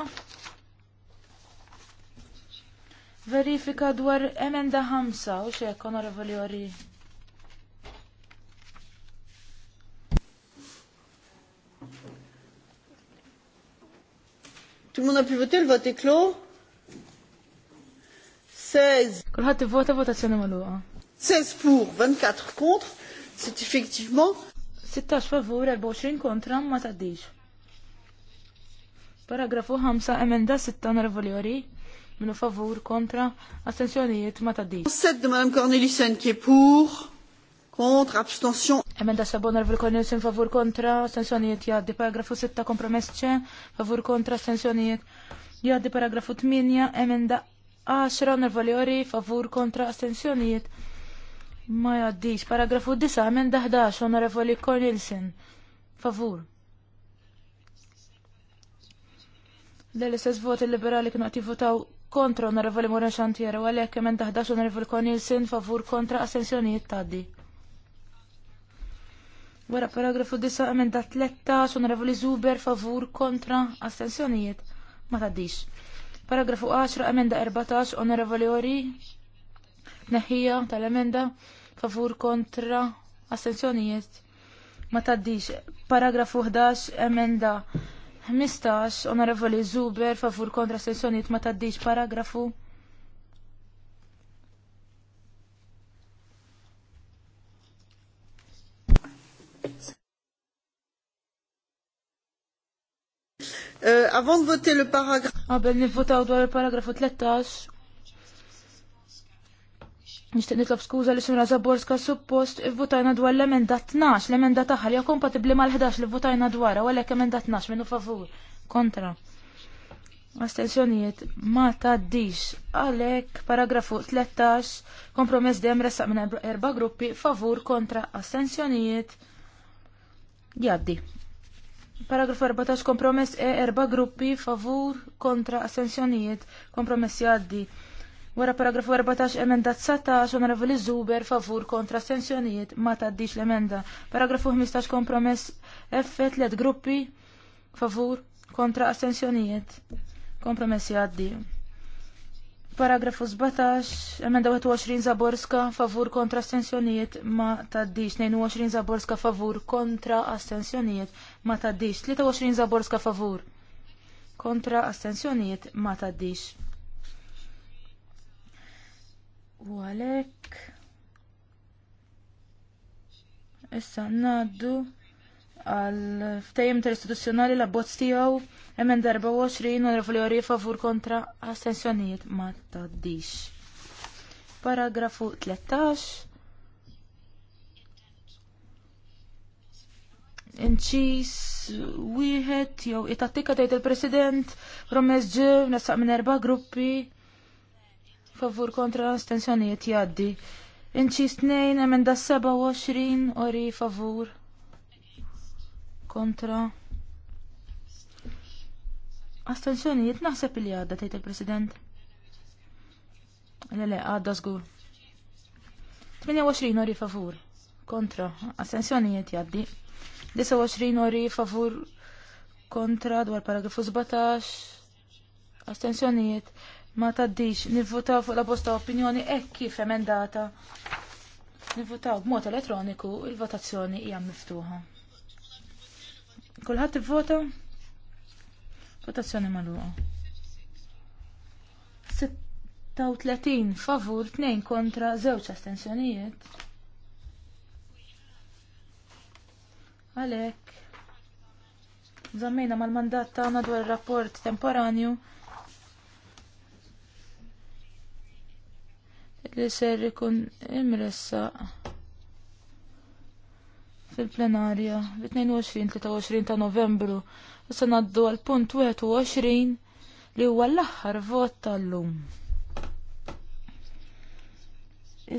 verifika dwar emenda 5 u xek onorevoli ori Tout le monde a pu voter, le vote est clos. 16. Kulħat vota votazzjoni maluqa. 16 pour, 24 contre, c'est effectivement. 16 favur, 24 contre, ma taddix. Paragrafu 5, emenda 6 onorevoli minu favur, kontra, astensjonijiet ma taddix. 7 de Madame Cornelissen qui est pour, contre, abstention. Emenda 7 onorevoli Cornelissen favur, kontra, astensjonijiet jaddi. Paragrafu 6 kompromess ċe, favur, kontra, astensjonijiet jaddi. Paragrafu 8, emenda 10 onorevoli favur, kontra, astensjonijiet Ma jaddiċ, paragrafu 9 minn 11, onorevoli Cornelsen. Favur. L-istess voti liberali kienu għati votaw kontra onorevoli Moran Xantiera, u għalek minn 11 onorevoli Cornelsen favur kontra assenzjonijiet taddi. Wara paragrafu 9 minn 13, onorevoli Zuber favur kontra assenzjonijiet. Ma taddiċ. Paragrafu 10, emenda 14, onorevoli Ori, tneħħija tal-emenda favur kontra astenzjonijiet ma taddix. Paragrafu 11 emenda 15 onorevoli Zuber favur kontra astenzjonijiet ma taddix. Paragrafu Euh, avant de voter le paragraphe... Qabel nivvotaw dwar il-paragrafu 13, Nishtiq nitlob skuża li ximra Zaborska suppost votajna dwar l-emenda 12, l-emenda taħħa li kompatibbli mal-11 li votajna dwar, u għalhekk emenda 12 minnu favur. Kontra. Astenzjonijiet ma taddix. Għalhekk paragrafu 13, kompromess dejjem ressaq minn erba gruppi favur kontra astenzjonijiet. Jaddi. Paragrafu 14, kompromess e erba gruppi favur kontra astenzjonijiet. Kompromess jaddi. Wara paragrafu 14 emenda 19 onorevoli Zuber favur kontra astensjonijiet ma taddix l-emenda. Paragrafu 15 kompromess F tliet gruppi favur kontra astensjonijiet. Kompromess jaddi. Paragrafu 17 emenda 21 Zaborska favur kontra astensjonijiet ma taddix. 22 Zaborska favur kontra astensjonijiet ma taddix. 23 Zaborska favur kontra astensjonijiet ma taddix. U għalek. Issa naddu għal ftejjem interistituzzjonali la bozz tiegħu hemm 24 onorevoli favur kontra astensjonijiet ma tgħaddix. Paragrafu 13. Inċis wieħed jew it-tattika tgħid il-President Romes Ġew nesaq minn erba' gruppi favur kontra astensjonijiet jaddi. Inċis 2 emenda 27 ori favur kontra. Astensjonijiet naħseb li għadda tgħid il-President. Le le għadda zgur. 28 ori favur kontra. Astensjonijiet jaddi. 29 ori favur kontra dwar paragrafu 17. Astensjonijiet Ma taddix, nivvutaw fuq la bosta opinjoni hekk kif emendata. Nivvutaw b'mod elettroniku, il-votazzjoni hija miftuħa. Kulħadd ivvota? Votazzjoni magħluqa. 36 favur, 2 kontra, 2 astensjonijiet. Għalhekk. zammina mal-mandat tagħna dwar ir-rapport temporanju li ser ikun imressa fil-plenarja fit-22-23 ta' novembru. Issa naddu għal punt 21 li huwa l-aħħar vot tal-lum.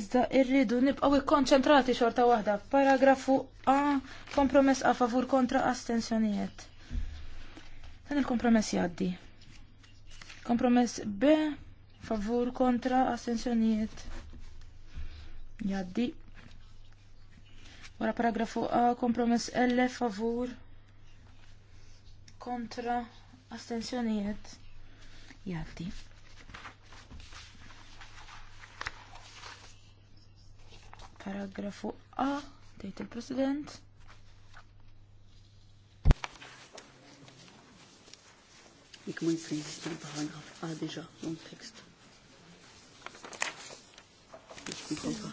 Iżda irridu nibqgħu ikkonċentrati xorta waħda. Paragrafu A, kompromess A favur kontra astensjonijiet. Dan il-kompromess jgħaddi. Kompromess B, favur kontra assenzjonijiet jaddi wara paragrafu A kompromess L favur kontra astensjonijiet jaddi paragrafu A dejt il-President Jekk ma jfriżx il-baħan għal diġà non text. Je suis contre.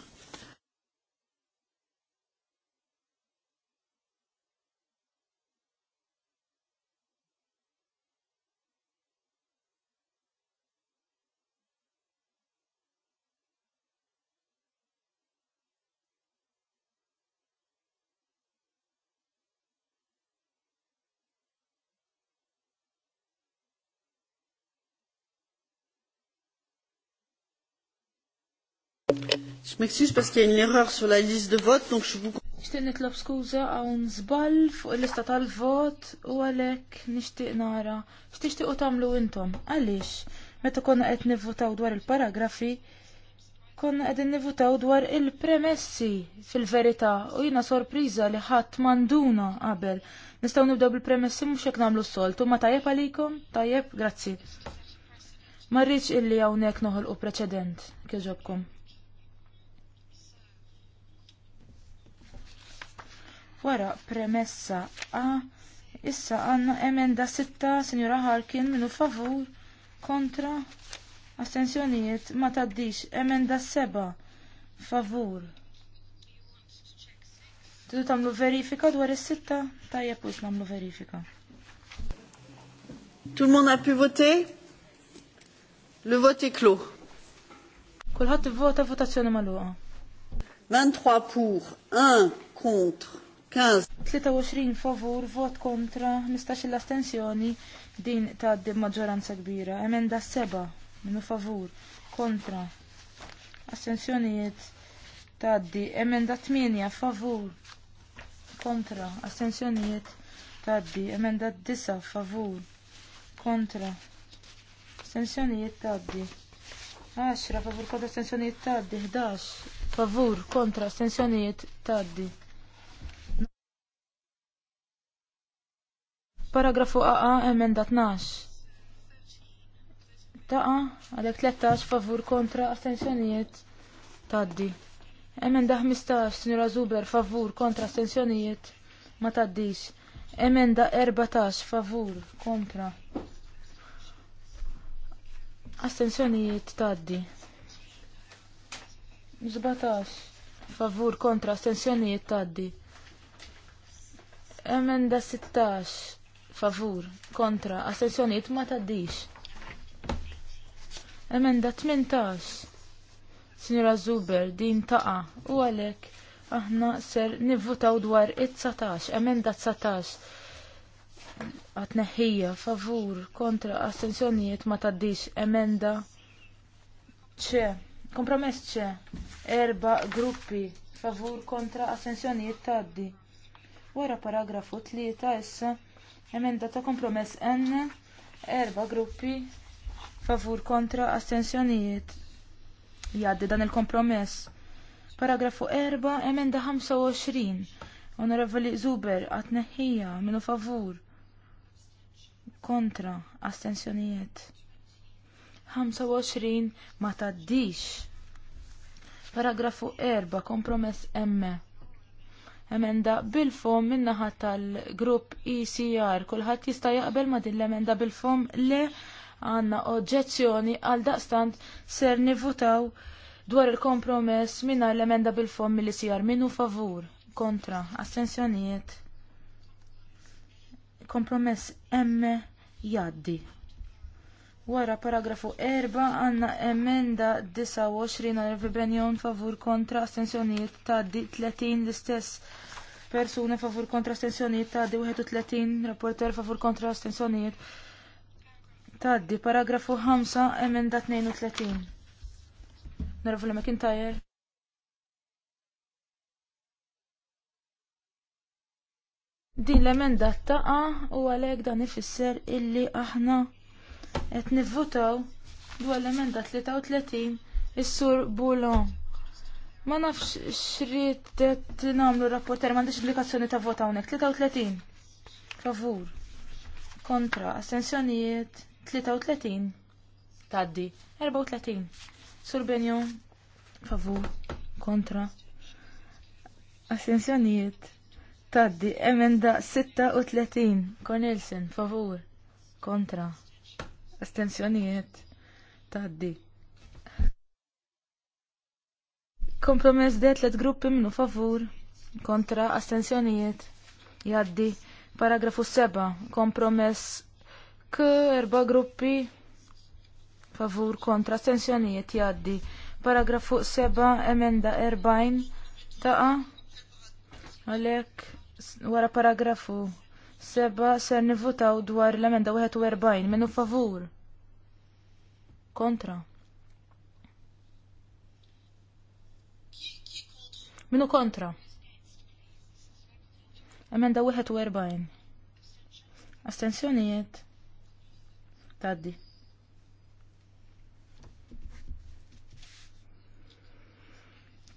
Je m'excuse parce qu'il y a une erreur sur la liste de vote, donc je vous... Nishtiq nitlob skuża hawn żball fuq il-lista tal-vot u għalhekk nixtieq nara x'tixtiequ tagħmlu intom. Għaliex meta konna qed nivvutaw dwar il-paragrafi konna qegħdin nivvutaw dwar il-premessi fil-verità u jiena sorpriża li ħadd manduna qabel. Nistgħu nibdew bil-premessi mhux hekk nagħmlu s-soltu ma tajjeb għalikom? Tajjeb, grazzi. Ma rridx illi hawnhekk noħolqu preċedent kieġobkom. wara premessa A. Issa għandna emenda 6, Sinjura Harkin, minu favur, kontra, astensjonijiet, ma taddix, emenda 7, favur. Tidu tamlu verifika dwar is-sitta, tajjeb pux nagħmlu verifika. Tout le monde a pu voter? Le vote est clos. Kulħadd ivvota votazzjoni magħluqa. 23 pour, 1 contre, Kaz. 23 favur, vot kontra, nistax l-astensjoni, din ta' di maġġoranza kbira. Emenda seba, minu favur, kontra, astensjonijiet ta' di. Emenda 8, favur, kontra, astensjonijiet ta' di. Emenda 9, favur, kontra, astensjonijiet ta' di. 10, favur, kontra, astensjonijiet ta' di. 11, favur, kontra, astensjonijiet ta' di. Paragrafu AA emenda 12. Taqa għalek 13 favur kontra astensjonijiet taddi. Emenda 15 Sinjura Zuber favur kontra astensjonijiet ma taddix. Emenda 14 favur kontra astensjonijiet taddi. 17 favur kontra astensjonijiet taddi. Emenda 16 favur, kontra, assessjoniet ma taddix. Emenda 18. Sinjora Zuber, din taqa, u għalek, aħna ser nivvutaw dwar it-19, emenda 19. Għatneħija, favur, kontra, astensjonijiet ma taddix, emenda ċe, kompromess ċe, erba gruppi, favur, kontra, astensjonijiet taddi. Wara paragrafu tlieta issa Emenda ta' kompromess N, erba gruppi favur kontra astensjonijiet. Jaddi dan il-kompromess. Paragrafu 4, emenda 25. Onorevoli Zuber, għatneħija, minu favur. Kontra, astensjonijiet. 25 ma taddix. Paragrafu 4, kompromess M emenda bil-fom min-naħa tal-grupp ECR. Kulħadd jista' jaqbel ma din l-emenda bil-fom le għandna oġġezzjoni għal daqstant ser nivutaw dwar il-kompromess minna l-emenda bil-fom mill-ECR minnu favur kontra astensjonijiet. Kompromess emme jaddi. Wara paragrafu 4 għandna emenda 29 għal Vibrenjon favur kontra astensjonijiet tgħaddi 30 l-istess persuna favur kontra astensjonijiet tgħaddi 31 rapporter favur kontra astensjonijiet tgħaddi paragrafu 5 emenda 32. Narfu li McIntyre. Din l-emenda taqa u għalhekk dan ifisser illi aħna qed nivvotaw dwar l-emenda 33 is-sur Boulon. Ma nafx xriet namlu rapporter, m'għandix implikazzjoni ta' vota hawnhekk. 33. Favur. Kontra. Astensjonijiet. 33. Taddi. 34. Sur Benjo. Favur. Kontra. Astensjonijiet. Taddi. Emenda 36. Cornelsen. Favur. Kontra ta' taddi. Kompromess det let gruppi minnu favur kontra astensjonijiet jaddi. Paragrafu 7. Kompromess k erba gruppi favur kontra astensjonijiet jaddi. Paragrafu 7. Emenda 40 ta' Għalek wara paragrafu Seba ser nivvutaw dwar l-emenda 41 minnu favur. Kontra. Minnu kontra. Emenda 41. Astensjonijiet. Taddi.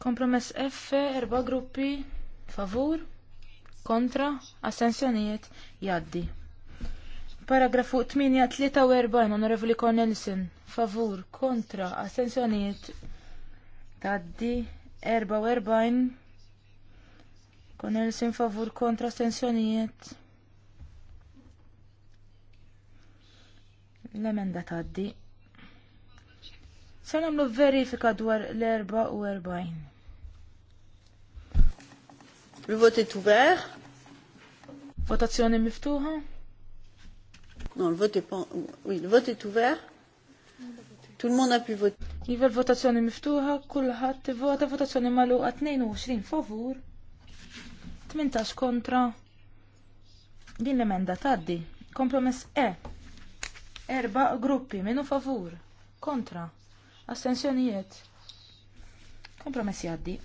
Kompromess F, erba gruppi, favur kontra assenzjonijiet jaddi. Paragrafu 843 Onorevoli Cornelison favur kontra assenzjonijiet taddi 44 Cornelison favur kontra assenzjonijiet l-emenda taddi. Sa nagħmlu verifika dwar l-44. Le vote est ouvert. Votazzjoni miftuħa. Non, le vote est pas... Oui, le vote est ouvert. Tout le monde a pu voter. Iva votazzjoni miftuħa, kulħadd ivota votazzjoni magħluqa 22 favur, 18 kontra. Din l-emenda tgħaddi. Kompromess E. Erba gruppi minu favur, kontra, astensjonijiet. Kompromess jgħaddi.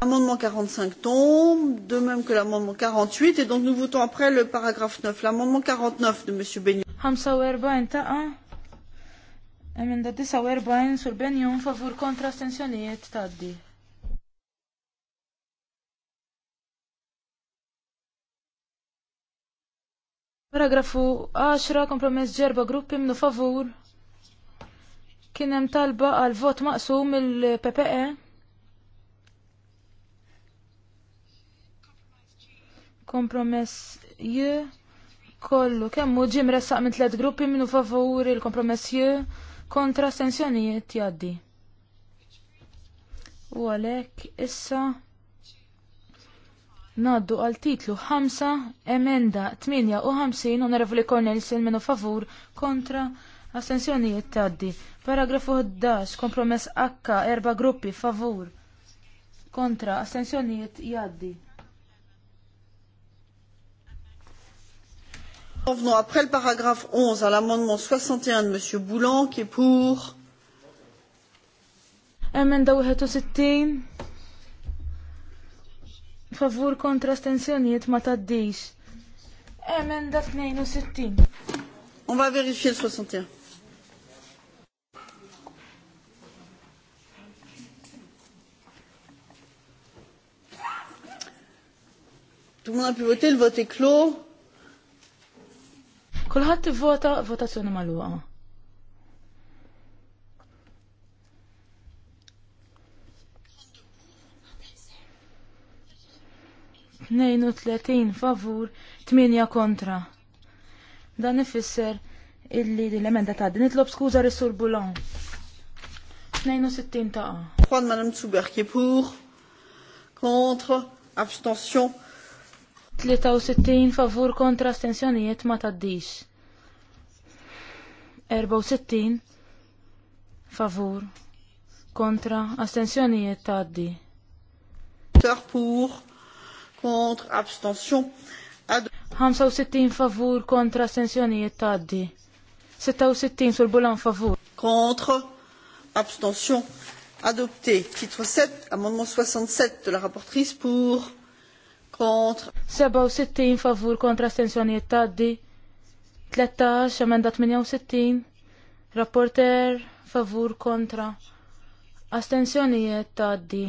Amendement 45 tombe, de même que l'amendement 48, et donc nous votons après le paragraphe 9. L'amendement 49 de M. Benyon. 45 taqa. Emenda 49 sur Paragrafu 10, kompromess ġerba gruppi minnu favur. Kien hemm talba għal vot maqsum il ppe Kompromess J kollu kemm ġie mressaq minn tliet gruppi minnu favur il-kompromess J kontra sensjonijiet jaddi. U għalhekk issa Naddu għal titlu 5, emenda 58, onorevoli Cornelsen minnu favur kontra astensjonijiet taddi. Paragrafu 11, kompromess H, erba gruppi favur kontra astensjonijiet jaddi. Revenons après le paragraphe 11 à l'amendement 61 de M. Boulan qui est pour. Emenda 61. Favur kontra stensjoniet ma taddix. Emenda 62. On va vérifier le 61. Tout le monde a pu voter, le vote est clos. Kulħadd ivvota votazzjoni magħluqa. Nejn u tletin favur, tminja kontra. Dan ifisser illi l-emenda ta' din itlob skuża Rissur Boulon. 62 ta' 3 Madame Zuber qui est pour, abstention 63 favur kontra astensjonijiet ma taddix. 64 favur kontra astensjonijiet taddi. pur kontra abstention. 65 favur kontra astensjonijiet taddi. 66 sur bulan favur. Kontra abstention adopté. Titre 7, amendement 67 de la rapportrice pour Kontra. 67 favur kontra astensjonijiet taddi. 13 emenda 68. Rapporter favur kontra astensjonijiet taddi.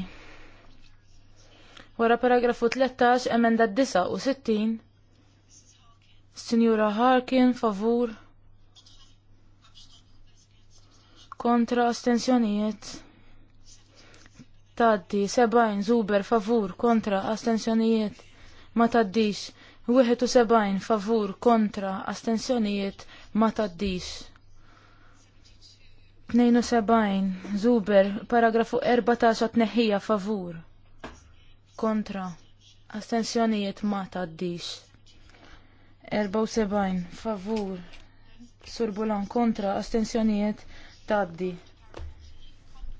Wara paragrafu 13 emenda 69. Sinjura Harkin favur kontra astensjonijiet taddi 70 zuber favur kontra astensjonijiet ma taddix 71 favur kontra astensjonijiet ma taddix 72 zuber paragrafu 14 tneħħija favur kontra astensjonijiet ma taddix 74 favur surbulan kontra astensjonijiet taddi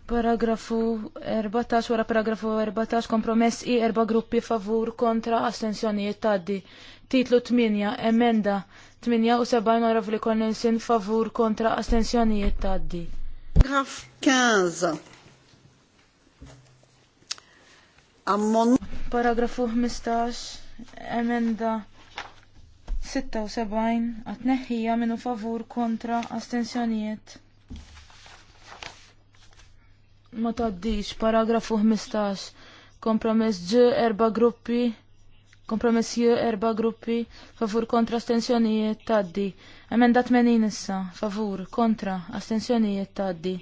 Paragrafu 14 wara paragrafu 14 kompromess i erba gruppi favur kontra astensjonijiet taddi. Titlu 8 emenda 78 li konnensin favur kontra astensjonijiet taddi. Graf 15. Ammon. Paragrafu 15, emenda 76, għatneħħija minu favur kontra astensjonijiet ma taddix, paragrafu 15, kompromess ġ erba gruppi, kompromess ju erba gruppi, favur kontra astensjonijiet taddi. Emenda menin issa, favur kontra astensjonijiet taddi.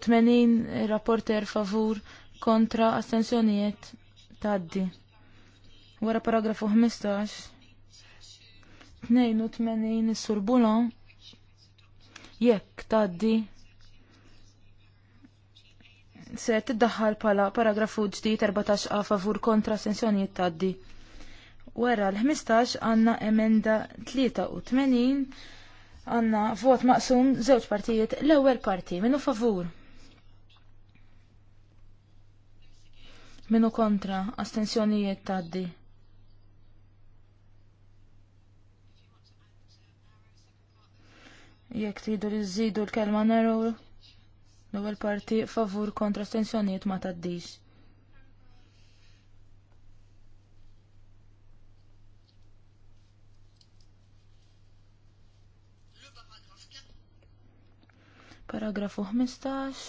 tmenin rapporter favur kontra astensjonijiet taddi. Wara paragrafu 15, 82 is-surbulon, jekk taddi se tiddaħħal pala paragrafu ġdid 14 a favur kontra sensjonijiet taddi. Wera l-15 għanna emenda 83 għanna vot maqsum żewġ partijiet l-ewwel parti minnu favur. Minnu kontra astensjonijiet taddi. Jekk tridu li żidu l-kelma narrow L-ewwel parti favur kontra astensjonijiet ma taddix. Paragrafu 15.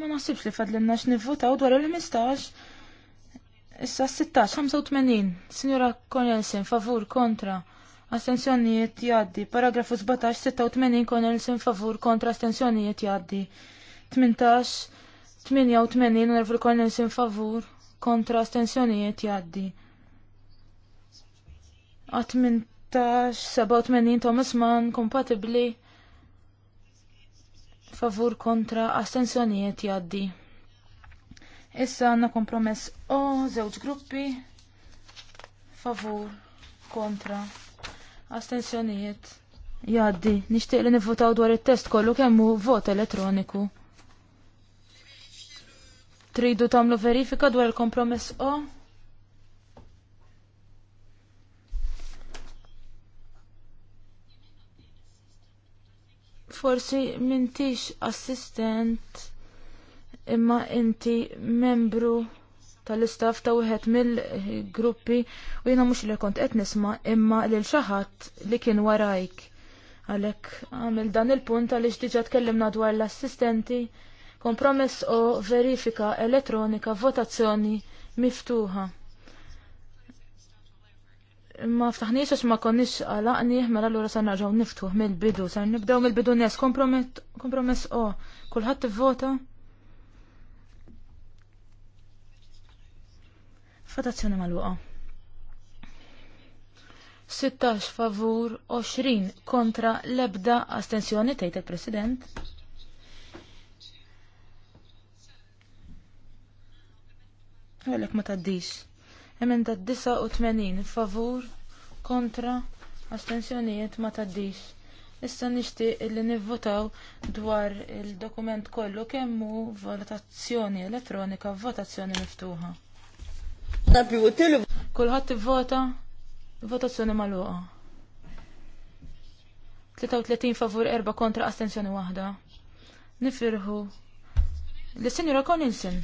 Ma naħsibx li nivvuta u dwar il-15. Issa 16, 85, Signora Cornelsen, favur kontra astensjonijiet jaddi. Paragrafu 17, 86 Cornelison favur kontra astensjonijiet jaddi. 18, 88 Nervil Cornelison favur kontra astensjonijiet jaddi. A 18, 87 Thomas Mann kompatibli favur kontra astensjonijiet jaddi. Issa għanna kompromess o, zewġ gruppi, favur, kontra, Astensjonijiet. Jaddi, nixtieq li nivvotaw dwar it-test kollu kemm hu vot elettroniku. Tridu tagħmlu verifika dwar il-kompromess O? forsi mintix assistent imma inti membru tal-istaff ta' wieħed mill-gruppi u jiena mhux li kont qed nisma' imma lil xi ħadd li kien warajk. Għalhekk għamil dan il-punt għaliex diġà tkellimna dwar l-assistenti kompromess o verifika elettronika votazzjoni miftuħa. Ma ftaħniex għax ma konniex għalaqni, mela l-ura sa' narġaw niftuħ mill-bidu, sa' nibdew mill-bidu nes, kompromess o, kullħat t-vota? Votazzjoni maluqa. 16 favur, 20 kontra lebda astensjoni tgħid il-President. Għalek ma taddix. Emenda 89 favur kontra astensjonijiet ma taddix. Issa nixtieq illi nivvotaw dwar il-dokument kollu kemm hu votazzjoni elettronika votazzjoni miftuħa. Kulħadd vota votazzjoni magħluqa. 33 favur 4 kontra astensjoni waħda. Nifirħu. L-Sinjura Koninsen.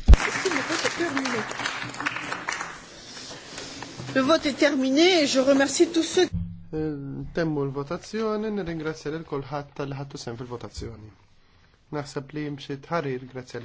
Le vote est terminé et je remercie tous ceux eh, Temmu l-votazzjoni, nirringrazzja l-kolħat tal-ħattu sem fil-votazzjoni. Naħseb li mxiet ħarir, grazzja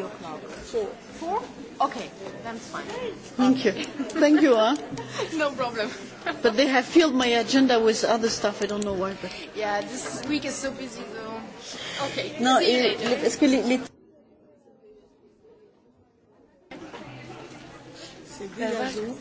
o'clock. Four. Four? Okay, that's fine. Thank you. Thank you. Huh? no problem. but they have filled my agenda with other stuff. I don't know why. But... Yeah, this week is so busy though. Okay. No, See you later. est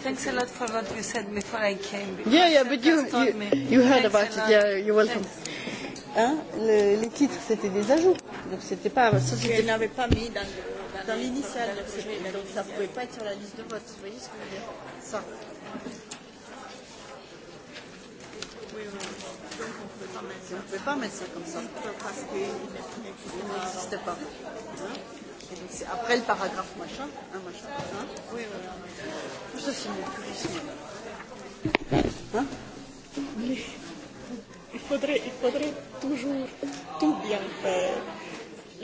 Thanks a lot for what you said before I came. Yeah, yeah, but you, you, me. you heard Thanks about it. Yeah, you're welcome. Thanks. Hein le, les titres, c'était des ajouts. Donc, c'était pas. Je n'avais pas mis dans, le, dans l'initial. Donc, donc, ça ne pouvait pas être sur la liste de vote. Vous voyez ce que je veux dire Ça. Oui, oui. Donc, on ne peut pas mettre ça. pas mettre ça comme ça. Parce qu'il n'existe pas. Hein donc, c'est après le paragraphe machin. Hein, machin hein oui, oui. Tout Ça, c'est mon plus Hein oui il faudrait, il faudrait toujours tout bien faire.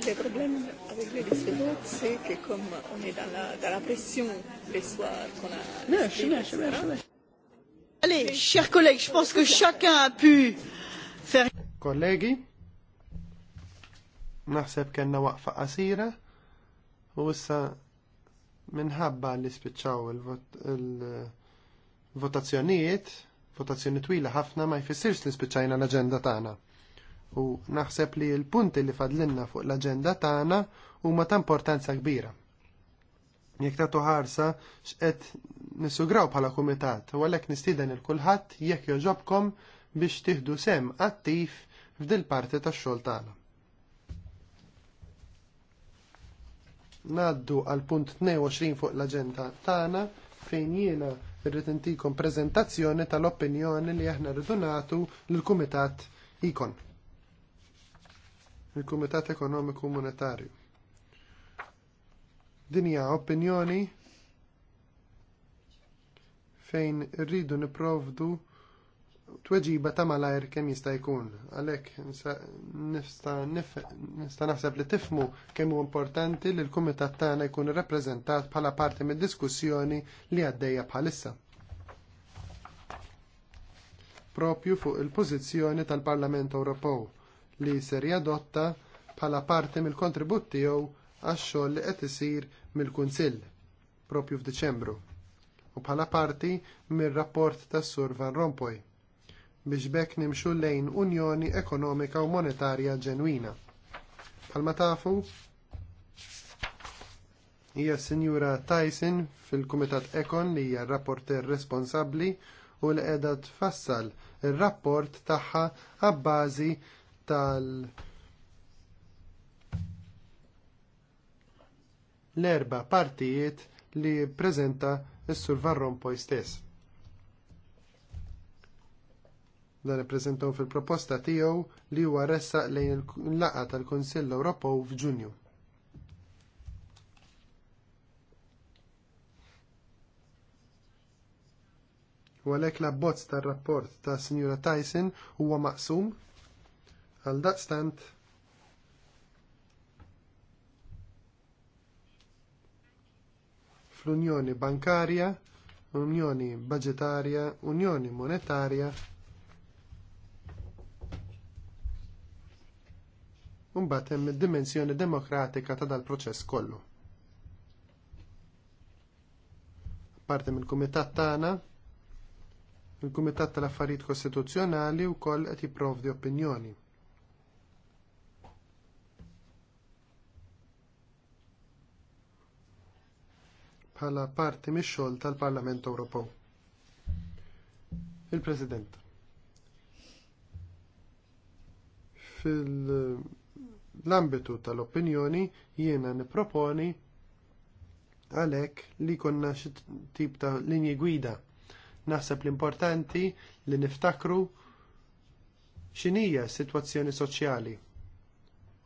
Le problème avec les disques c'est que comme on est dans la, dans la pression les soirs qu'on a... Non, je, là, je, là, là. Allez, chers collègues, je pense que chacun a pu faire... Kollegi, naħseb kena waqfa qasira u issa minħabba li spiċċaw il-votazzjonijiet il votazzjoni twila ħafna ma jfissirx li spiċċajna l-aġenda tagħna. U naħseb li l-punti li fadlinna fuq l-aġenda tagħna huma ta' importanza kbira. Jekk tagħtu ħarsa x'qed nisugraw bħala kumitat u għalhekk nistieden il kulħadd jekk joġobkom biex tieħdu sem attiv f'dil parti tax-xogħol tagħna. Naddu għal punt 22 fuq l-aġenda tagħna fejn jiena irrid intikom preżentazzjoni tal-opinjoni li aħna rridu nagħtu lill-Kumitat Ikon. Il-Kumitat Ekonomiku Monetarju. Din hija opinjoni fejn rridu niprovdu tweġiba ta' malajr kemm jista' jkun. Għalhekk nista' naħseb li tifmu kemm hu importanti li l-kumitat tagħna jkun irrappreżentat bħala parti mid-diskussjoni li għaddejja bħalissa. Propju fuq il-pożizzjoni tal-Parlament Ewropew li ser jadotta bħala parti mill-kontribut tiegħu għax-xogħol li qed isir mill-Kunsill propju f'Diċembru u bħala parti mir-rapport tas Sur Van Rompuy biex bekk nimxu lejn Unjoni Ekonomika u Monetarja ġenwina. Palma tafu, hija Sinjura Tyson fil-Kumitat Ekon li hija rapporter responsabbli u li qiegħda tfassal ir-rapport tagħha għabbażi tal- l-erba partijiet li ppreżenta s-Sur Varrompoj stess. dan ippreżentaw fil-proposta tiegħu li huwa ressaq lejn il-laqgħa tal-Kunsill Ewropew f'Ġunju. U għalhekk l-abbozz tar-rapport ta' Sinjura Tyson huwa maqsum għal daqstant fl-Unjoni Bankarja, Unjoni Budgetarja, Unjoni Monetarja Mbagħad hemm id-dimensjoni demokratika ta' dal-proċess kollu. Parti mill-kumitat tagħna, il-Kumitat tal-Affarijiet Kostituzzjonali wkoll qed jipprovdi opinjoni. bħala parti mix-xogħol tal-Parlament Ewropew. Il-President. Fil- l-ambitu tal-opinjoni jiena niproponi għalhekk li konna xi tip ta' linji gwida. Naħseb l-importanti li niftakru x'inija s-sitwazzjoni soċjali.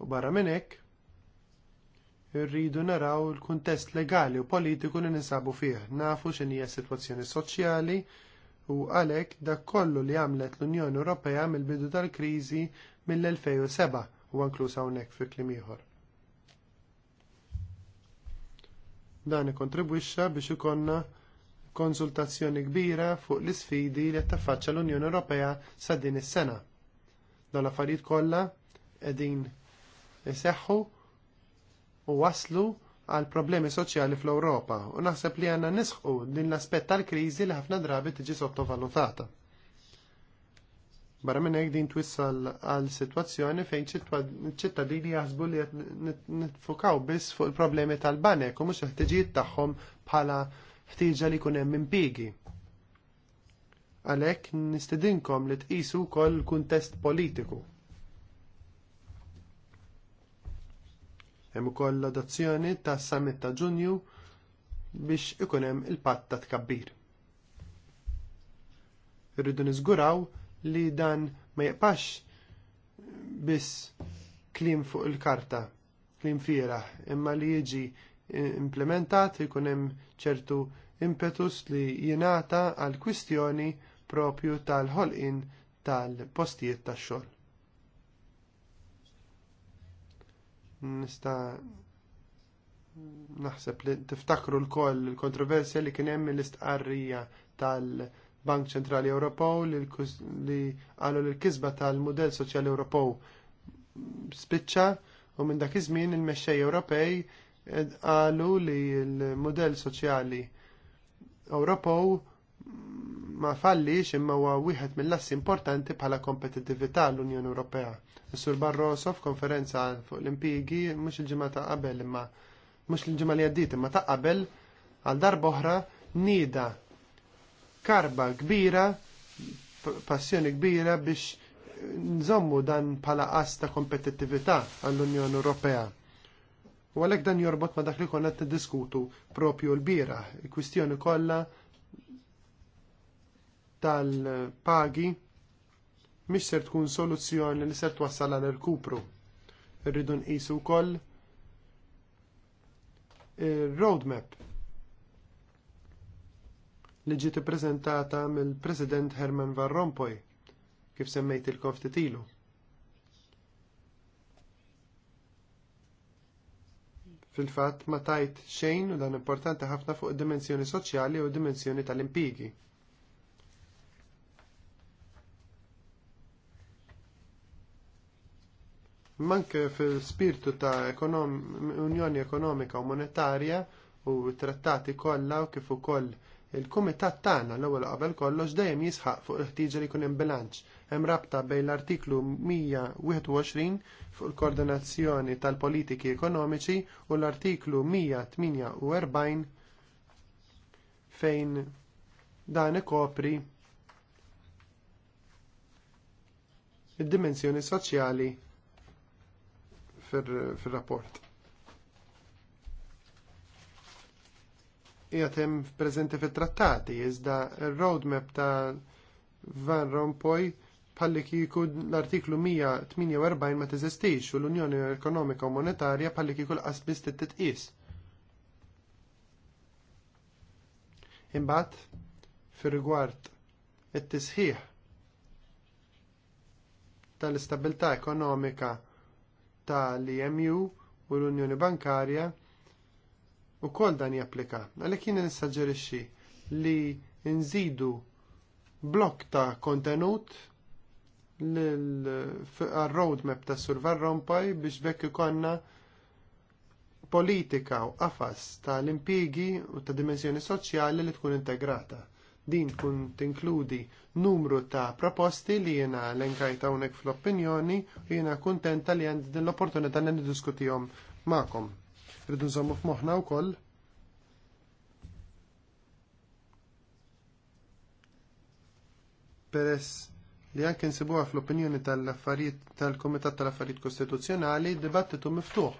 U barra minn hekk irridu naraw il-kuntest legali u politiku li ninsabu fih, nafu x'inhija s-sitwazzjoni soċjali u għalhekk dak kollu li għamlet l-Unjoni Ewropea mill-bidu tal-kriżi mill-2007 u inkluż hawnhekk fi klim ieħor. Dan ikkontribwixxa biex ikollna konsultazzjoni kbira fuq l isfidi li qed taffaċċa l-Unjoni Ewropea sa din is-sena. Dan l-affarijiet kollha qegħdin iseħħu u waslu għal problemi soċjali fl-Ewropa u naħseb li għandna nisħu din l-aspett tal-kriżi li ħafna drabi tiġi sottovalutata. Barra minn hekk din twissal għal sitwazzjoni fejn ċittadini jaħsbu li qed nitfukaw biss fuq il-problemi tal-banek u mhux ħtiġijiet tagħhom bħala ħtieġa li jkun hemm impjiegi. Għalhekk nistedinkom li tqisu wkoll kuntest politiku. Hemm ukoll l-adozzjoni tas summit ta' Ġunju biex ikun hemm il-patt ta' tkabbir. Irridu niżguraw li dan ma jibqax biss klim fuq il-karta, klim fieraħ, imma li jiġi implementat jkun hemm ċertu impetus li jingħata għal kwistjoni propju tal-ħolqien tal-postijiet tax-xogħol. Nista' naħseb li tiftakru l-koll il-kontroversja li kien hemm mill istqarrija tal- Bank Ċentrali Ewropew li qalu l-kisba tal-mudell soċjali Ewropew spiċċa u minn dak iż-żmien il-mexxej Ewropej qalu li l-mudell soċjali Ewropew ma fallix imma huwa wieħed mill-assi importanti bħala kompetittività l-Unjoni Ewropea. Is-Sur Barroso f'konferenza fuq l-impigi mhux il-ġimgħa ta' qabel imma mhux l-ġimgħa li għaddiet imma ta' qabel għal darba oħra nida karba kbira, passjoni kbira biex nżommu dan pala asta ta' kompetittività għall-Unjoni Ewropea. U għalhekk dan jorbot ma' dak li konna diskutu propju l-bira, il-kwistjoni kollha tal-pagi mis ser tkun soluzzjoni li ser twassal l kupru Rridun nqisu wkoll il roadmap li ġiet ippreżentata mill-President Herman Van Rompuy kif semmejt il koftit ilu. Fil-fatt ma tajt xejn u dan importanti ħafna fuq id dimensjoni soċjali u d dimensjoni tal-impigi. Manke fil-spirtu ta' ekonom Unjoni Ekonomika u Monetarja u trattati kollha u kif ukoll Il-kumitat tagħna l-ewwel qabel kollox dejjem jisħaq fuq il-ħtieġa li jkun hemm bilanċ. Hemm rabta bejn l-artiklu 121 fuq il-koordinazzjoni tal-politiki ekonomiċi u l-artiklu 148 fejn dan ikopri id-dimensjoni soċjali fir-rapport. qiegħed hemm preżenti fit-trattati, iżda r-roadmap ta' Van Rompuy palli kiku l-artiklu 148 ma teżistix u l-Unjoni Ekonomika u Monetarja palli kiku l-qas biss titqis. Imbagħad fir-rigward it-tisħiħ tal istabilta ekonomika tal-EMU u l-Unjoni Bankarja U kol dan japplika. Għalek jina nissaġġerixxi li nżidu blok ta' kontenut l-roadmap ta' Survar Rompaj biex bekk ikonna politika u qafas ta' l-impigi u ta' dimensjoni soċjali li tkun integrata din tkun tinkludi numru ta' proposti li jena l-enkajta unek fl-opinjoni u jena kontenta li għand din l-opportunità li diskutijom ma'kom. Rridu nżommu f'moħħna wkoll peress li anke nsibuha fl-opinjoni tal-affarijiet tal-Kumitat tal-Affarijiet Kostituzzjonali dibattitu miftuħ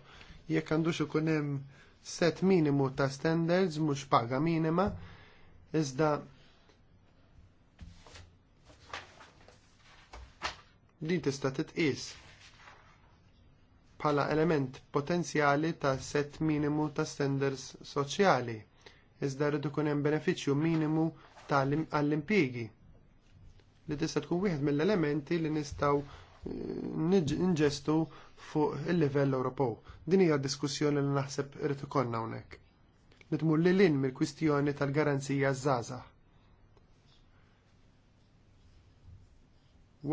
jekk għandux ikun hemm set minimu ta' standards mhux paga minima iżda din tista' titqies bħala element potenzjali ta' set minimu ta' standards soċjali, iżda rridu kun hemm benefiċċju minimu għall-impjiegi li tista' tkun wieħed mill-elementi li nistgħu eh, nġestu fuq il-livell Ewropew. Din hija diskussjoni li naħseb irid ikollna hawnhekk. Li tmur lil hinn mill-kwistjoni tal-garanzija żgħażagħ.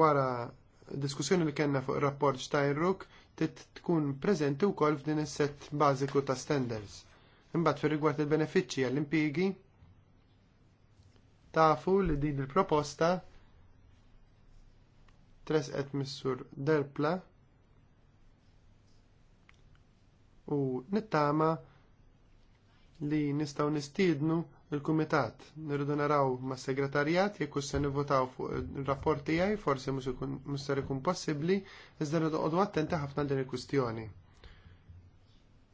Wara diskussjoni li kellna fuq ir-rapport Steinruck, tkun preżenti wkoll f'din is sett bażiku ta' standards. Imbagħad fir-rigward il-benefiċċji għall-impjiegi tafu li din il-proposta tresqet missur Derpla u nittama li nistgħu nistiednu il-Kumitat nirridu naraw mas segretarjat jekk se nivvotaw fuq ir-rapport tiegħi forsi mhux se ikun possibbli iżda noqogħdu attenti ħafna din il-kwistjoni.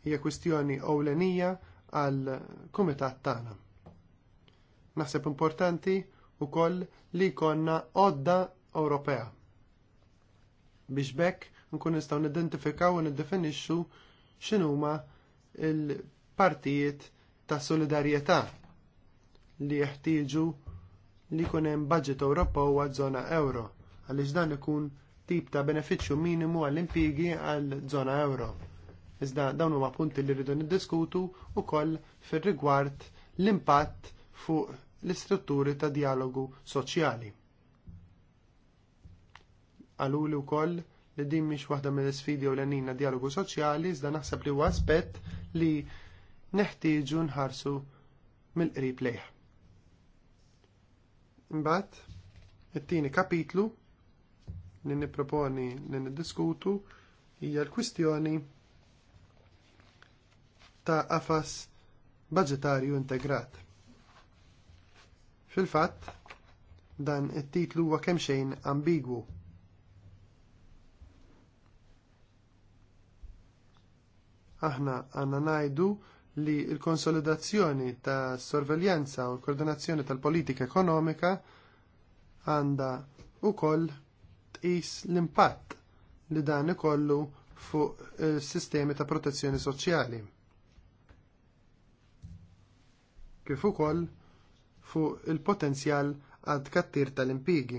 Hija kwistjoni ewlenija għall kumitat tagħna. Naħseb importanti wkoll li jkollna għodda Ewropea. Biex bekk nkun nistgħu nidentifikaw u niddefinixxu x'inhuma l partijiet ta' solidarjetà li jeħtieġu li jkun hemm budget Ewropew għaż-żona euro għaliex dan ikun tip ta' benefiċċju minimu għall-impjiegi għal żona euro. Iżda dawn huma punti li rridu niddiskutu wkoll fir-rigward l-impatt fuq l-istrutturi ta' dialogu soċjali. Għaluli wkoll li din mhix waħda mill-isfidi ewlenina dialogu soċjali, iżda naħseb li huwa aspett li neħtieġu nħarsu mill-qrib lejh. Mbagħad it-tieni kapitlu li nipproponi li niddiskutu hija l-kwistjoni ta' qafas budgetarju integrat. Fil-fatt, dan it-titlu huwa kemm xejn ambigwu. Aħna għandna ngħidu li l-konsolidazzjoni ta' sorveljanza u l-koordinazzjoni tal-politika ekonomika għandha wkoll tqis l-impatt li dan ikollu fuq eh, sistemi ta' protezzjoni soċjali. Kif ukoll fuq il-potenzjal għad kattir tal-impigi.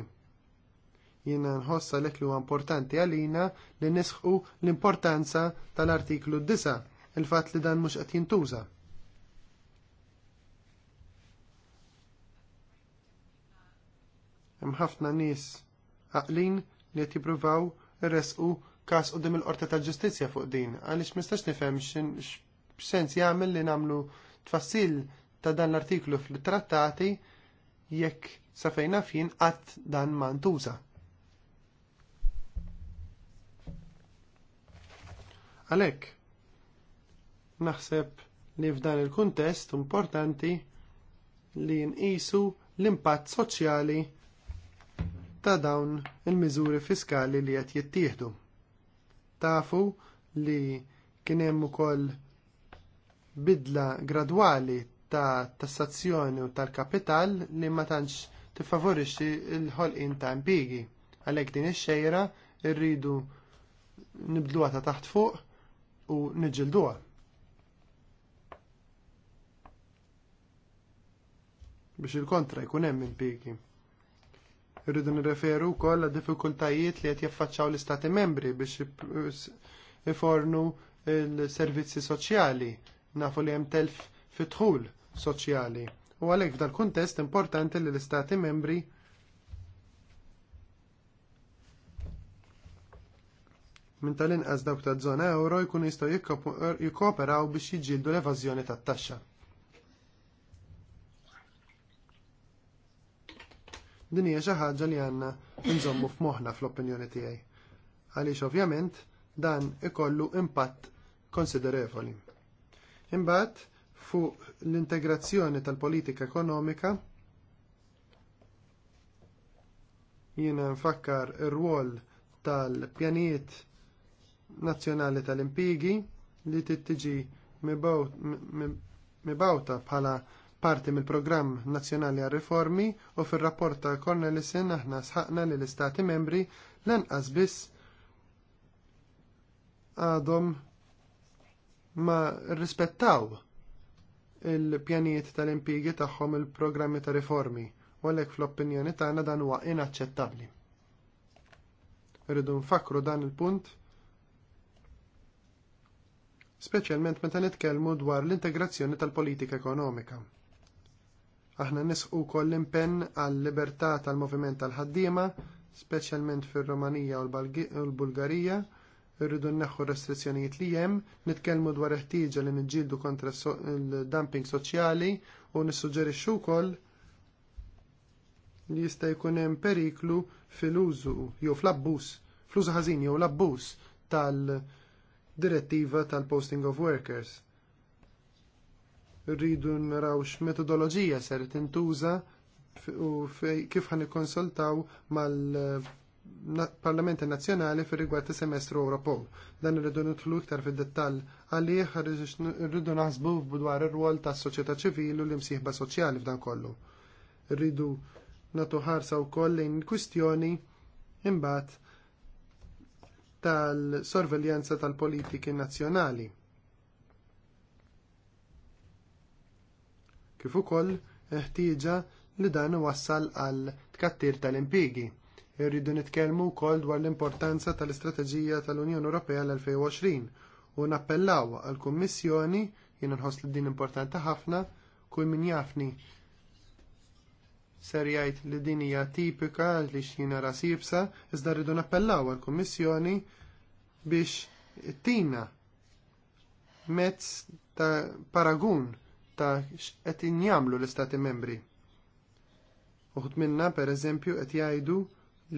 Jiena nħossa l li huwa importanti għalina li nisħu l-importanza tal-artiklu 9 il-fatt li dan mhux qed jintuża. Hemm ħafna nies għaqlin li qed jippruvaw irresqu każ dim il-Qorti tal-Ġustizzja fuq din għaliex mistax nifhem x'sens jagħmel li nagħmlu tfassil ta' dan l-artiklu fil-trattati jekk sa fejna fin qatt dan ma ntuża. Għalhekk, Naħseb li f'dan il-kuntest importanti li nqisu l-impatt soċjali ta' dawn il-miżuri fiskali li qed jittieħdu. Tafu li kien hemm ukoll bidla gradwali ta' tassazzjoni u tal-kapital li ma tantx tiffavorixxi l-ħolqien ta' impigi. Għalhekk din ix-xejra rridu nibdluha ta' taħt fuq u niġġilduha. biex il-kontra jkun hemm impjiegi. Irridu nirreferu wkoll għad diffikultajiet li qed jaffaċċaw l-Istati membri biex ifornu l-servizzi soċjali, nafu li hemm telf fitħul soċjali. U għalhekk f'dal kuntest importanti li l-Istati membri minn tal-inqas dawk ta' żona euro jkunu jistgħu jikkooperaw biex jiġġieldu l-evażjoni tat-taxxa. Din hija xi ħaġa li għandna nżommu f'moħħna fl-opinjoni tiegħi. Għaliex ovvjament dan ikollu impatt konsiderevoli. Imbagħad fuq l-integrazzjoni tal-politika ekonomika jiena nfakkar ir-rwol tal-pjanijiet nazzjonali tal-impigi li tittiġi mibawta bħala parti mill-Programm Nazzjonali għar-Riformi u fir-rapport ta' Cornelissen aħna sħaqna li l-Istati membri lanqas biss għadhom ma rrispettaw il-pjanijiet tal-impigi tagħhom il-programmi ta' riformi u għalhekk fl-opinjoni tagħna dan huwa inaċċettabbli. Rridu nfakru dan il-punt speċjalment meta nitkellmu dwar l-integrazzjoni tal-politika ekonomika. Aħna nisqu koll impenn għal libertà tal-moviment tal-ħaddiema, speċjalment fir-Romanija u l-Bulgarija, irridu nneħħu restrizzjonijiet li hemm, nitkellmu dwar ħtieġa li niġġieldu kontra il-dumping soċjali u nissuġġerixxu wkoll li jista' jkun hemm periklu fil-użu jew fl-abbuż, fl-użu ħażin jew l-abbuż tal-direttiva tal-posting of workers rridu naraw x'metodoloġija ser tintuża u kif ħan ikkonsultaw mal-Parlamenti Nazzjonali fir rigward semestru Europol. Dan irridu nidħlu iktar fid-dettall għalih rridu naħsbu dwar ir-rwol tas-soċjetà ċivili u l-imsieħba soċjali f'dan kollu. Rridu nagħtu ħarsa wkoll lejn kwistjoni imbagħad tal-sorveljanza tal-politiki nazzjonali kif ukoll ħtieġa li dan wassal għal tkattir tal-impigi. Irridu nitkellmu wkoll dwar l-importanza tal-istrateġija tal-Unjoni Ewropea l-2020 u nappellaw għall kummissjoni jiena nħoss li din importanti ħafna kull min jafni ser jgħid li din hija tipika li xjina sibsa, iżda rridu nappellaw għall kummissjoni biex tina mezz ta' paragun ta' x'qed jagħmlu l-Istati membri. Uħut minna, pereżempju qed jgħidu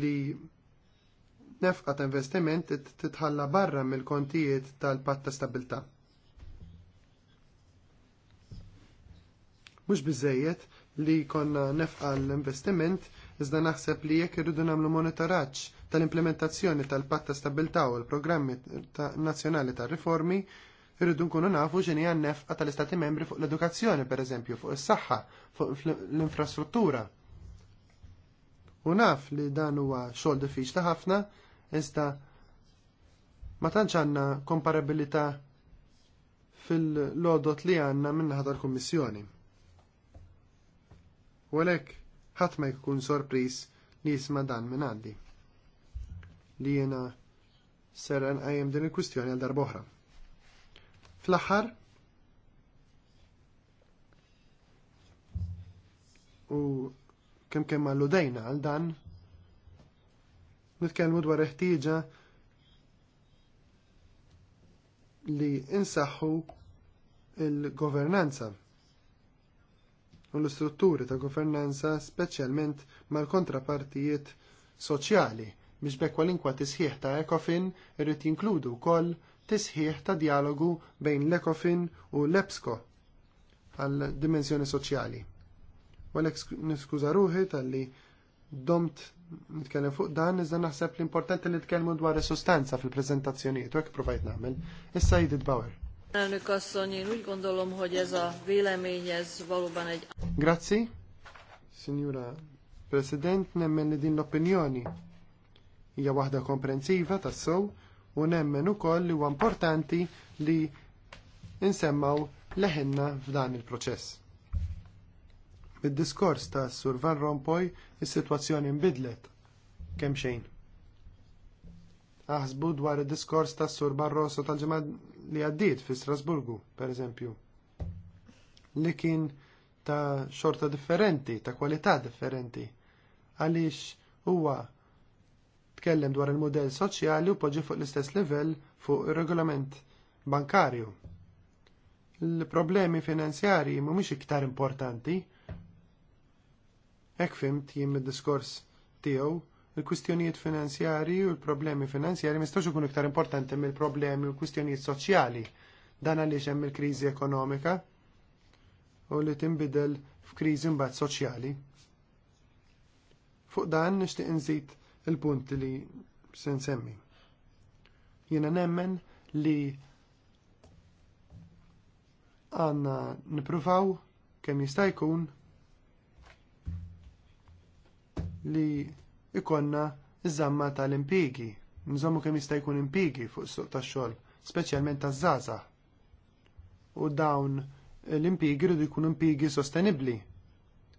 li nefqa ta' investiment titħalla barra mill-kontijiet tal-patt ta' stabilità. Mhux biżejjed li konna nefqa l-investiment iżda naħseb li jekk irridu nagħmlu monitoraġġ tal-implementazzjoni tal-patt ta' stabilità u l-programmi nazzjonali ta' riformi, Irridu nkunu nafu x'inhi għan-nefqa tal-Istati membri fuq l-edukazzjoni, pereżempju, fuq is-saħħa, fuq l-infrastruttura. U naf li dan huwa xogħol diffiċli ħafna, iżda ma tantx għandna komparabilità fil-lodot li għandna min-naħa tal-Kummissjoni. U għalhekk ħadd ma jkun sorpriż li jisma' dan minn għandi. Li jiena ser nqajjem din il-kwistjoni għal darba oħra fl-aħħar u kemm kemm alludejna għal dan nitkellmu dwar ħtieġa li insaħħu l governanza u l-istrutturi ta' governanza speċjalment mal-kontrapartijiet soċjali biex bekk kwalinkwa tisħiħ ta' ekofin irrid jinkludu wkoll tisħiħ ta' dialogu bejn l-Ecofin u l-EPSCO għal dimensjoni soċjali. Għalek niskuza ruħi tal-li domt nitkellem fuq dan, iżda naħseb l-importanti li nitkellmu dwar is-sustanza fil prezentazzjoniet u għek provajt nagħmel. Issa Jidid Bauer. Grazzi signora President, nemmen li din l-opinjoni hija waħda komprensiva tas-sow u nemmen ukoll li huwa importanti li insemmaw leħinna f'dan il-proċess. Bid-diskors ta' Sur Van Rompuy is-sitwazzjoni nbidlet kemm xejn. Aħsbu dwar id-diskors ta' Sur Barroso tal-ġimgħa li għaddiet fi Strasburgu, pereżempju, li kien ta' xorta differenti, ta' kwalità differenti, għaliex huwa tkellem dwar il-modell soċjali u poġġi fuq l-istess livell fuq ir-regolament bankarju. Il-problemi finanzjarji mhumiex iktar importanti. Hekk fimt jien mid-diskors tiegħu il-kwistjonijiet finanzjarji u l-problemi finanzjarji mistax ikunu iktar importanti mill-problemi u l-kwistjonijiet soċjali dan għaliex hemm il-kriżi ekonomika u li tinbidel f'kriżi mbagħad soċjali. Fuq dan nixtieq inżid il-punt li se nsemmi. Jiena nemmen li għandna nippruvaw kemm jista' jkun li ikonna iż-żamma tal-impigi, nżommu kemm jista' jkun impigi fuq suq tax-xogħol, speċjalment taż-żgħażagħ. U dawn l-impigi rridu jkunu impigi sostenibbli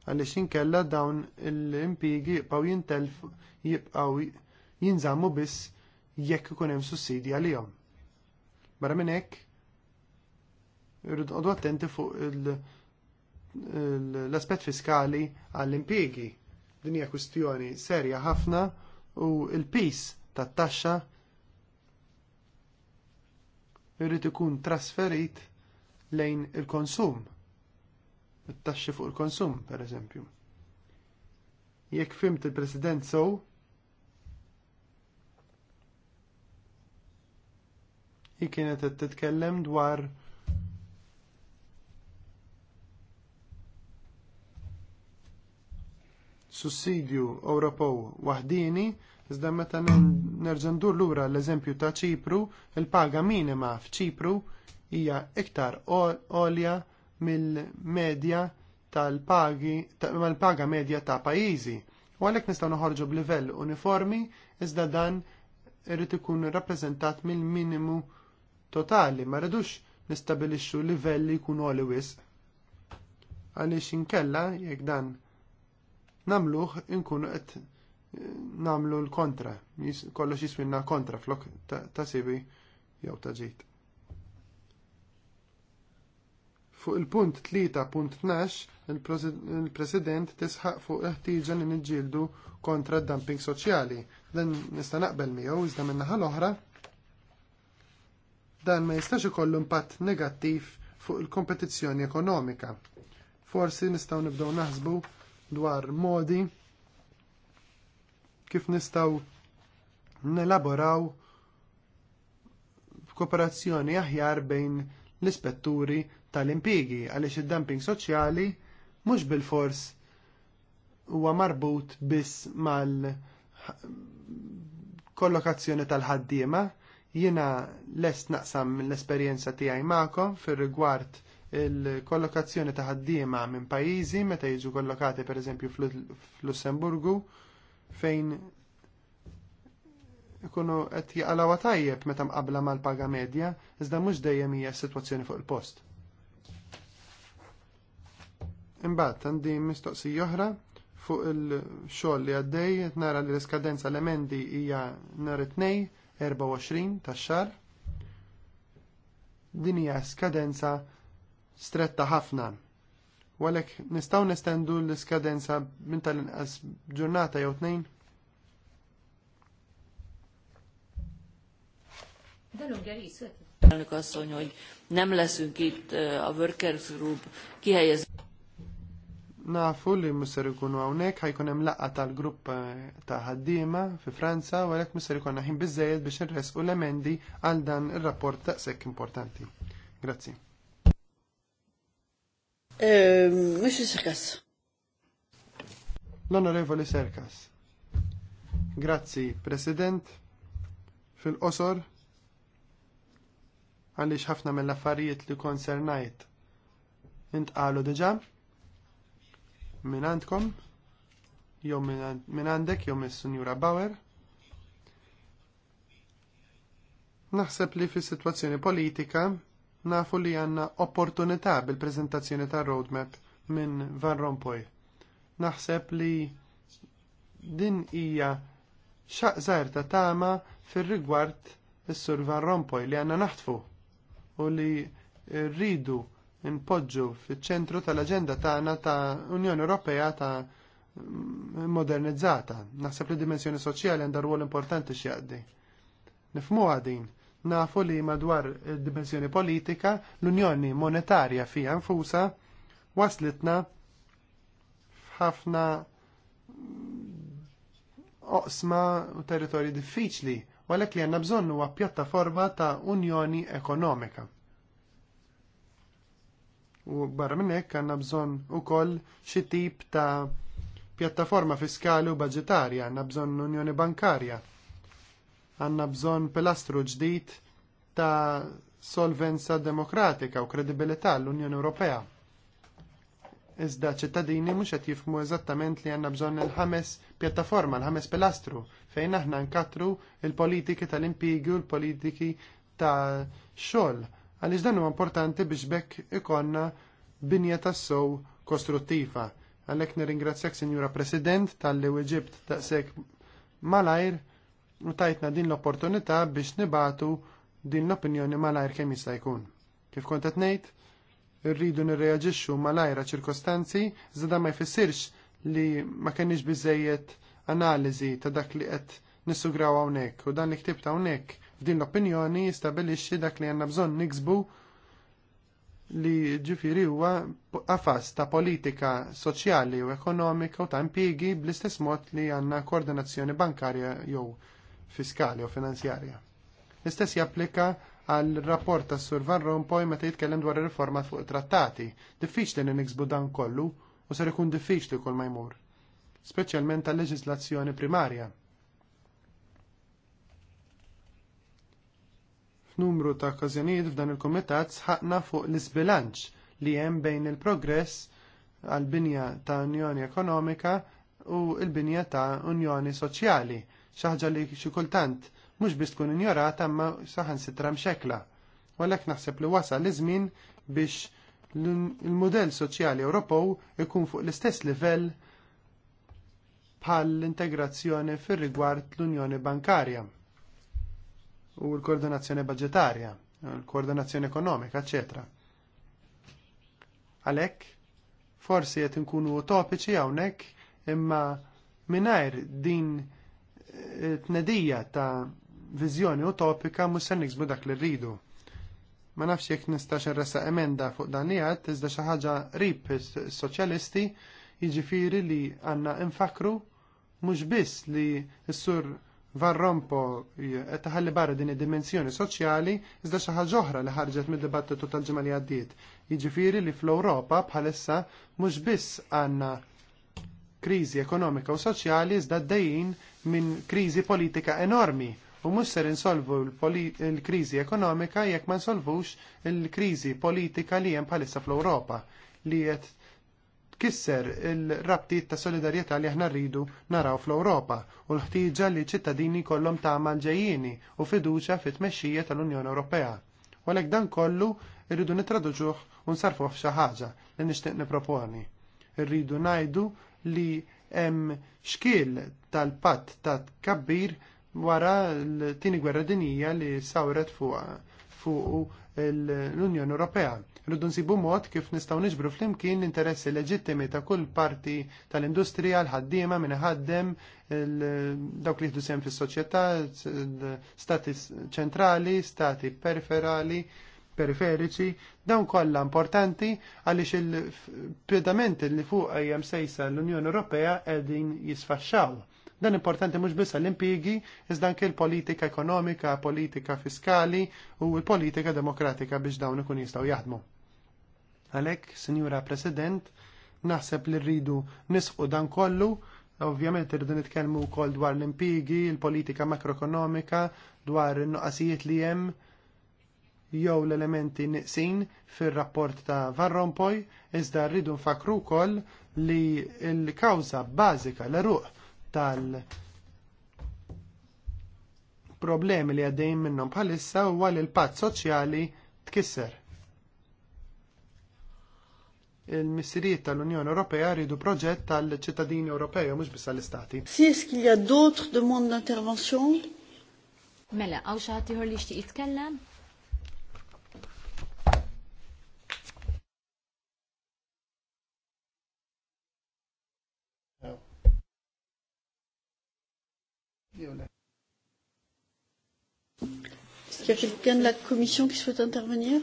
għaliex inkella dawn l-impjiegi jibqgħu jintelf jibqgħu jinżammu biss jekk ikun hemm sussidji għalihom. Barra minn hekk irrid attenti fuq l-aspett fiskali għall-impjiegi. Din hija kwistjoni serja ħafna u l-pis tat-taxxa irrid ikun trasferit lejn il-konsum it-taxxi fuq il-konsum, per eżempju. Jekk fimt il-President sow, hi kienet qed titkellem dwar sussidju Ewropew waħdini iżda meta nerġa' ndur lura l-eżempju ta' Ċipru, il-paga minima f'Ċipru hija iktar olja ol mill-medja tal-pagi, mal paga medja ta' pajjiżi. U għalhekk nistgħu noħorġu b'livell uniformi iżda dan irid ikun irrappreżentat mill-minimu totali, ma rridux nistabilixxu livelli jkunu għoli wisq. Għaliex inkella jekk dan nagħmluh inkunu qed eh, nagħmlu l-kontra, kollox jiswinna kontra flok ta' sibi jew ta' ġid. Fuq il-punt 3.12 il-President tisħaq fuq ħtieġa li niġġieldu kontra d-dumping soċjali. Dan nista' naqbel miegħu iżda min-naħa l-oħra dan ma jistax ikollu impatt negattiv fuq il-kompetizzjoni ekonomika. Forsi nistgħu nibdew naħsbu dwar modi kif nistgħu nelaboraw kooperazzjoni aħjar bejn l-ispetturi tal-impigi għaliex id-dumping soċjali mhux bilfors huwa marbut biss mal kollokazzjoni tal-ħaddiema jiena lest naqsam l-esperjenza tiegħi magħkom fir-rigward il-kollokazzjoni ta' ħaddiema minn pajjiżi meta jiġu kollokati pereżempju fl-Lussemburgu fejn ikunu qed jaqalgħu tajjeb meta mqabbla mal-paga medja, iżda mhux dejjem hija s-sitwazzjoni fuq il-post. Imbagħad għandi mistoqsija oħra fuq il-xogħol li għaddej nara li l-iskadenza l-emendi hija nhar it tnejn 24 tax-xahar. Din hija skadenza stretta ħafna. Walek nistgħu nestendu l-iskadenza minn tal-inqas ġurnata jew tnejn? Elnök asszony, hogy nem leszünk itt eh, a Workers Group kihelyező nafu li misser ikunu hawnhekk ħajkun hemm laqgħa tal-grupp eh, ta' ħaddiema fi Franza u għalhekk misser ikun ħin biżejjed biex irresqu l-emendi għal dan ir-rapport daqshekk importanti. Grazzi. Mux ehm, Serkas. L-Onorevoli Serkas. Grazzi, President. Fil-qosor, għaliex ħafna mill-affarijiet li konsernajt intqalu deġa? minn għandkom, jew minn għandek jew mis Sunjura Bauer. Naħseb li fis sitwazzjoni politika nafu li għanna opportunità bil-prezentazzjoni ta' roadmap minn Van Rompuy. Naħseb li din hija xaqżar ta' tama fir-rigward is-sur Van Rompuy li għanna naħtfu u li rridu impoġġu fiċ-ċentru tal-aġenda tagħna ta' Unjoni Ewropea ta' mm, modernizzata. Naħseb li dimensjoni soċjali għandha rwol importanti x'jaqdi. Nifmu għadin, nafu li madwar id-dimensjoni politika l-Unjoni Monetarja fija nfusa waslitna f'ħafna oqsma u territorji diffiċli, u għalhekk li għandna bżonn huwa pjattaforma ta' Unjoni Ekonomika U barra minn hekk għandna bżonn ukoll xi tip ta' pjattaforma fiskali u budgetarja, għandna bżonn Unjoni Bankarja. Għandna bżonn pilastru ġdid ta' solvenza demokratika u kredibilità l-Unjoni Ewropea. Iżda ċittadini mhux qed jifhmu eżattament li għandna bżonn il-ħames pjattaforma, l-ħames pilastru fejn aħna nkatru il-politiki tal-impigi u l-politiki ta' xogħol għaliex dan huwa importanti biex bekk ikonna binja tas-sow kostruttiva. Għalhekk nirringrazzjak Sinjura President tal-li weġibt taqsek malajr u tajtna din l-opportunità biex nibatu din l-opinjoni malajr kemm jista' jkun. Kif kont qed ngħid, irridu nirreaġixxu malajra ċirkostanzi iżda ma jfissirx li ma kenniex biżejjed analiżi ta' dak li qed nissugraw hawnhekk u dan li ktibt hawnhekk Din l-opinjoni jistabilixxi dak li għandna bżonn niksbu li ġifiri huwa qafas ta' politika soċjali u ekonomika u ta' impjiegi bl-istess mod li għandna koordinazzjoni bankarja jew fiskali u finanzjarja. L-istess japplika għal rapport ta' Sur Van Rompuy meta jitkellem dwar ir-riforma fuq trattati. Diffiċli li niksbu dan kollu u ser ikun diffiċli kol ma jmur, speċjalment tal-leġiżlazzjoni primarja. Numru ta' okkażjonijiet f'dan il-Kumitat sħaqna fuq l-isbilanċ li hemm bejn il-progress għall binja ta' Unjoni Ekonomika u l-binja ta' Unjoni Soċjali, xaħġa li xi kultant mhux biss tkun injorata imma saħansitra mxekla. Walek naħseb li wasal iż-żmien biex il-mudell soċjali Ewropew ikun fuq l-istess livell bħal l-integrazzjoni fir-rigward l-Unjoni Bankarja u l-koordinazzjoni budgetarja, l-koordinazzjoni ekonomika, eccetera. Għalhekk, forsi qed nkunu utopiċi hawnhekk imma mingħajr din t eh, tnedija ta' viżjoni utopika mhux se nixbu dak li rridu. Ma nafx jekk nistax irressa emenda fuq dan li għad iżda xi ħaġa qrib is-soċjalisti jiġifieri li għandna infakru mhux biss li s-sur Van Rompo taħalli barra din id-dimensjoni soċjali iżda xi ħaġa oħra li ħarġet mid-dibattitu tal-ġimgħa li għaddiet. Jiġifieri li fl-Ewropa bħalissa mhux biss għandna kriżi ekonomika u soċjali iżda dejjin minn kriżi politika enormi u mhux ser insolvu l-kriżi ekonomika jekk ma nsolvux il-kriżi politika li hemm bħalissa fl-Ewropa li qed tkisser il-rabtiet ta' solidarjetà li aħna rridu naraw fl-Ewropa u l-ħtieġa li ċittadini kollhom tagħmal ġejjieni u fiduċja fit-tmexxija tal-Unjoni Ewropea. U għalhekk dan kollu rridu nitraduġuh u nsarfuh f'xi ħaġa li nixtieq niproponi. Irridu ngħidu li hemm xkiel tal-patt ta' tkabbir wara l-tieni gwerra dinija li sawret fuq fuq l-Unjoni Ewropea. Rridu nsibu mod kif nistgħu niġbru flimkien l-interessi leġittimi ta' kull parti tal-industrija, l-ħaddiema minn ħaddem, dawk li jieħdu sehem fis-soċjetà, stati ċentrali, stati periferali, periferiċi, dawn kollha importanti għaliex il-pedamenti li fuq hija sejsa l-Unjoni Ewropea qegħdin jisfaxxaw Dan importanti mhux biss l impjiegi iżda anke l-politika ekonomika, politika fiskali u l-politika demokratika biex dawn ikun jistgħu jaħdmu. Għalhekk, Sinjura President, naħseb li rridu nisqu dan kollu, ovvjament irridu nitkellmu wkoll dwar l-impjiegi, l politika makroekonomika, dwar in nuqasijiet li hemm jew l-elementi niqsin fir-rapport ta' Van Rompuy, iżda rridu nfakru wkoll li l-kawża bażika l ruq tal- problemi li għaddejn minnhom bħalissa huwa li l-patt soċjali tkisser. Il-missirijiet tal-Unjoni Ewropea rridu proġett tal-ċittadini Ewropej u mhux biss tal-istati. Si eski li għad d'autres d'intervention? Mela, għaw xaħat jħor li xtiq jitkellem? Est-ce qu'il y a quelqu'un de la commission qui souhaite intervenir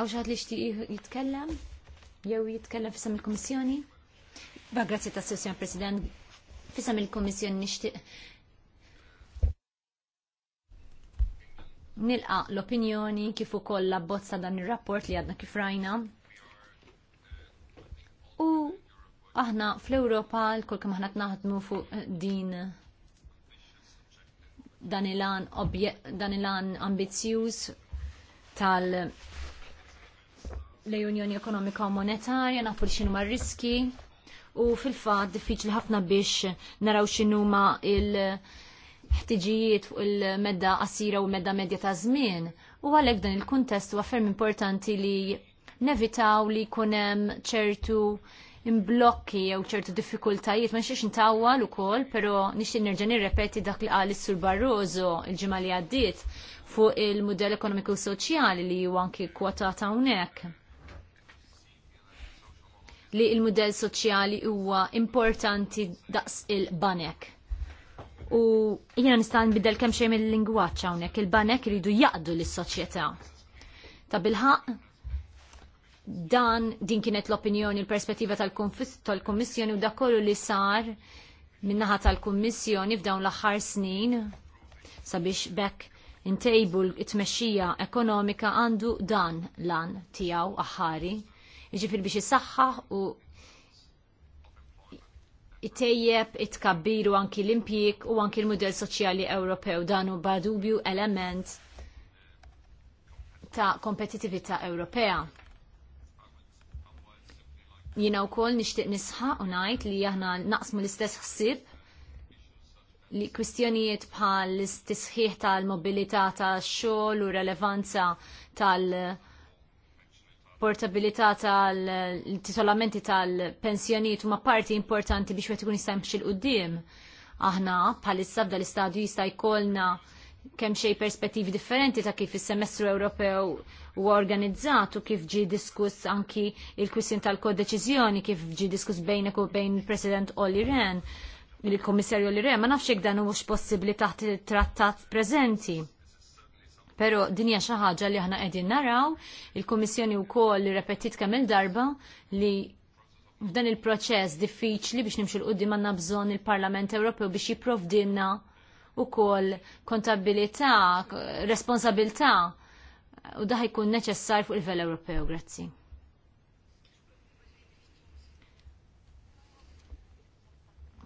Għaw li xti jitkellem, jew jitkellem fissam il-komissjoni. Ba, grazzi ta' sessjon president, fissam il-komissjoni nishtiq. Nilqa l-opinjoni kif ukoll la bozza dan ir rapport li għadna kif rajna aħna fl-Ewropa l-kull kemm aħna naħdmu fuq eh, din dan il-an dan il ambizzjuż tal l-Unjoni Ekonomika u Monetarja nafu li ma' riski u fil-fatt diffiċli ħafna biex naraw x'inhuma ma' il- ħtiġijiet fuq il-medda qasira u medda medja ta' żmien. U għalhekk dan il-kuntest huwa ferm importanti li nevitaw li jkun hemm ċertu imblokki jew ċertu diffikultajiet ma xiex l ukoll, però nixtieq nerġa' nirrepeti dak li qal is-Sur Barroso il-ġimgħa li għaddiet fuq il-mudell ekonomiku soċjali li ju anki ta' hawnhekk li il-modell soċjali huwa importanti daqs il-banek. U jiena nista' nbidel kemm xejn mill-lingwaġġ hawnhekk, il-banek iridu jaqdu lis-soċjetà. Ta' bilħaq dan din kienet l-opinjoni, l-perspettiva tal-Kommissjoni u dakollu kollu li sar minnaħa tal-Kommissjoni f'dawn l-aħħar snin sabiex bekk intejbu it-tmexxija ekonomika għandu dan lan tiegħu aħħari. Jiġifier biex isaħħaħ u itejjeb itkabbiru anki l-impjik u anki l-modell soċjali Ewropew dan u badubju element ta' kompetitività Ewropea Jina u kol nishtiq nisħaq u najt li jahna naqsmu l-istess ħsib li kwistjonijiet bħal l-istisħiħ tal-mobilità tax-xogħol u relevanza tal-portabilità tal-titolamenti tal-pensjonijiet huma parti importanti biex wieħed ikun jista' jimxi l qudiem Aħna bħalissa f'dan l istadju jista' jkollna kemm xej perspettivi differenti ta' kif is-semestru Ewropew huwa organizzat u kif ġi diskuss anki il-kwissin tal-kodeċiżjoni kif ġi diskuss bejnek u bejn President Olli Ren il-Komissarju Olli Ren ma nafx jekk dan huwiex possibbli taħt trattat preżenti. Pero dinja xi ħaġa li aħna qegħdin naraw, il-Kummissjoni wkoll repetit kemm il-darba li f'dan il-proċess diffiċli biex nimxu l-qudiem għandna bżonn il-Parlament Ewropew biex jipprovdilna U kol kontabilità, responsabilità u daħi kun neċessar fuq il-vel Ewropew, grazzi.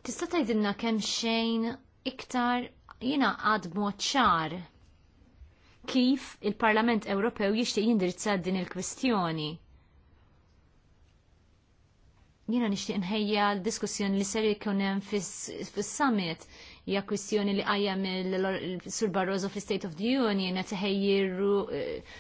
Tista' tgħidilna kemm xejn iktar jiena għad moċċar ċar kif il-Parlament Ewropew jixtieq jindirizza din il-kwistjoni. Jiena nixtieq nħejja l-diskussjoni li ser jkun hemm fis-summit hija kwistjoni li għajja mill-Sur Barroso fl-State of the Union qed iħejjiru eh,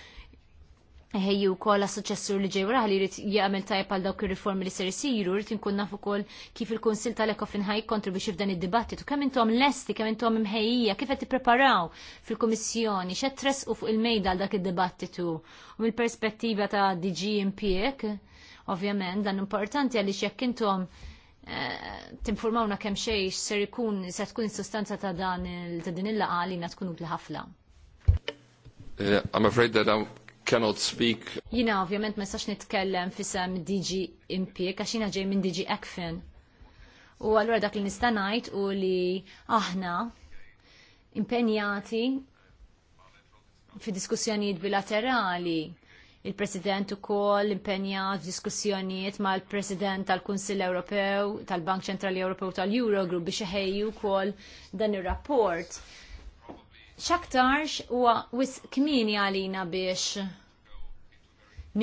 ħejju kol għas-suċessur li ġej waraħ li jrid jagħmel tajb għal dawk ir-riformi li ser isiru, jrid inkun naf ukoll kif il-Kunsil tal-Ekofin ħaj biex f'dan id-dibattitu, kemm intom lesti, kemm intom imħejjija, kif qed tippreparaw fil-Kummissjoni, tres u fuq il-mejda għal dak id-dibattitu u mill-perspettiva ta' DG Impjek, ovvjament dan importanti għaliex xek intom Eh, tinformawna kemm xejn ser ikun se tkun is-sustanza ta' dan ta' din il-laqa li na tkun utli ħafna. Eh, I'm afraid that I cannot speak. Jina ovvjament ma s-sax nitkellem fisem DG Impik għax jiena ġej minn DG Ekfin. U allura dak li nista' ngħid u li aħna impenjati fi diskussjonijiet bilaterali Il-President ukoll impenjat f'diskussjonijiet mal president tal-Kunsill Ewropew, tal-Bank Ċentrali Ewropew tal-Eurogroup biex iħejju wkoll dan ir-rapport. X'aktarx huwa wis kmini għalina biex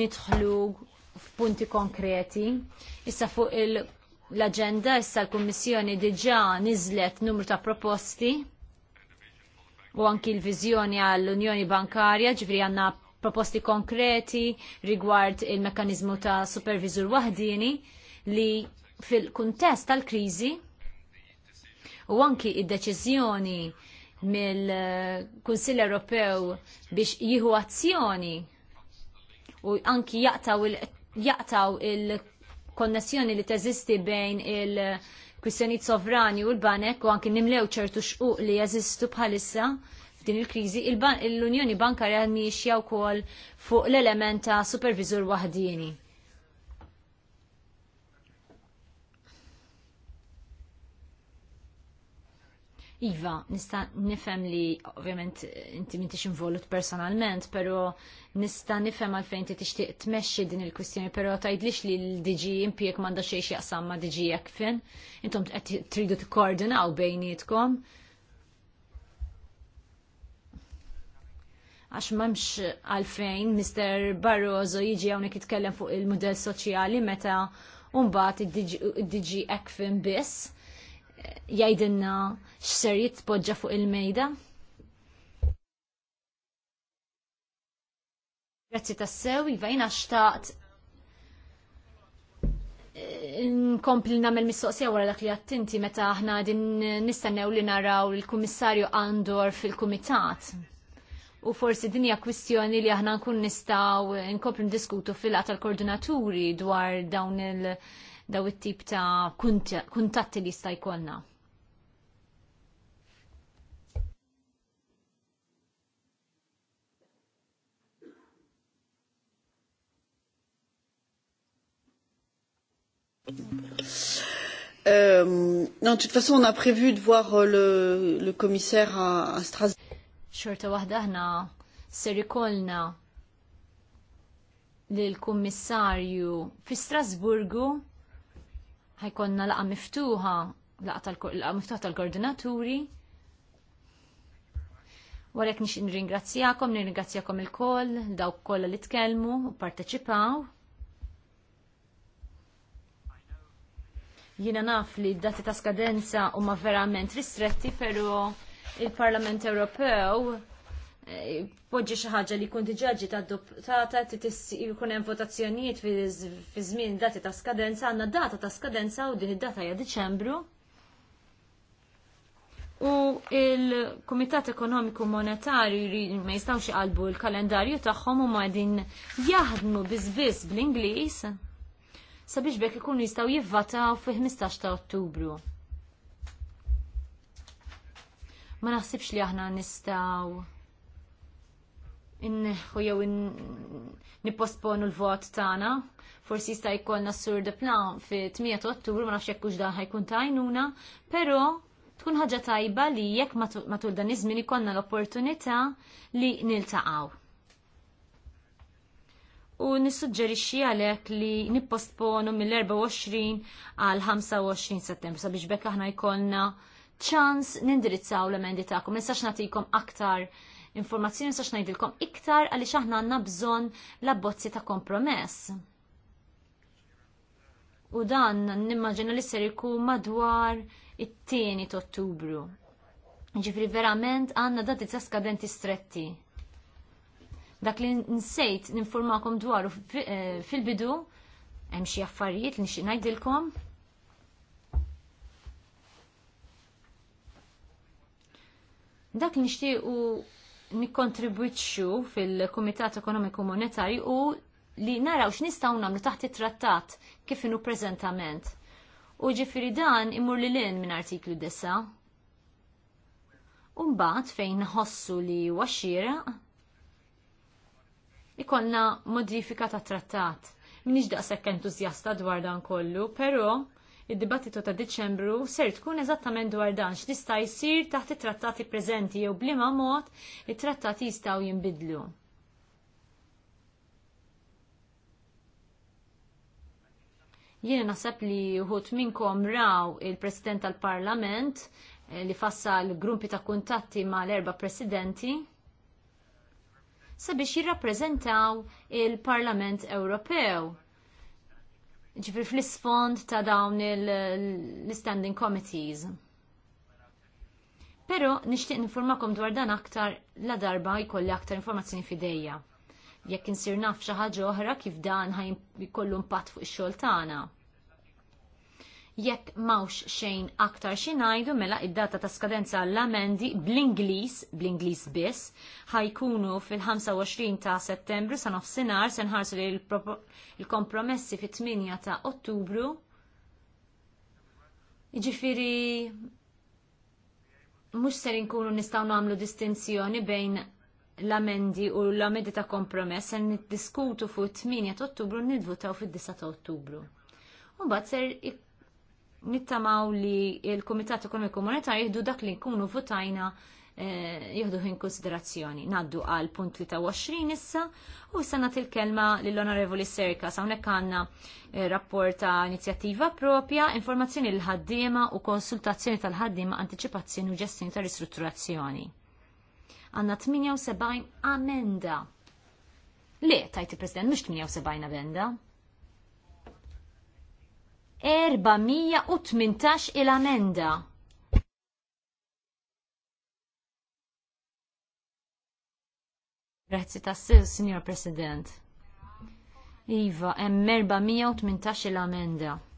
nidħlu f'punti konkreti. Issa fuq l-agenda issa l-Kummissjoni diġà niżlet numru ta' proposti u anki l-vizjoni għall-Unjoni Bankarja, ġifri għanna proposti konkreti rigward il-mekanizmu ta' supervizur wahdini li fil-kuntest tal-krizi u anki id-deċizjoni mill-Kunsill Ewropew biex jieħu azzjoni u anki jaqtaw il konnessjoni li teżisti bejn il-kwistjonijiet sovrani u l-banek u anki nimlew ċertu xquq li jeżistu bħalissa f'din il-kriżi, l-Unjoni Bankarja mhijiex wkoll fuq l-element ta' supervizur waħdieni. Iva, nista nifem li, ovvjament, inti minti involut personalment, pero nista nifem għalfejn ti tixtieq tmexxi din il-kwistjoni, pero tgħidlix li l-DG impjek manda xiex jaqsam ma DG jekfin, intom tridu t-koordinaw bejnietkom, għax m'hemmx għalfejn Mr. Barroso jiġi hawnhekk jitkellem fuq il-mudell soċjali meta mbagħad id-DG Ekfin biss jgħidilna x'ser jitpoġġa fuq il-mejda. Grazzi tassew, iva jina xtaqt eh, nkompli namel mistoqsija wara dak li għattinti meta aħna din nistennew li naraw il-kummissarju Andor fil-kumitat u forsi din hija kwistjoni li aħna nkun nistgħu nkopru ndiskutu fil-qata tal-koordinaturi dwar dawn il daw it-tip ta' kuntatti li jista' jkollna. Euh, non, de toute façon, on a prévu de voir euh, le, le commissaire à, à Strasbourg xorta waħda aħna ser ikollna lill kummissarju fi Strasburgu ħajkonna laqa miftuħa laqa miftuħa tal-koordinaturi Warek nix nirringrazzjakom, nirringrazzjakom il-koll, dawk kollha li tkellmu u parteċipaw. Jina naf li d-dati ta' skadenza huma verament ristretti, pero il-Parlament Ewropew eh, poġġi xi ħaġa li jkun diġà ġiet adottata jkun hemm votazzjonijiet fi żmien dati ta' skadenza, għandna data ta' skadenza u din id-data hija Diċembru. U il-Kumitat Ekonomiku Monetarju ma jistgħux jqalbu l-kalendarju tagħhom u ma din jaħdmu biss bl-Ingliż sabiex bekk ikunu jistgħu jivvataw fi 15 ta' Ottubru. Ma naħsibx li aħna nistaw inneħu jew nipposponu l-vot tagħna. Forsi jista' jkollna sur de plan fi 8 Ottubru ma nafx hekk dan ħajkun tajnuna, però tkun ħaġa tajba li jekk matul dan iż-żmien ikollna l-opportunità li niltaqgħu. U nissuġġerixxi għalhekk li nipposponu mill-24 għal 25 Settembru sabiex bekk aħna jkollna ċans nindirizzaw l-emendi tagħkom. Nistax nagħtikom aktar informazzjoni, nistax ngħidilkom iktar għaliex aħna għandna bżonn l-abbozzi ta' kompromess. U dan nimmaġina li ser ikun madwar it-tieni ta' Ottubru. Ġifri verament għandna dati ta' skadenti stretti. Dak li nsejt ninformakom dwaru eh, fil-bidu, hemm xi affarijiet li xi ngħidilkom, Dak li nixtiequ nikkontribwixxu fil-Kumitat Ekonomiku Monetarju u li naraw x'nistgħu nagħmlu taħt it-trattat kif inhu preżentament. U ġifiri dan imur li lin minn artiklu 9. Umbat fejn ħossu li waxxira ikollna modifika ta' trattat. Minix daqshekk entużjasta dwar dan kollu, però id-dibattitu ta' Diċembru ser tkun eżattament dwar dan x'tista' jsir taħt it-trattati preżenti jew bliema mod it-trattati jistgħu jinbidlu. Jiena naħseb li wħud minnkom raw il-President tal-Parlament eh, li fassa l-gruppi ta' kuntatti ma' l-erba presidenti sabiex jirrappreżentaw il-Parlament Ewropew ġifri fl-isfond ta' dawn l-standing committees. Pero nishtiq informakom dwar dan aktar la darba jkolli aktar informazzjoni fidejja. Jekk insir naf xi ħaġa oħra kif dan ħaj jkollu impatt fuq ix-xogħol tagħna jekk mawx xejn aktar xi ngħidu mela id-data ta' skadenza l-amendi bl-Ingliż, bl-Ingliż biss, ħajkunu fil-25 ta' Settembru sa' nofsinhar se nħarsu li l-kompromessi fit-8 ta' Ottubru. Jiġifieri mhux ser inkunu nistgħu nagħmlu distinzjoni bejn l-amendi u l-amendi ta' kompromess se niddiskutu fuq 8 ta' Ottubru nidvutaw fid-9 ta' Ottubru. Mbagħad ser nittamaw li il-Komitat Ekonomiku Monetari jihdu dak li nkunu votajna eh, jihdu in konsiderazzjoni. Naddu għal punt 23 issa u issa il-kelma lill-Onorevoli Serka hawnhekk għandna eh, rapport ta' inizjattiva propja, informazzjoni l ħaddiema u konsultazzjoni tal ħaddima anticipazzjoni u ġestjoni ta' ristrutturazzjoni. Għandna 78 amenda. Le, tajti President, mhux 78 amenda. 418 il-amenda. Grazzi tassil, Signor President. Iva, hemm 418 il-amenda.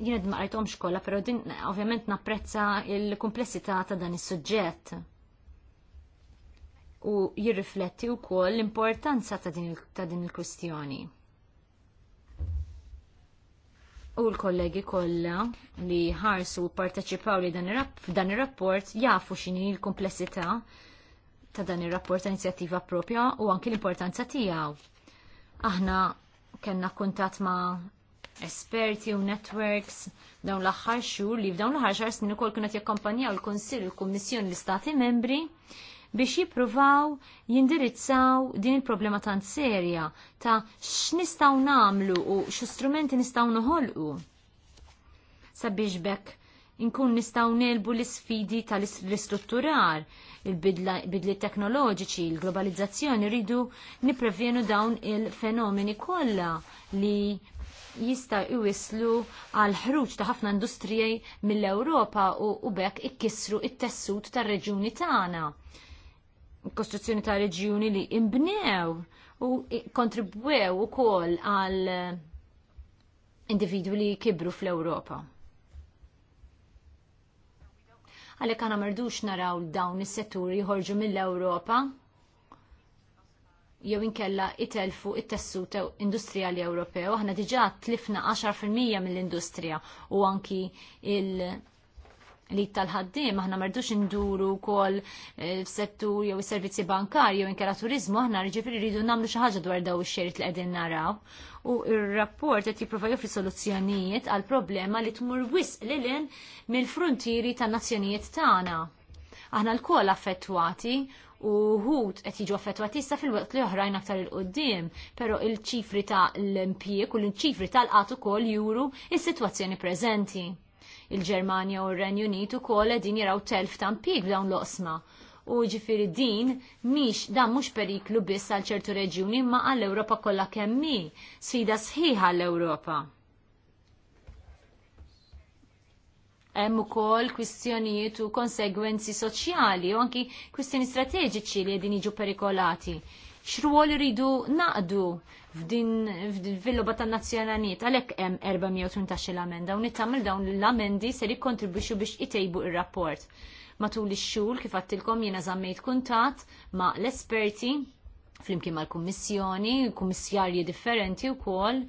Jien ma rajtomx kollha, però din ovvjament napprezza il-kumplessità ta' dan is-suġġett u jirrifletti wkoll l-importanza ta' din il-kwistjoni. U l-kollegi kollha li ħarsu u parteċipaw li dan ir-rapport jafu x'inhi l-komplessità ta' dan ir-rapport ta' inizjattiva propja u anki l-importanza tiegħu. Aħna kellna kuntatt ma' esperti u networks dawn l-aħħar xhur li f'dawn l-aħħar xar snin ukoll kienet jakkompanjaw l kunsill u l-Kummissjoni l-Istati Membri biex jippruvaw jindirizzaw din il-problema tant serja ta' x'nistgħu nagħmlu u x'istrumenti nistgħu noħolqu. Sabiex bekk inkun nistgħu nelbu l-isfidi tal-istrutturar, il-bidli teknoloġiċi, il-globalizzazzjoni, rridu niprevjenu dawn il-fenomeni kollha li jista' iwislu għal ħruġ ta' ħafna industrijaj mill-Ewropa u, bekk ikkissru it-tessut tar-reġjuni tagħna kostruzzjoni ta' reġjuni li imbnew u kontribwew ukoll għal eh, individwi li kibru fl-Ewropa. Għalhekk għana mardux naraw dawn is-setturi jħorġu mill-Ewropa jew inkella itelfu it-tessut industrijali Ewropew. Aħna diġà tlifna 10% mill-industrija u anki il- li tal-ħaddim, aħna mardux induru kol eh, settur jew servizzi bankarji jew inkera turizmu, aħna ġifiri rridu namlu xaħġa dwar daw ix-xerit li qegħdin naraw. U r rapport qed jipprova joffri soluzzjonijiet għal problema li tmur wisq lilin mill-frontieri tan nazzjonijiet tagħna. Aħna l-kol affettwati u ħut qed jiġu affettwati issa fil-waqt li oħrajn aktar il qudiem però il-ċifri ta' l-impjieg u l-ċifri tal-qat ukoll juru is-sitwazzjoni preżenti il-Ġermanja u r-Renju Unit ukoll qegħdin jaraw telf tampik impjieg dawn l-oqsma. U ġifiri din miex dan mhux periklu biss għal ċertu reġjuni ma għall-Ewropa kollha kemm hi, sfida sħiħa għall ewropa hemm ukoll kwistjonijiet u konsegwenzi soċjali u anki kwistjoni strateġiċi li qegħdin jiġu perikolati x'rwol iridu naqdu f'din fil tan-nazzjonanijiet għalhekk hemm 418 l-amenda u nittamil dawn l-amendi se jikkontribwixxu biex itejbu ir-rapport. Matul ix-xhur kif għattilkom jiena żammejt kuntatt ma' l-esperti flimkien mal-Kummissjoni, kummissjarji differenti wkoll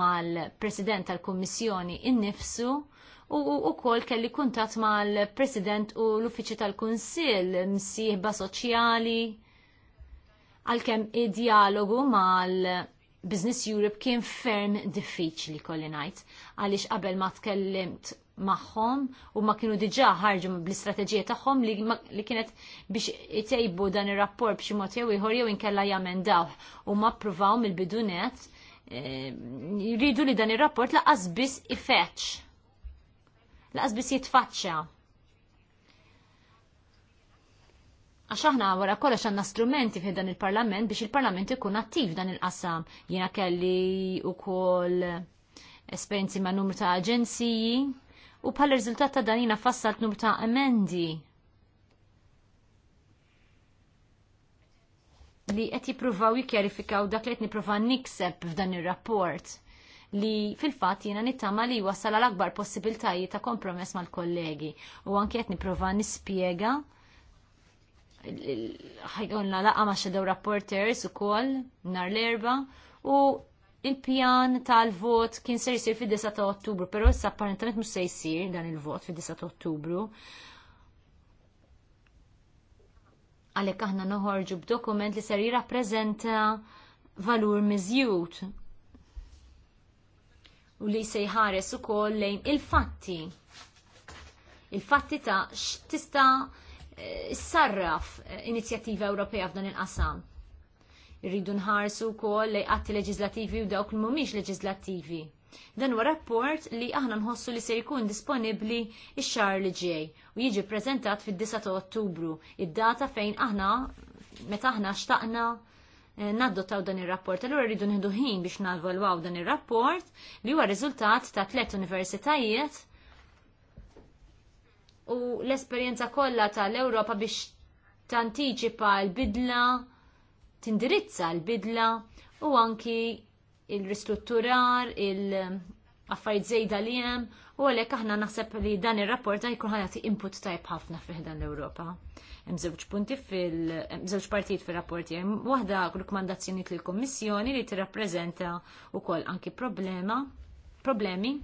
mal-President tal-Kummissjoni innifsu u wkoll kelli kuntatt mal-President u l-Uffiċċju tal-Kunsill, msieħba soċjali, għalkemm id-dialogu mal Business Europe kien ferm diffiċli kolli ngħid għaliex qabel ma tkellimt magħhom u ma kienu diġà ħarġu bl-istrateġija tagħhom li, li, kienet biex itejbu dan ir-rapport b'xi mod jew ieħor jew inkella jamendaw u ma ppruvaw mill-bidunet eh, jridu e, li dan ir-rapport laqas biss ifetx. Laqas biss jitfaċċa. Għax aħna wara kollox għandna strumenti fi dan il-Parlament biex il-Parlament ikun attiv dan il qasam Jiena kelli ukoll esperjenzi ma' numru ta' aġenziji u bħal riżultat ta' dan jiena fassalt numru ta' emendi li qed jippruvaw jikkjarifikaw dak li qed nipprova nikseb f'dan ir-rapport li fil-fatt jiena nittama li wasal l-akbar possibiltajiet ta' kompromess mal-kollegi u anke qed nipprova nispjega ħajgħonna laqqa ma' Shadow Rapporters u koll nar l-erba u il-pjan tal-vot kien ser jisir fid 10 ta' ottubru, pero issa apparentament mhux se jsir dan il-vot fid 10 ta' ottubru. Għalhekk aħna noħorġu b'dokument li ser jirrappreżenta valur miżjud u li se jħares ukoll lejn il-fatti. Il-fatti ta' x'tista' Eh, sarraf eh, inizjattiva Ewropea f'dan il-qasam. Irridu nħarsu wkoll li atti leġislattivi u dawk li mhumiex leġislattivi. Dan huwa rapport li aħna nħossu li se jkun disponibbli x-xahar li ġej u jiġi ppreżentat fid-9 ta' Ottubru, id-data fejn aħna meta aħna xtaqna eh, naddotaw dan ir-rapport. Allura rridu nħidu ħin biex nalvalwaw dan ir-rapport li huwa riżultat ta' tliet universitajiet u l-esperjenza kollha tal-Ewropa biex tantiċipa l-bidla, tindirizza l-bidla u anki il-ristrutturar, il-affarijiet żejda li hemm u għalhekk aħna naħseb li dan ir-rapport jkun ħanati input tajb ħafna fih dan l-Ewropa. Hemm żewġ punti fil żewġ partijiet fir-rapport hemm waħda rikkomandazzjonijiet lill-Kummissjoni li tirrappreżenta wkoll anki problema problemi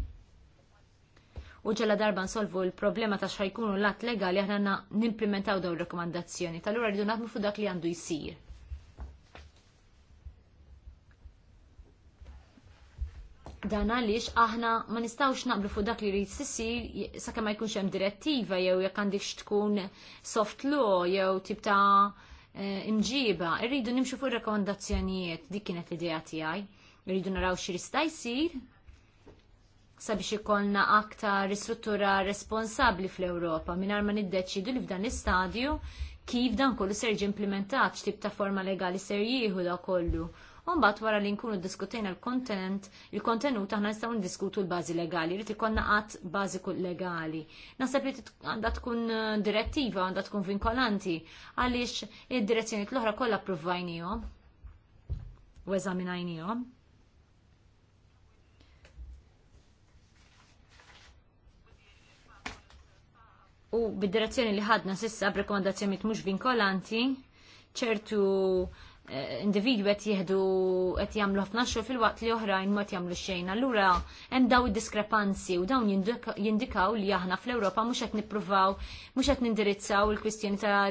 u ġella darba nsolvu l-problema ta' xajkunu l-att legali aħna nimplementaw daw rekomandazzjoni. Tal-ura rridu naħmu fuq dak li għandu jisir. Dan għaliex aħna ma nistawx naqblu fuq dak li rrid sissir sakemm ma jkunx hemm direttiva jew jekk għandix tkun soft law jew tip ta' eh, imġiba, irridu nimxu fuq ir-rekomandazzjonijiet dik kienet l-idea tiegħi. Irridu naraw xi jista' jsir sabiex ikollna aktar ristruttura responsabbli fl-Ewropa mingħajr ma niddeċidu li f'dan l-istadju kif dan kollu ser implementat, x'tip ta' forma legali ser jieħu da kollu. Umbat wara li nkunu diskutejna l-kontent, il-kontenut aħna nistgħu ndiskutu l-bażi legali, Jrid ikollna qatt bażiku legali. Naħseb li għandha tkun eh, direttiva, għandha tkun vinkolanti, għaliex id-direzzjonijiet l-oħra kollha provvajnijhom u eżaminajnijhom. u bid-direzzjoni li ħadna sissa b'rekomandazzjoni mhux vinkolanti, ċertu eh, individwi qed jieħdu qed jagħmlu ħafna xogħol fil-waqt li oħrajn ma jagħmlu xejn. Allura hemm daw id-diskrepanzi u dawn jindikaw li aħna fl-Ewropa mhux qed nippruvaw mhux qed nindirizzaw il-kwistjoni ta'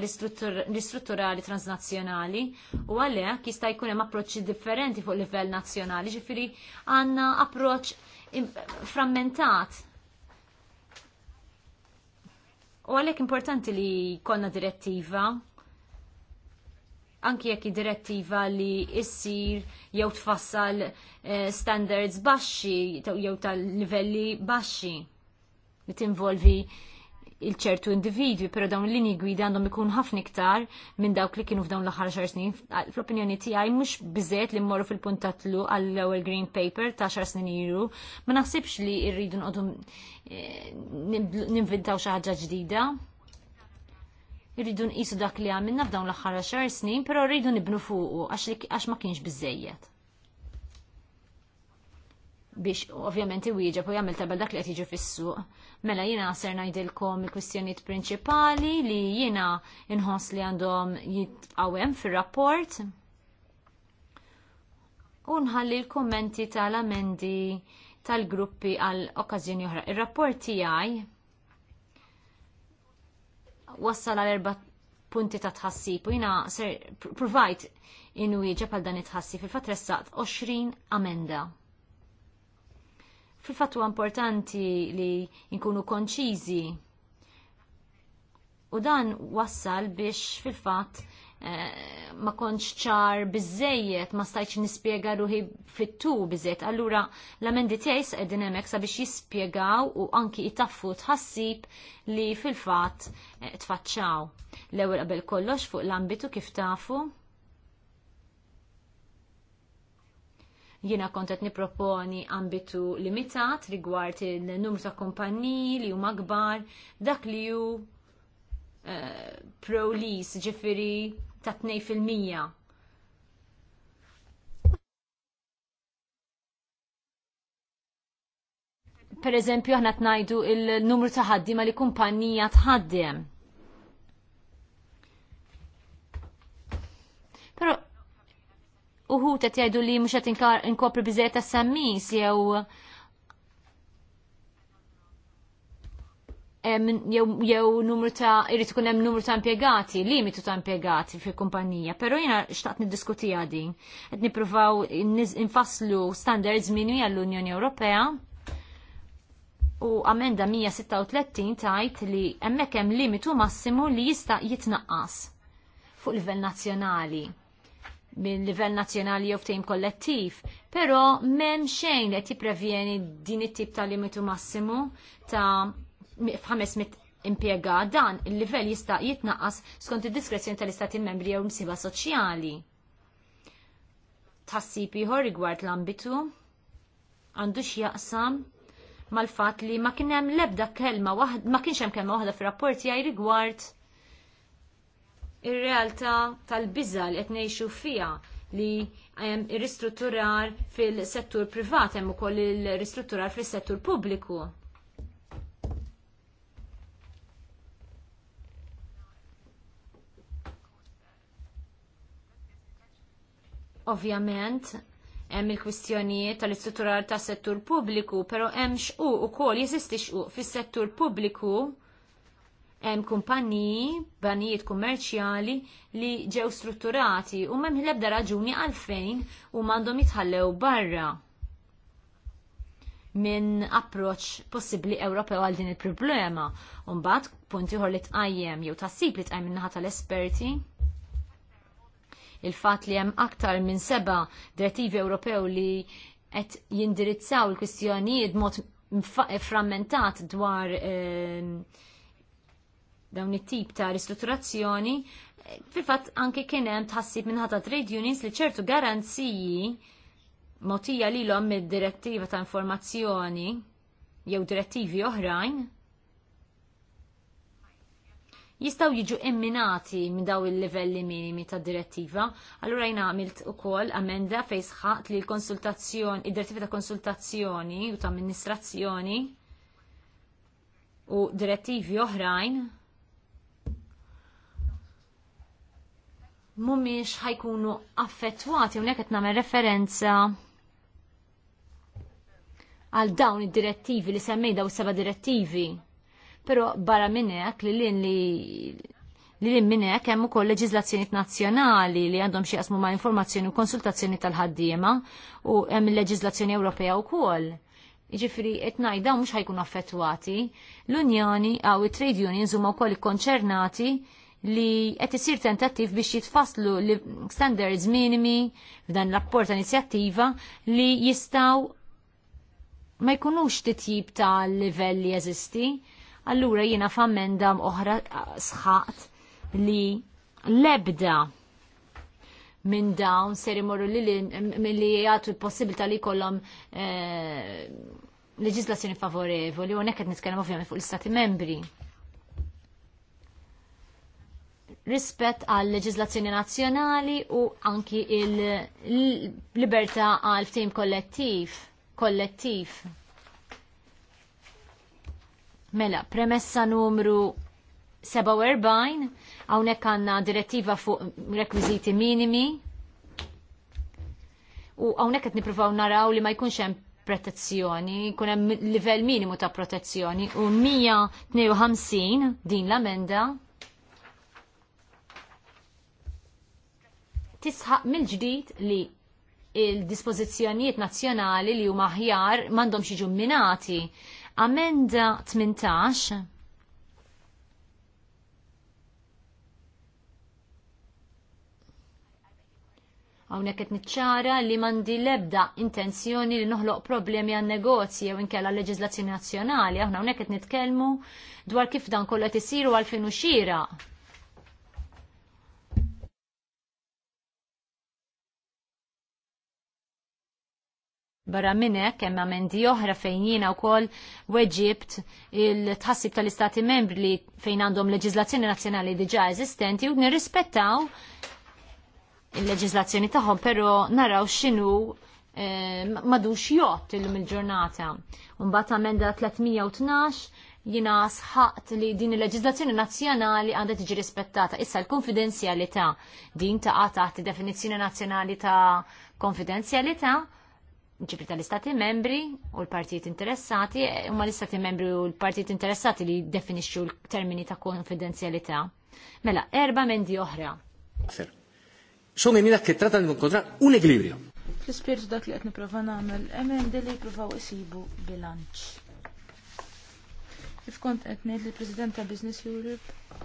ristrutturali transnazzjonali u għalhekk jista' jkun hemm approċċi differenti fuq livell nazzjonali, ġifieri għandna approċċ frammentat U għalhekk importanti li konna direttiva anki jekk direttiva li issir jew tfassal eh, standards baxxi jew tal-livelli baxxi li tinvolvi il-ċertu individwi, pero dawn l-lini gwida għandhom ikun ħafna iktar minn dawk li kienu f'dawn l-aħħar xar snin. Fl-opinjoni tiegħi mhux biżejt li mmorru fil-puntatlu għall-ewwel Green Paper ta' xar snin iru, ma naħsibx li rridu nqogħdu eh, ninventaw xi ħaġa ġdida. Irridu nqisu dak li għamilna f'dawn l-aħħar xar snin, però rridu nibnu fuqu għax ma kienx biżejjed biex ovvjament iwieġeb u jagħmel tabel dak li qed jiġi fis-suq. Mela jiena ser ngħidilkom il-kwistjonijiet prinċipali li jiena inħoss li għandhom jitqgħu hemm fir-rapport. U nħalli l-kommenti tal-amendi tal-gruppi għal okkażjoni oħra. Ir-rapport tiegħi wassal għal erba' punti ta' tħassib u jina ser provajt inwieġa pal dan it-tħassib il-fatressat 20 amenda. Fil-fattu importanti li nkunu konċiżi. U dan wassal biex fil-fatt eh, ma konċ ċar bizzejiet, ma stajċ nispiega ruħi fittu bizzejiet. Allura, l-amendi tiegħi qegħdin hemmhekk sabiex jispjegaw u anki jitaffu tħassib li fil-fatt eh, tfaċċaw. L-ewwel qabel kollox fuq l-ambitu kif tafu Jiena kont qed niproponi ambitu limitat rigward il-numru ta' kumpaniji li huma kbar dak li hu uh, pro lease ġifiri ta' 2 per eżempju aħna tnajdu il-numru ta' ħaddima li kumpanija tħaddim. Pero uħu ta' jgħidu li mux għet inkopri bizzejt ta' sammis jew jew numru ta' irrid ikun hemm numru ta' impjegati, limitu ta' impjegati fil kumpanija, però jiena xtaqt niddiskutija din. Qed nippruvaw infasslu standards minwi għall-Unjoni Ewropea u amenda 136 tajt li hemmhekk hemm limitu massimu li jista' jitnaqqas fuq livell nazzjonali minn livell nazzjonali jew ftehim kollettiv, però m'hemm xejn qed jipprevjeni din it-tip ta' limitu massimu ta' 500 impjega dan il-livell jista' jitnaqqas skont id-diskrezzjoni tal-istati membri jew msiba soċjali. Tassib ieħor rigward l-ambitu għandu x'jaqsam mal-fatt li ma kien hemm l-ebda kelma waħda ma kienx hemm kelma waħda fir-rapport tiegħi rigward ir-realtà tal-biża li qed ngħixu fiha li hemm ristrutturar fil-settur privat hemm ukoll il-ristrutturar fis-settur pubbliku. Ovvjament, hemm il-kwistjonijiet tal-istrutturar tas-settur pubbliku, però hemm xquq ukoll jeżisti xquq fis-settur pubbliku hemm kumpaniji, banijiet kummerċjali li ġew strutturati u m'hemm l-ebda raġuni għalfejn u m'għandhom jitħallew barra minn approċċ possibbli Ewropew għal din il-problema. u mbagħad punt ieħor li tqajjem jew tassib li tqajjem min-naħa tal-esperti il-fatt li hemm aktar minn seba' direttivi Ewropew li qed jindirizzaw il-kwistjonijiet mod frammentat dwar eh, dawn it-tip ta' ristrutturazzjoni, eh, fil-fatt anke kien hemm tħassib minħata trade unions li ċertu garanziji motija lilhom mid-direttiva ta' informazzjoni jew direttivi oħrajn jistaw jiġu imminati minn daw il-livelli minimi ta' direttiva, allura jina għamilt u kol amenda fej sħat li l-konsultazzjoni, id-direttiva ta' konsultazzjoni u ta' amministrazzjoni u direttivi oħrajn mumiex ħajkunu affettwati, unek qed nagħmel referenza għal dawn id-direttivi li semmej daw seba direttivi. Però barra minnek li l-in li li li minnek hemm ukoll leġizlazzjoni nazzjonali li għandhom xi jasmu ma' informazzjoni u konsultazzjoni tal-ħaddiema u hemm il-leġiżlazzjoni Ewropea wkoll. Iġifri, etnaj daw mux ħajkun affettwati, l-unjoni għaw trade unions huma wkoll il-konċernati li qed isir tentattiv biex jitfasslu li standards minimi f'dan l-apport inizjattiva li jistaw ma jkunux titjib ta' livell li jeżisti. Allura jiena f'ammenda oħra sħaqt li lebda minn dawn ser imorru li li jgħatu l-possibilità li kollom eh, leġislazzjoni favorevoli u nekket nitkellem ovvjament fuq l istati membri rispett għal leġislazzjoni nazzjonali u anki il-libertà għal tim kollettiv. kollettiv. Mela, premessa numru 47, hawnhekk għandna direttiva fuq rekwiżiti minimi. U hawnhekk qed nippruvaw naraw li ma jkunx hemm protezzjoni, jkun hemm livell minimu ta' protezzjoni u 152 din l-amenda tisħaq mill-ġdid li il-dispożizzjonijiet nazzjonali li huma aħjar m'għandhom xi minati. Amenda 18 Hawnhekk qed niċċara li m'għandi l-ebda intenzjoni li noħloq problemi għan negozji jew inkella leġiżlazzjoni nazzjonali, aħna hawnhekk qed nitkellmu dwar kif dan kollha tisiru għal finu xira. Barra minnek, hemm amendi oħra fejn jiena wkoll weġibt il-tħassib tal-istati membri li fejn għandhom leġizlazzjoni nazzjonali diġà eżistenti u nirrispettaw il leġizlazzjoni tagħhom, però naraw x'inhu eh, madux jott illum il-ġurnata. Mbagħad amenda 312 jina sħaqt li din il-leġiżlazzjoni nazzjonali għandha tiġi rispettata. Issa l-konfidenzjalità din taqa' taħt definizzjoni nazzjonali ta' konfidenzjalità ġibri tal-istati membri u l-partijiet interessati, ma l-istati membri u l-partijiet interessati li definisġu l-termini ta' konfidenzjalità. Mela, erba mendi oħra. Sono emenda che tratta di incontrare un equilibrio. Fl-ispirtu dak li qed nipprova nagħmel emendi li jippruvaw isibu bilanċ. Kif kont qed ngħid li President ta' Business Europe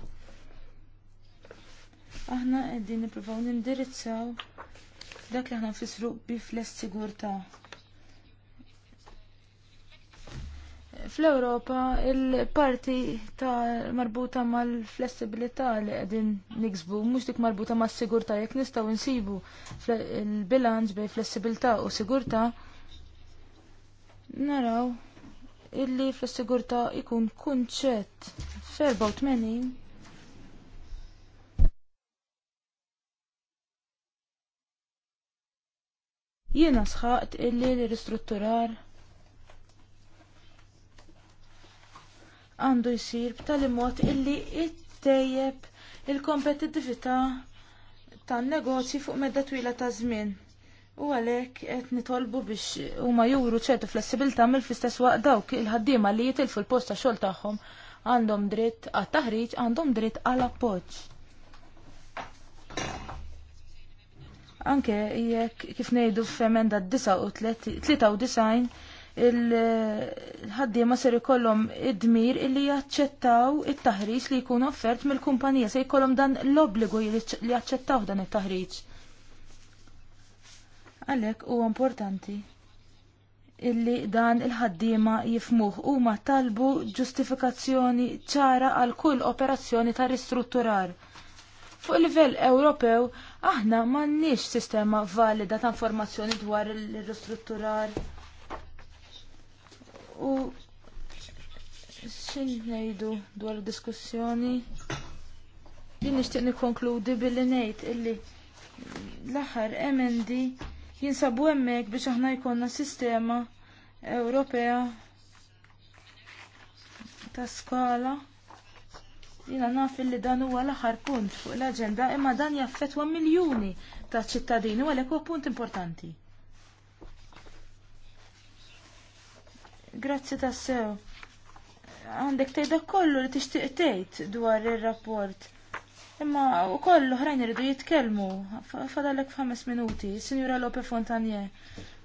aħna qegħdin nippruvaw nindirizzaw dak li aħna nfissru bi fless sigurtà Fl-Ewropa il-parti ta' marbuta mal-flessibilità li qegħdin niksbu mhux dik marbuta mas sigurta jekk nistgħu nsibu il-bilanċ bejn flessibilità u sigurtà naraw illi fl-sigurtà ikun kunċett f-84 jiena sħaqt illi li ristrutturar għandu jsir b'tali mod illi ittejjeb il-kompetittività tan-negozji fuq medda twila ta' żmien. U għalhekk qed nitolbu biex huma juru ċertu flessibilità mill-fistess waqt dawk il-ħaddiema li jitilfu l-post ta' xogħol tagħhom għandhom dritt għat taħriġ għandhom dritt għal appoġġ. Anke jekk kif ngħidu f'emenda 93 il-ħaddiema ser ikollhom id-dmir illi jaċċettaw it-taħriġ li jkun offert mill-kumpanija se jkollhom dan l-obbligu li jaċċettaw dan it-taħriġ. Għalhekk huwa importanti illi dan il-ħaddiema jifmuh huma talbu ġustifikazzjoni ċara għal kull operazzjoni ta' ristrutturar. Fuq livell Ewropew aħna m'għandniex sistema valida ta' informazzjoni dwar il-ristrutturar. il ristrutturar U xin ngħidu dwar id diskussjoni? Jien nixtieq nikkonkludi billi ngħid illi l-aħħar MND jinsabu hemmhekk biex aħna jkollna sistema Ewropea ta' skala. Jiena naf illi dan huwa l-aħħar punt fuq l-aġenda imma dan jaffettwa miljuni ta' ċittadini u għalek huwa punt importanti. Grazzi tassew. Għandek tgħidha kollu li tixtieq tgħid dwar ir-rapport. Imma kollu ħrajn irridu jitkellmu fadalek f'ħames minuti, Sinjura Lope Fontanie.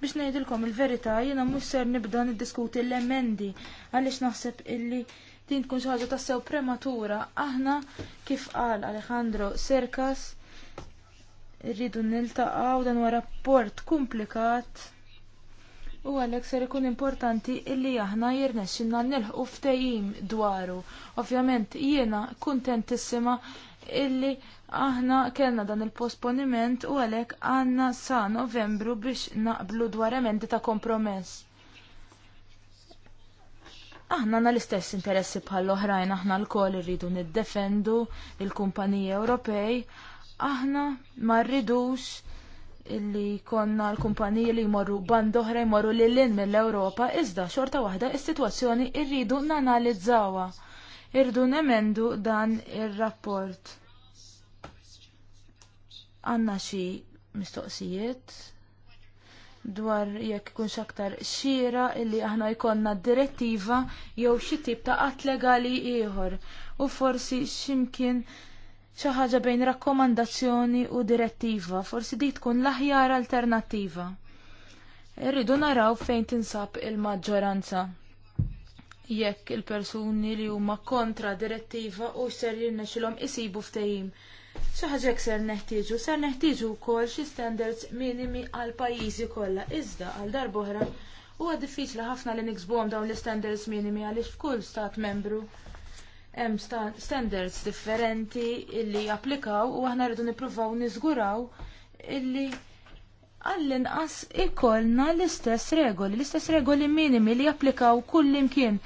Biex ngħidilkom il-verità jiena mhux ser nibda niddiskuti l-emendi għaliex naħseb illi din tkun xi ħaġa tas-sew prematura. Aħna kif qal Alejandro Serkas irridu niltaqgħu dan huwa rapport komplikat U għalhekk ser ikun importanti illi aħna jirnexxinna nilħqu ftejim dwaru. Ovvjament jiena kuntentissima illi aħna kellna dan il-posponiment u għalhekk għandna sa Novembru biex naqblu dwar emendi ta' kompromess aħna għanna l-istess interessi bħall oħrajn aħna l-kol irridu niddefendu il-kumpaniji Ewropej, aħna ma rridux illi konna l-kumpaniji li jmorru band oħra jmorru li l-in mill-Ewropa, iżda xorta waħda is-sitwazzjoni irridu nanalizzawa. Irridu nemendu dan ir-rapport. Għanna xi mistoqsijiet dwar jekk kunx aktar xira illi aħna jkollna direttiva jew xi tip ta' qatt legali ieħor u forsi ximkien xi ħaġa bejn rakkomandazzjoni u direttiva, forsi di tkun l-aħjar alternattiva. Irridu naraw fejn tinsab il-maġġoranza. Jekk il-persuni li huma kontra direttiva u ser jirnexilhom isibu ftehim. Xi ħaġa ser neħtieġu, ser neħtieġu wkoll xi standards minimi għal pajjiżi kollha iżda għal darb'oħra huwa diffiċli ħafna li niksbuhom dawn l-standards minimi għaliex f'kull stat membru hemm standards differenti illi japplikaw u aħna rridu nippruvaw niżguraw illi għall-inqas ikollna l-istess regoli, l-istess regoli minimi li japplikaw kull imkien.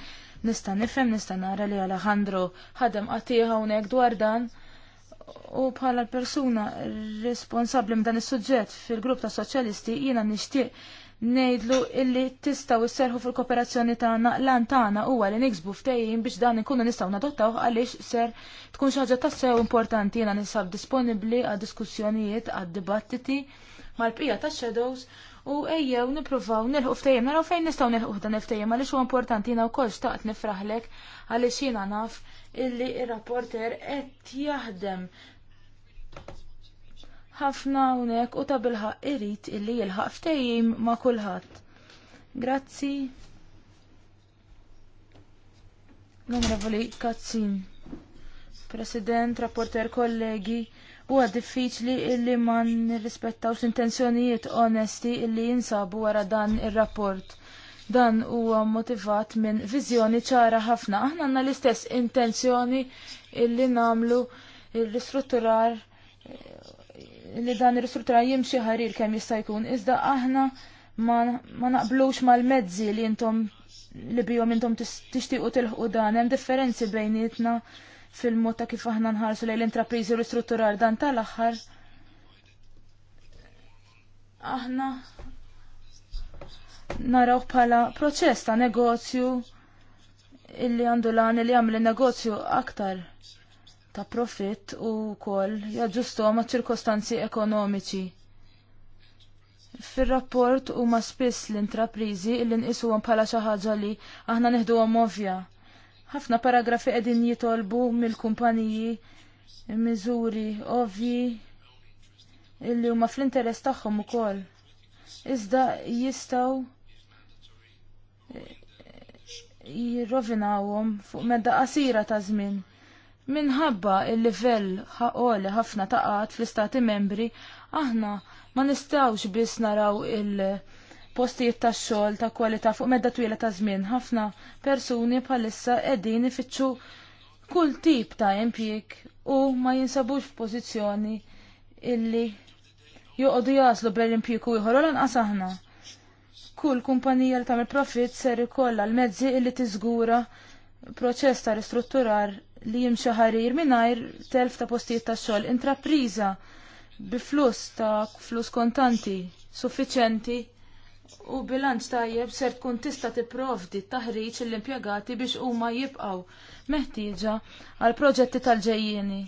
Nista' nifhem nista' nara li Alejandro ħadem qatih hawnhekk dwar dan u bħala l persuna responsabbli minn dan is-suġġett fil-grupp ta' soċjalisti jiena nixtieq ngħidlu illi tistgħu isserħu fil-kooperazzjoni tagħna lan tagħna huwa li niksbu ftehim biex dan ikunu nistgħu nadottaw għaliex ser tkun xi ħaġa tassew importanti jiena ninsab disponibbli għad diskussjonijiet għad dibattiti mal-bqija tax-shadows u ejjew nippruvaw nilħu ftehim naraw fejn nistgħu nilħu dan il-ftehim għaliex huwa importanti jiena wkoll xtaqt nifraħlek għaliex jiena naf illi ir-rapporter qed jaħdem ħafna hawnhekk u tabilħa irrit irid illi jilħaq ftejjim ma' kulħadd. Grazzi. L-Onorevoli Kazzin, President, Rapporter, kollegi, huwa diffiċli illi ma nirrispettawx intenzjonijiet onesti illi jinsabu wara dan ir-rapport. Dan huwa motivat minn viżjoni ċara ħafna. Aħna għandna l-istess intenzjoni illi namlu il-ristrutturar li dan ir-struttura jimxi ħarir kemm jista' jkun, iżda aħna ma naqblux mal-mezzi li intom li bijom intom tixtiequ tilħqu dan, hemm differenzi bejnietna fil-mod ta' kif aħna nħarsu lejn l-intrapriżi ristrutturar dan tal-aħħar. Aħna naraw bħala proċess ta' negozju illi għandu lan li għamil negozju aktar ta' profitt u kol jaġustu ma' ċirkostanzi ekonomiċi. Fil-rapport u ma' spiss l-intraprizi li nqisu bħala xi ħaġa li aħna neħdu ovja. Ħafna paragrafi qegħdin jitolbu mill-kumpaniji miżuri ovvi illi huma fl-interess tagħhom ukoll. Iżda jistgħu eh, jirrovinawhom fuq medda qasira ta' żmien minħabba il-livell ħaqoli ħafna taqat fl-istati membri, aħna ma nistawx biss naraw il-postijiet ta' xogħol ta' kwalità fuq medda twila ta' żmien. Ħafna persuni bħalissa qegħdin ifittxu kull tip ta' impjieg u ma jinsabux f'pożizzjoni illi joqogħdu jaslu bel impjieg u ieħor lanqas aħna. Kull kumpanija li tagħmel profit ser ikollha l-mezzi illi tiżgura proċess ta' ristrutturar li jimxu ħarir mingħajr telf ta' postijiet ta' xogħol, intrapriza bi flus ta' flus kontanti suffiċenti u bilanċ tajjeb ser tkun tista' tipprovdi taħriġ l-impjegati biex huma jibqgħu meħtieġa għal proġetti tal-ġejjieni.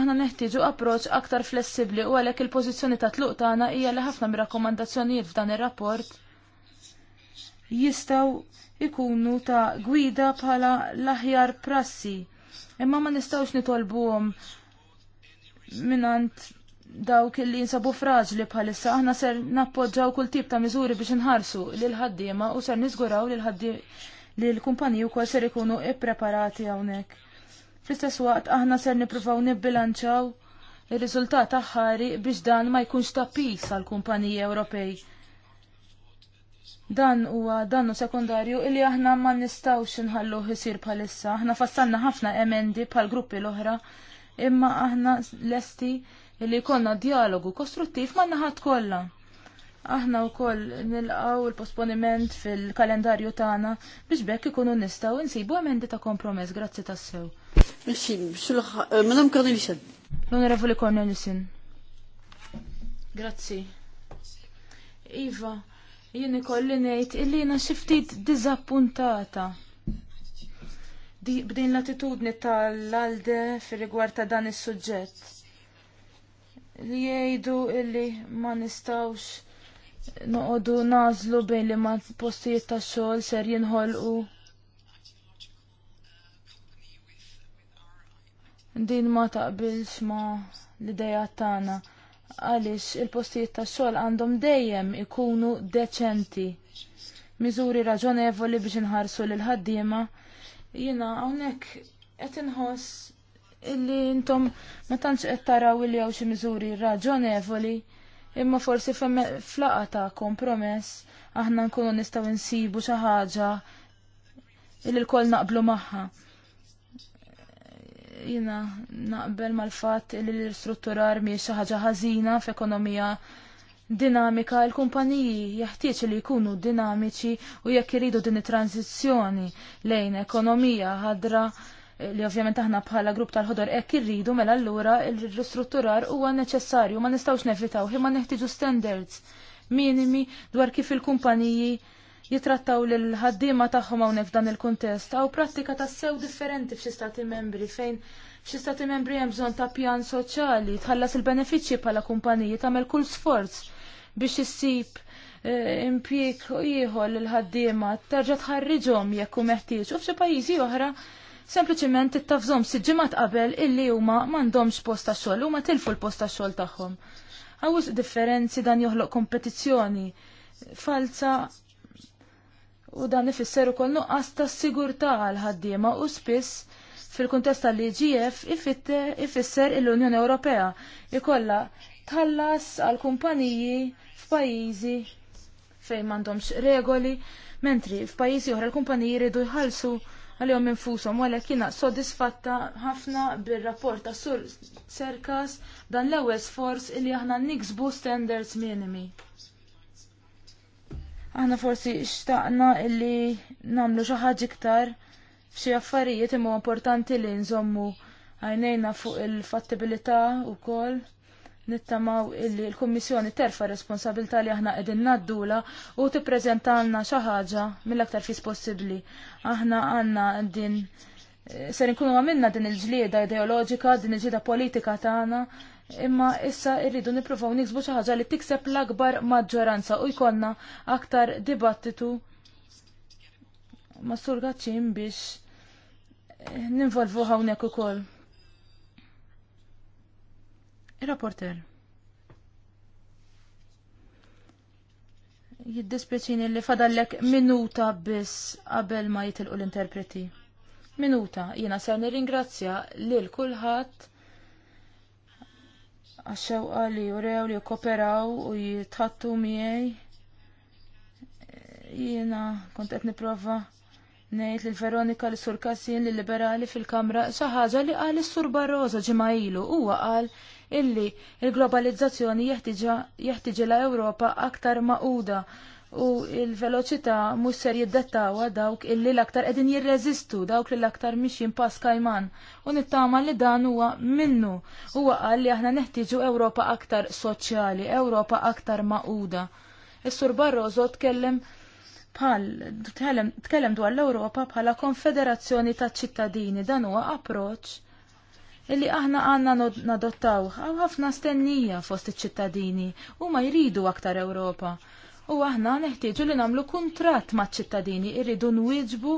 Aħna neħtieġu approċċ aktar flessibbli u għalhekk il-pożizzjoni ta' tluq tagħna hija li ħafna mir-rakkomandazzjonijiet f'dan ir-rapport jistgħu ikunu ta' gwida bħala l-aħjar prassi imma ma nistawx nitolbuhom minnant dawk li jinsabu fraġli bħalissa aħna ser nappoġġaw kull tip ta' miżuri biex nħarsu l ħaddiema u ser niżguraw li l-kumpaniji wkoll ser ikunu ippreparati hawnhekk. Fl-istess waqt aħna ser nippruvaw nibbilanċaw ir-riżultat aħħari biex dan ma jkunx tapis għall kumpaniji Ewropej Dan huwa dannu sekundarju illi aħna ma nistawx nħallu isir bħalissa. Aħna fassanna ħafna emendi bħal gruppi l-oħra, imma aħna lesti illi konna dialogu kostruttiv ma naħat kollha. Aħna wkoll nilqgħu il-posponiment fil-kalendarju tagħna biex bekk ikunu nistgħu insibu emendi ta' kompromess grazzi tassew. sew euh, Madam Cornelissen. L-Onorevoli Cornelissen. Grazzi. Iva, Jien ikolli ngħid illi xiftit xi ftit diżappuntata. Di, b'din l-attitudni tal-alde fir-rigward ta' dan is-suġġett. Li jgħidu illi ma nistawx noqogħdu nażlu bejn li ma postijiet ta' xogħol ser jinħolqu. Din ma taqbilx ma l-idea tagħna għaliex il-postijiet tax-xogħol għandhom dejjem ikunu deċenti. Miżuri raġonevoli biex inħarsu l ħaddiema. Jiena hawnhekk qed inħoss illi intom ma tantx qed taraw illi hawn xi miżuri raġonevoli imma forsi flaqa ta' kompromess aħna nkunu nistgħu nsibu xi ħaġa illi l-kol naqblu magħha jina naqbel mal-fat li l-istrutturar mi ħaġa ħażina f'ekonomija dinamika l-kumpaniji jeħtieġ li jkunu dinamiċi u jekk iridu din it-tranzizzjoni lejn ekonomija ħadra li ovvjament aħna bħala grupp tal-ħodor hekk irridu mela allura l-ristrutturar huwa neċessarju ma nistgħux nevitaw imma neħtieġu standards minimi dwar kif il-kumpaniji jitrattaw l ħaddiema tagħhom hawnhekk f'dan il-kuntest għaw prattika ta' sew differenti f'xi stati membri fejn xi stati membri hemm bżonn ta' pjan soċjali tħallas il-benefiċċji bħala kumpaniji tagħmel kull sforz biex issib eh, impjieg ieħor lil ħaddiema terġa' tħarriġhom jekk hu meħtieġ u f'xi pajjiżi oħra sempliċement ittafżhom siġġimat ġimgħat qabel illi huma m'għandhomx post ta' xogħol huma tilfu l-post ta' xogħol tagħhom. Għawż differenzi dan joħloq kompetizzjoni falsa u dan ifisser ukoll nuqqas ta' sigurtà għal ħaddiema u spiss fil-kuntest tal-IGF ifisser l-Unjoni Ewropea ikolla tħallas għal kumpaniji f'pajjiżi fejn m'għandhomx regoli, mentri f'pajjiżi oħra l-kumpaniji jridu jħallsu għalihom infushom għalhekk jiena sodisfatta ħafna bir-rapport ta' Sur Serkas dan l-ewwel sforz li aħna niksbu standards minimi. Aħna forsi xtaqna illi namlu xi ħaġa iktar f'xi affarijiet imma importanti li nżommu għajnejna fuq il-fattibilità wkoll nittamaw illi l-Kummissjoni terfa responsabilità li aħna qegħdin naddula u tippreżentalna xi ħaġa mill-aktar fis possibbli. Aħna għandna din eh, ser nkunu għamilna din il-ġlieda ideoloġika, din il-ġlieda politika tagħna imma issa irridu nippruvaw niksbu xi ħaġa li tikseb l-akbar maġġoranza u jkollna aktar dibattitu ma' sur Gaċin biex eh, ninvolvu hawnhekk ukoll. Il-rapporter. Jiddispjaċini li fadallek minuta biss qabel ma jitilqu l-interpreti. Minuta, jiena ser nirringrazzja lil kulħadd għaxxewqa li jurew li jkoperaw u jitħattu miegħi. Jiena kont qed nipprova ngħid lil Veronika li sur Kasin li liberali fil-Kamra xi ħaġa li qal is-Sur Barroso ġimgħa ilu huwa qal illi il-globalizzazzjoni jeħtieġilha Ewropa aktar maquda u il-veloċità mhux ser jiddettawa dawk illi l-aktar qegħdin jirreżistu dawk li l-aktar mhix jinpass kajman u nittama li dan huwa minnu huwa qal li aħna neħtieġu Ewropa aktar soċjali, Ewropa aktar maquda. Is-Sur Barroso tkellem bħal tkellem dwar l-Ewropa bħala konfederazzjoni ta' ċittadini dan huwa approċċ illi aħna għanna nadottaw għaw ħafna stennija fost iċ-ċittadini u ma jridu aktar Ewropa u aħna neħtieġu li namlu kontrat ma' ċittadini irridu nwieġbu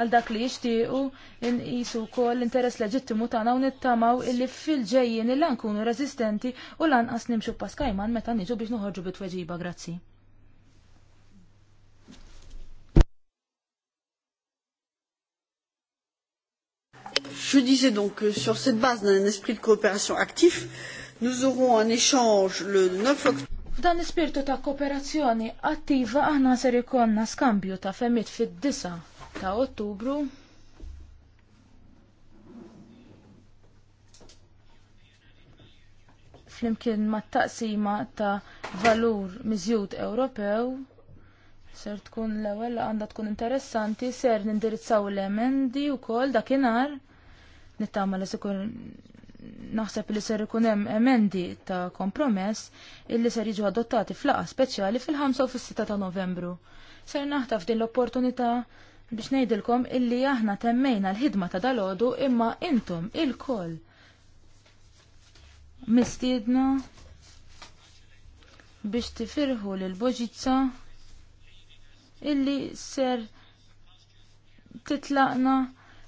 għal dak li jixtiequ inqisu wkoll l-interess leġittimu tagħna u nittamaw illi fil-ġejjin illa nkunu reżistenti u lanqas nimxu paskajman meta niġu biex noħorġu bit-tweġiba grazzi. Je disais donc que sur cette base d'un esprit de coopération actif, nous aurons un échange le 9 octobre. F'dan l-ispirtu ta' kooperazzjoni attiva aħna ser ikonna skambju ta' femmit fid-9 ta' Ottubru flimkien ma' taqsima ta' valur miżjud Ewropew ser tkun l-ewwel għandha tkun interessanti ser nindirizzaw l-emendi wkoll dakinhar nittama li se naħseb li ser ikun hemm emendi ta' kompromess illi ser jiġu adottati fl flaqa speċjali fil-5 u fis-6 ta' Novembru. Ser naħtaf din l-opportunità biex ngħidilkom illi aħna temmejna l-ħidma ta' dalodu imma intom il-koll mistiedna biex tifirħu l boġizza illi ser titlaqna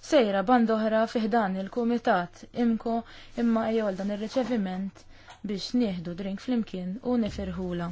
sejra band oħra fiħdan il-kumitat imko imma ejjol dan ir-riċeviment biex nieħdu drink flimkien u nifirħula.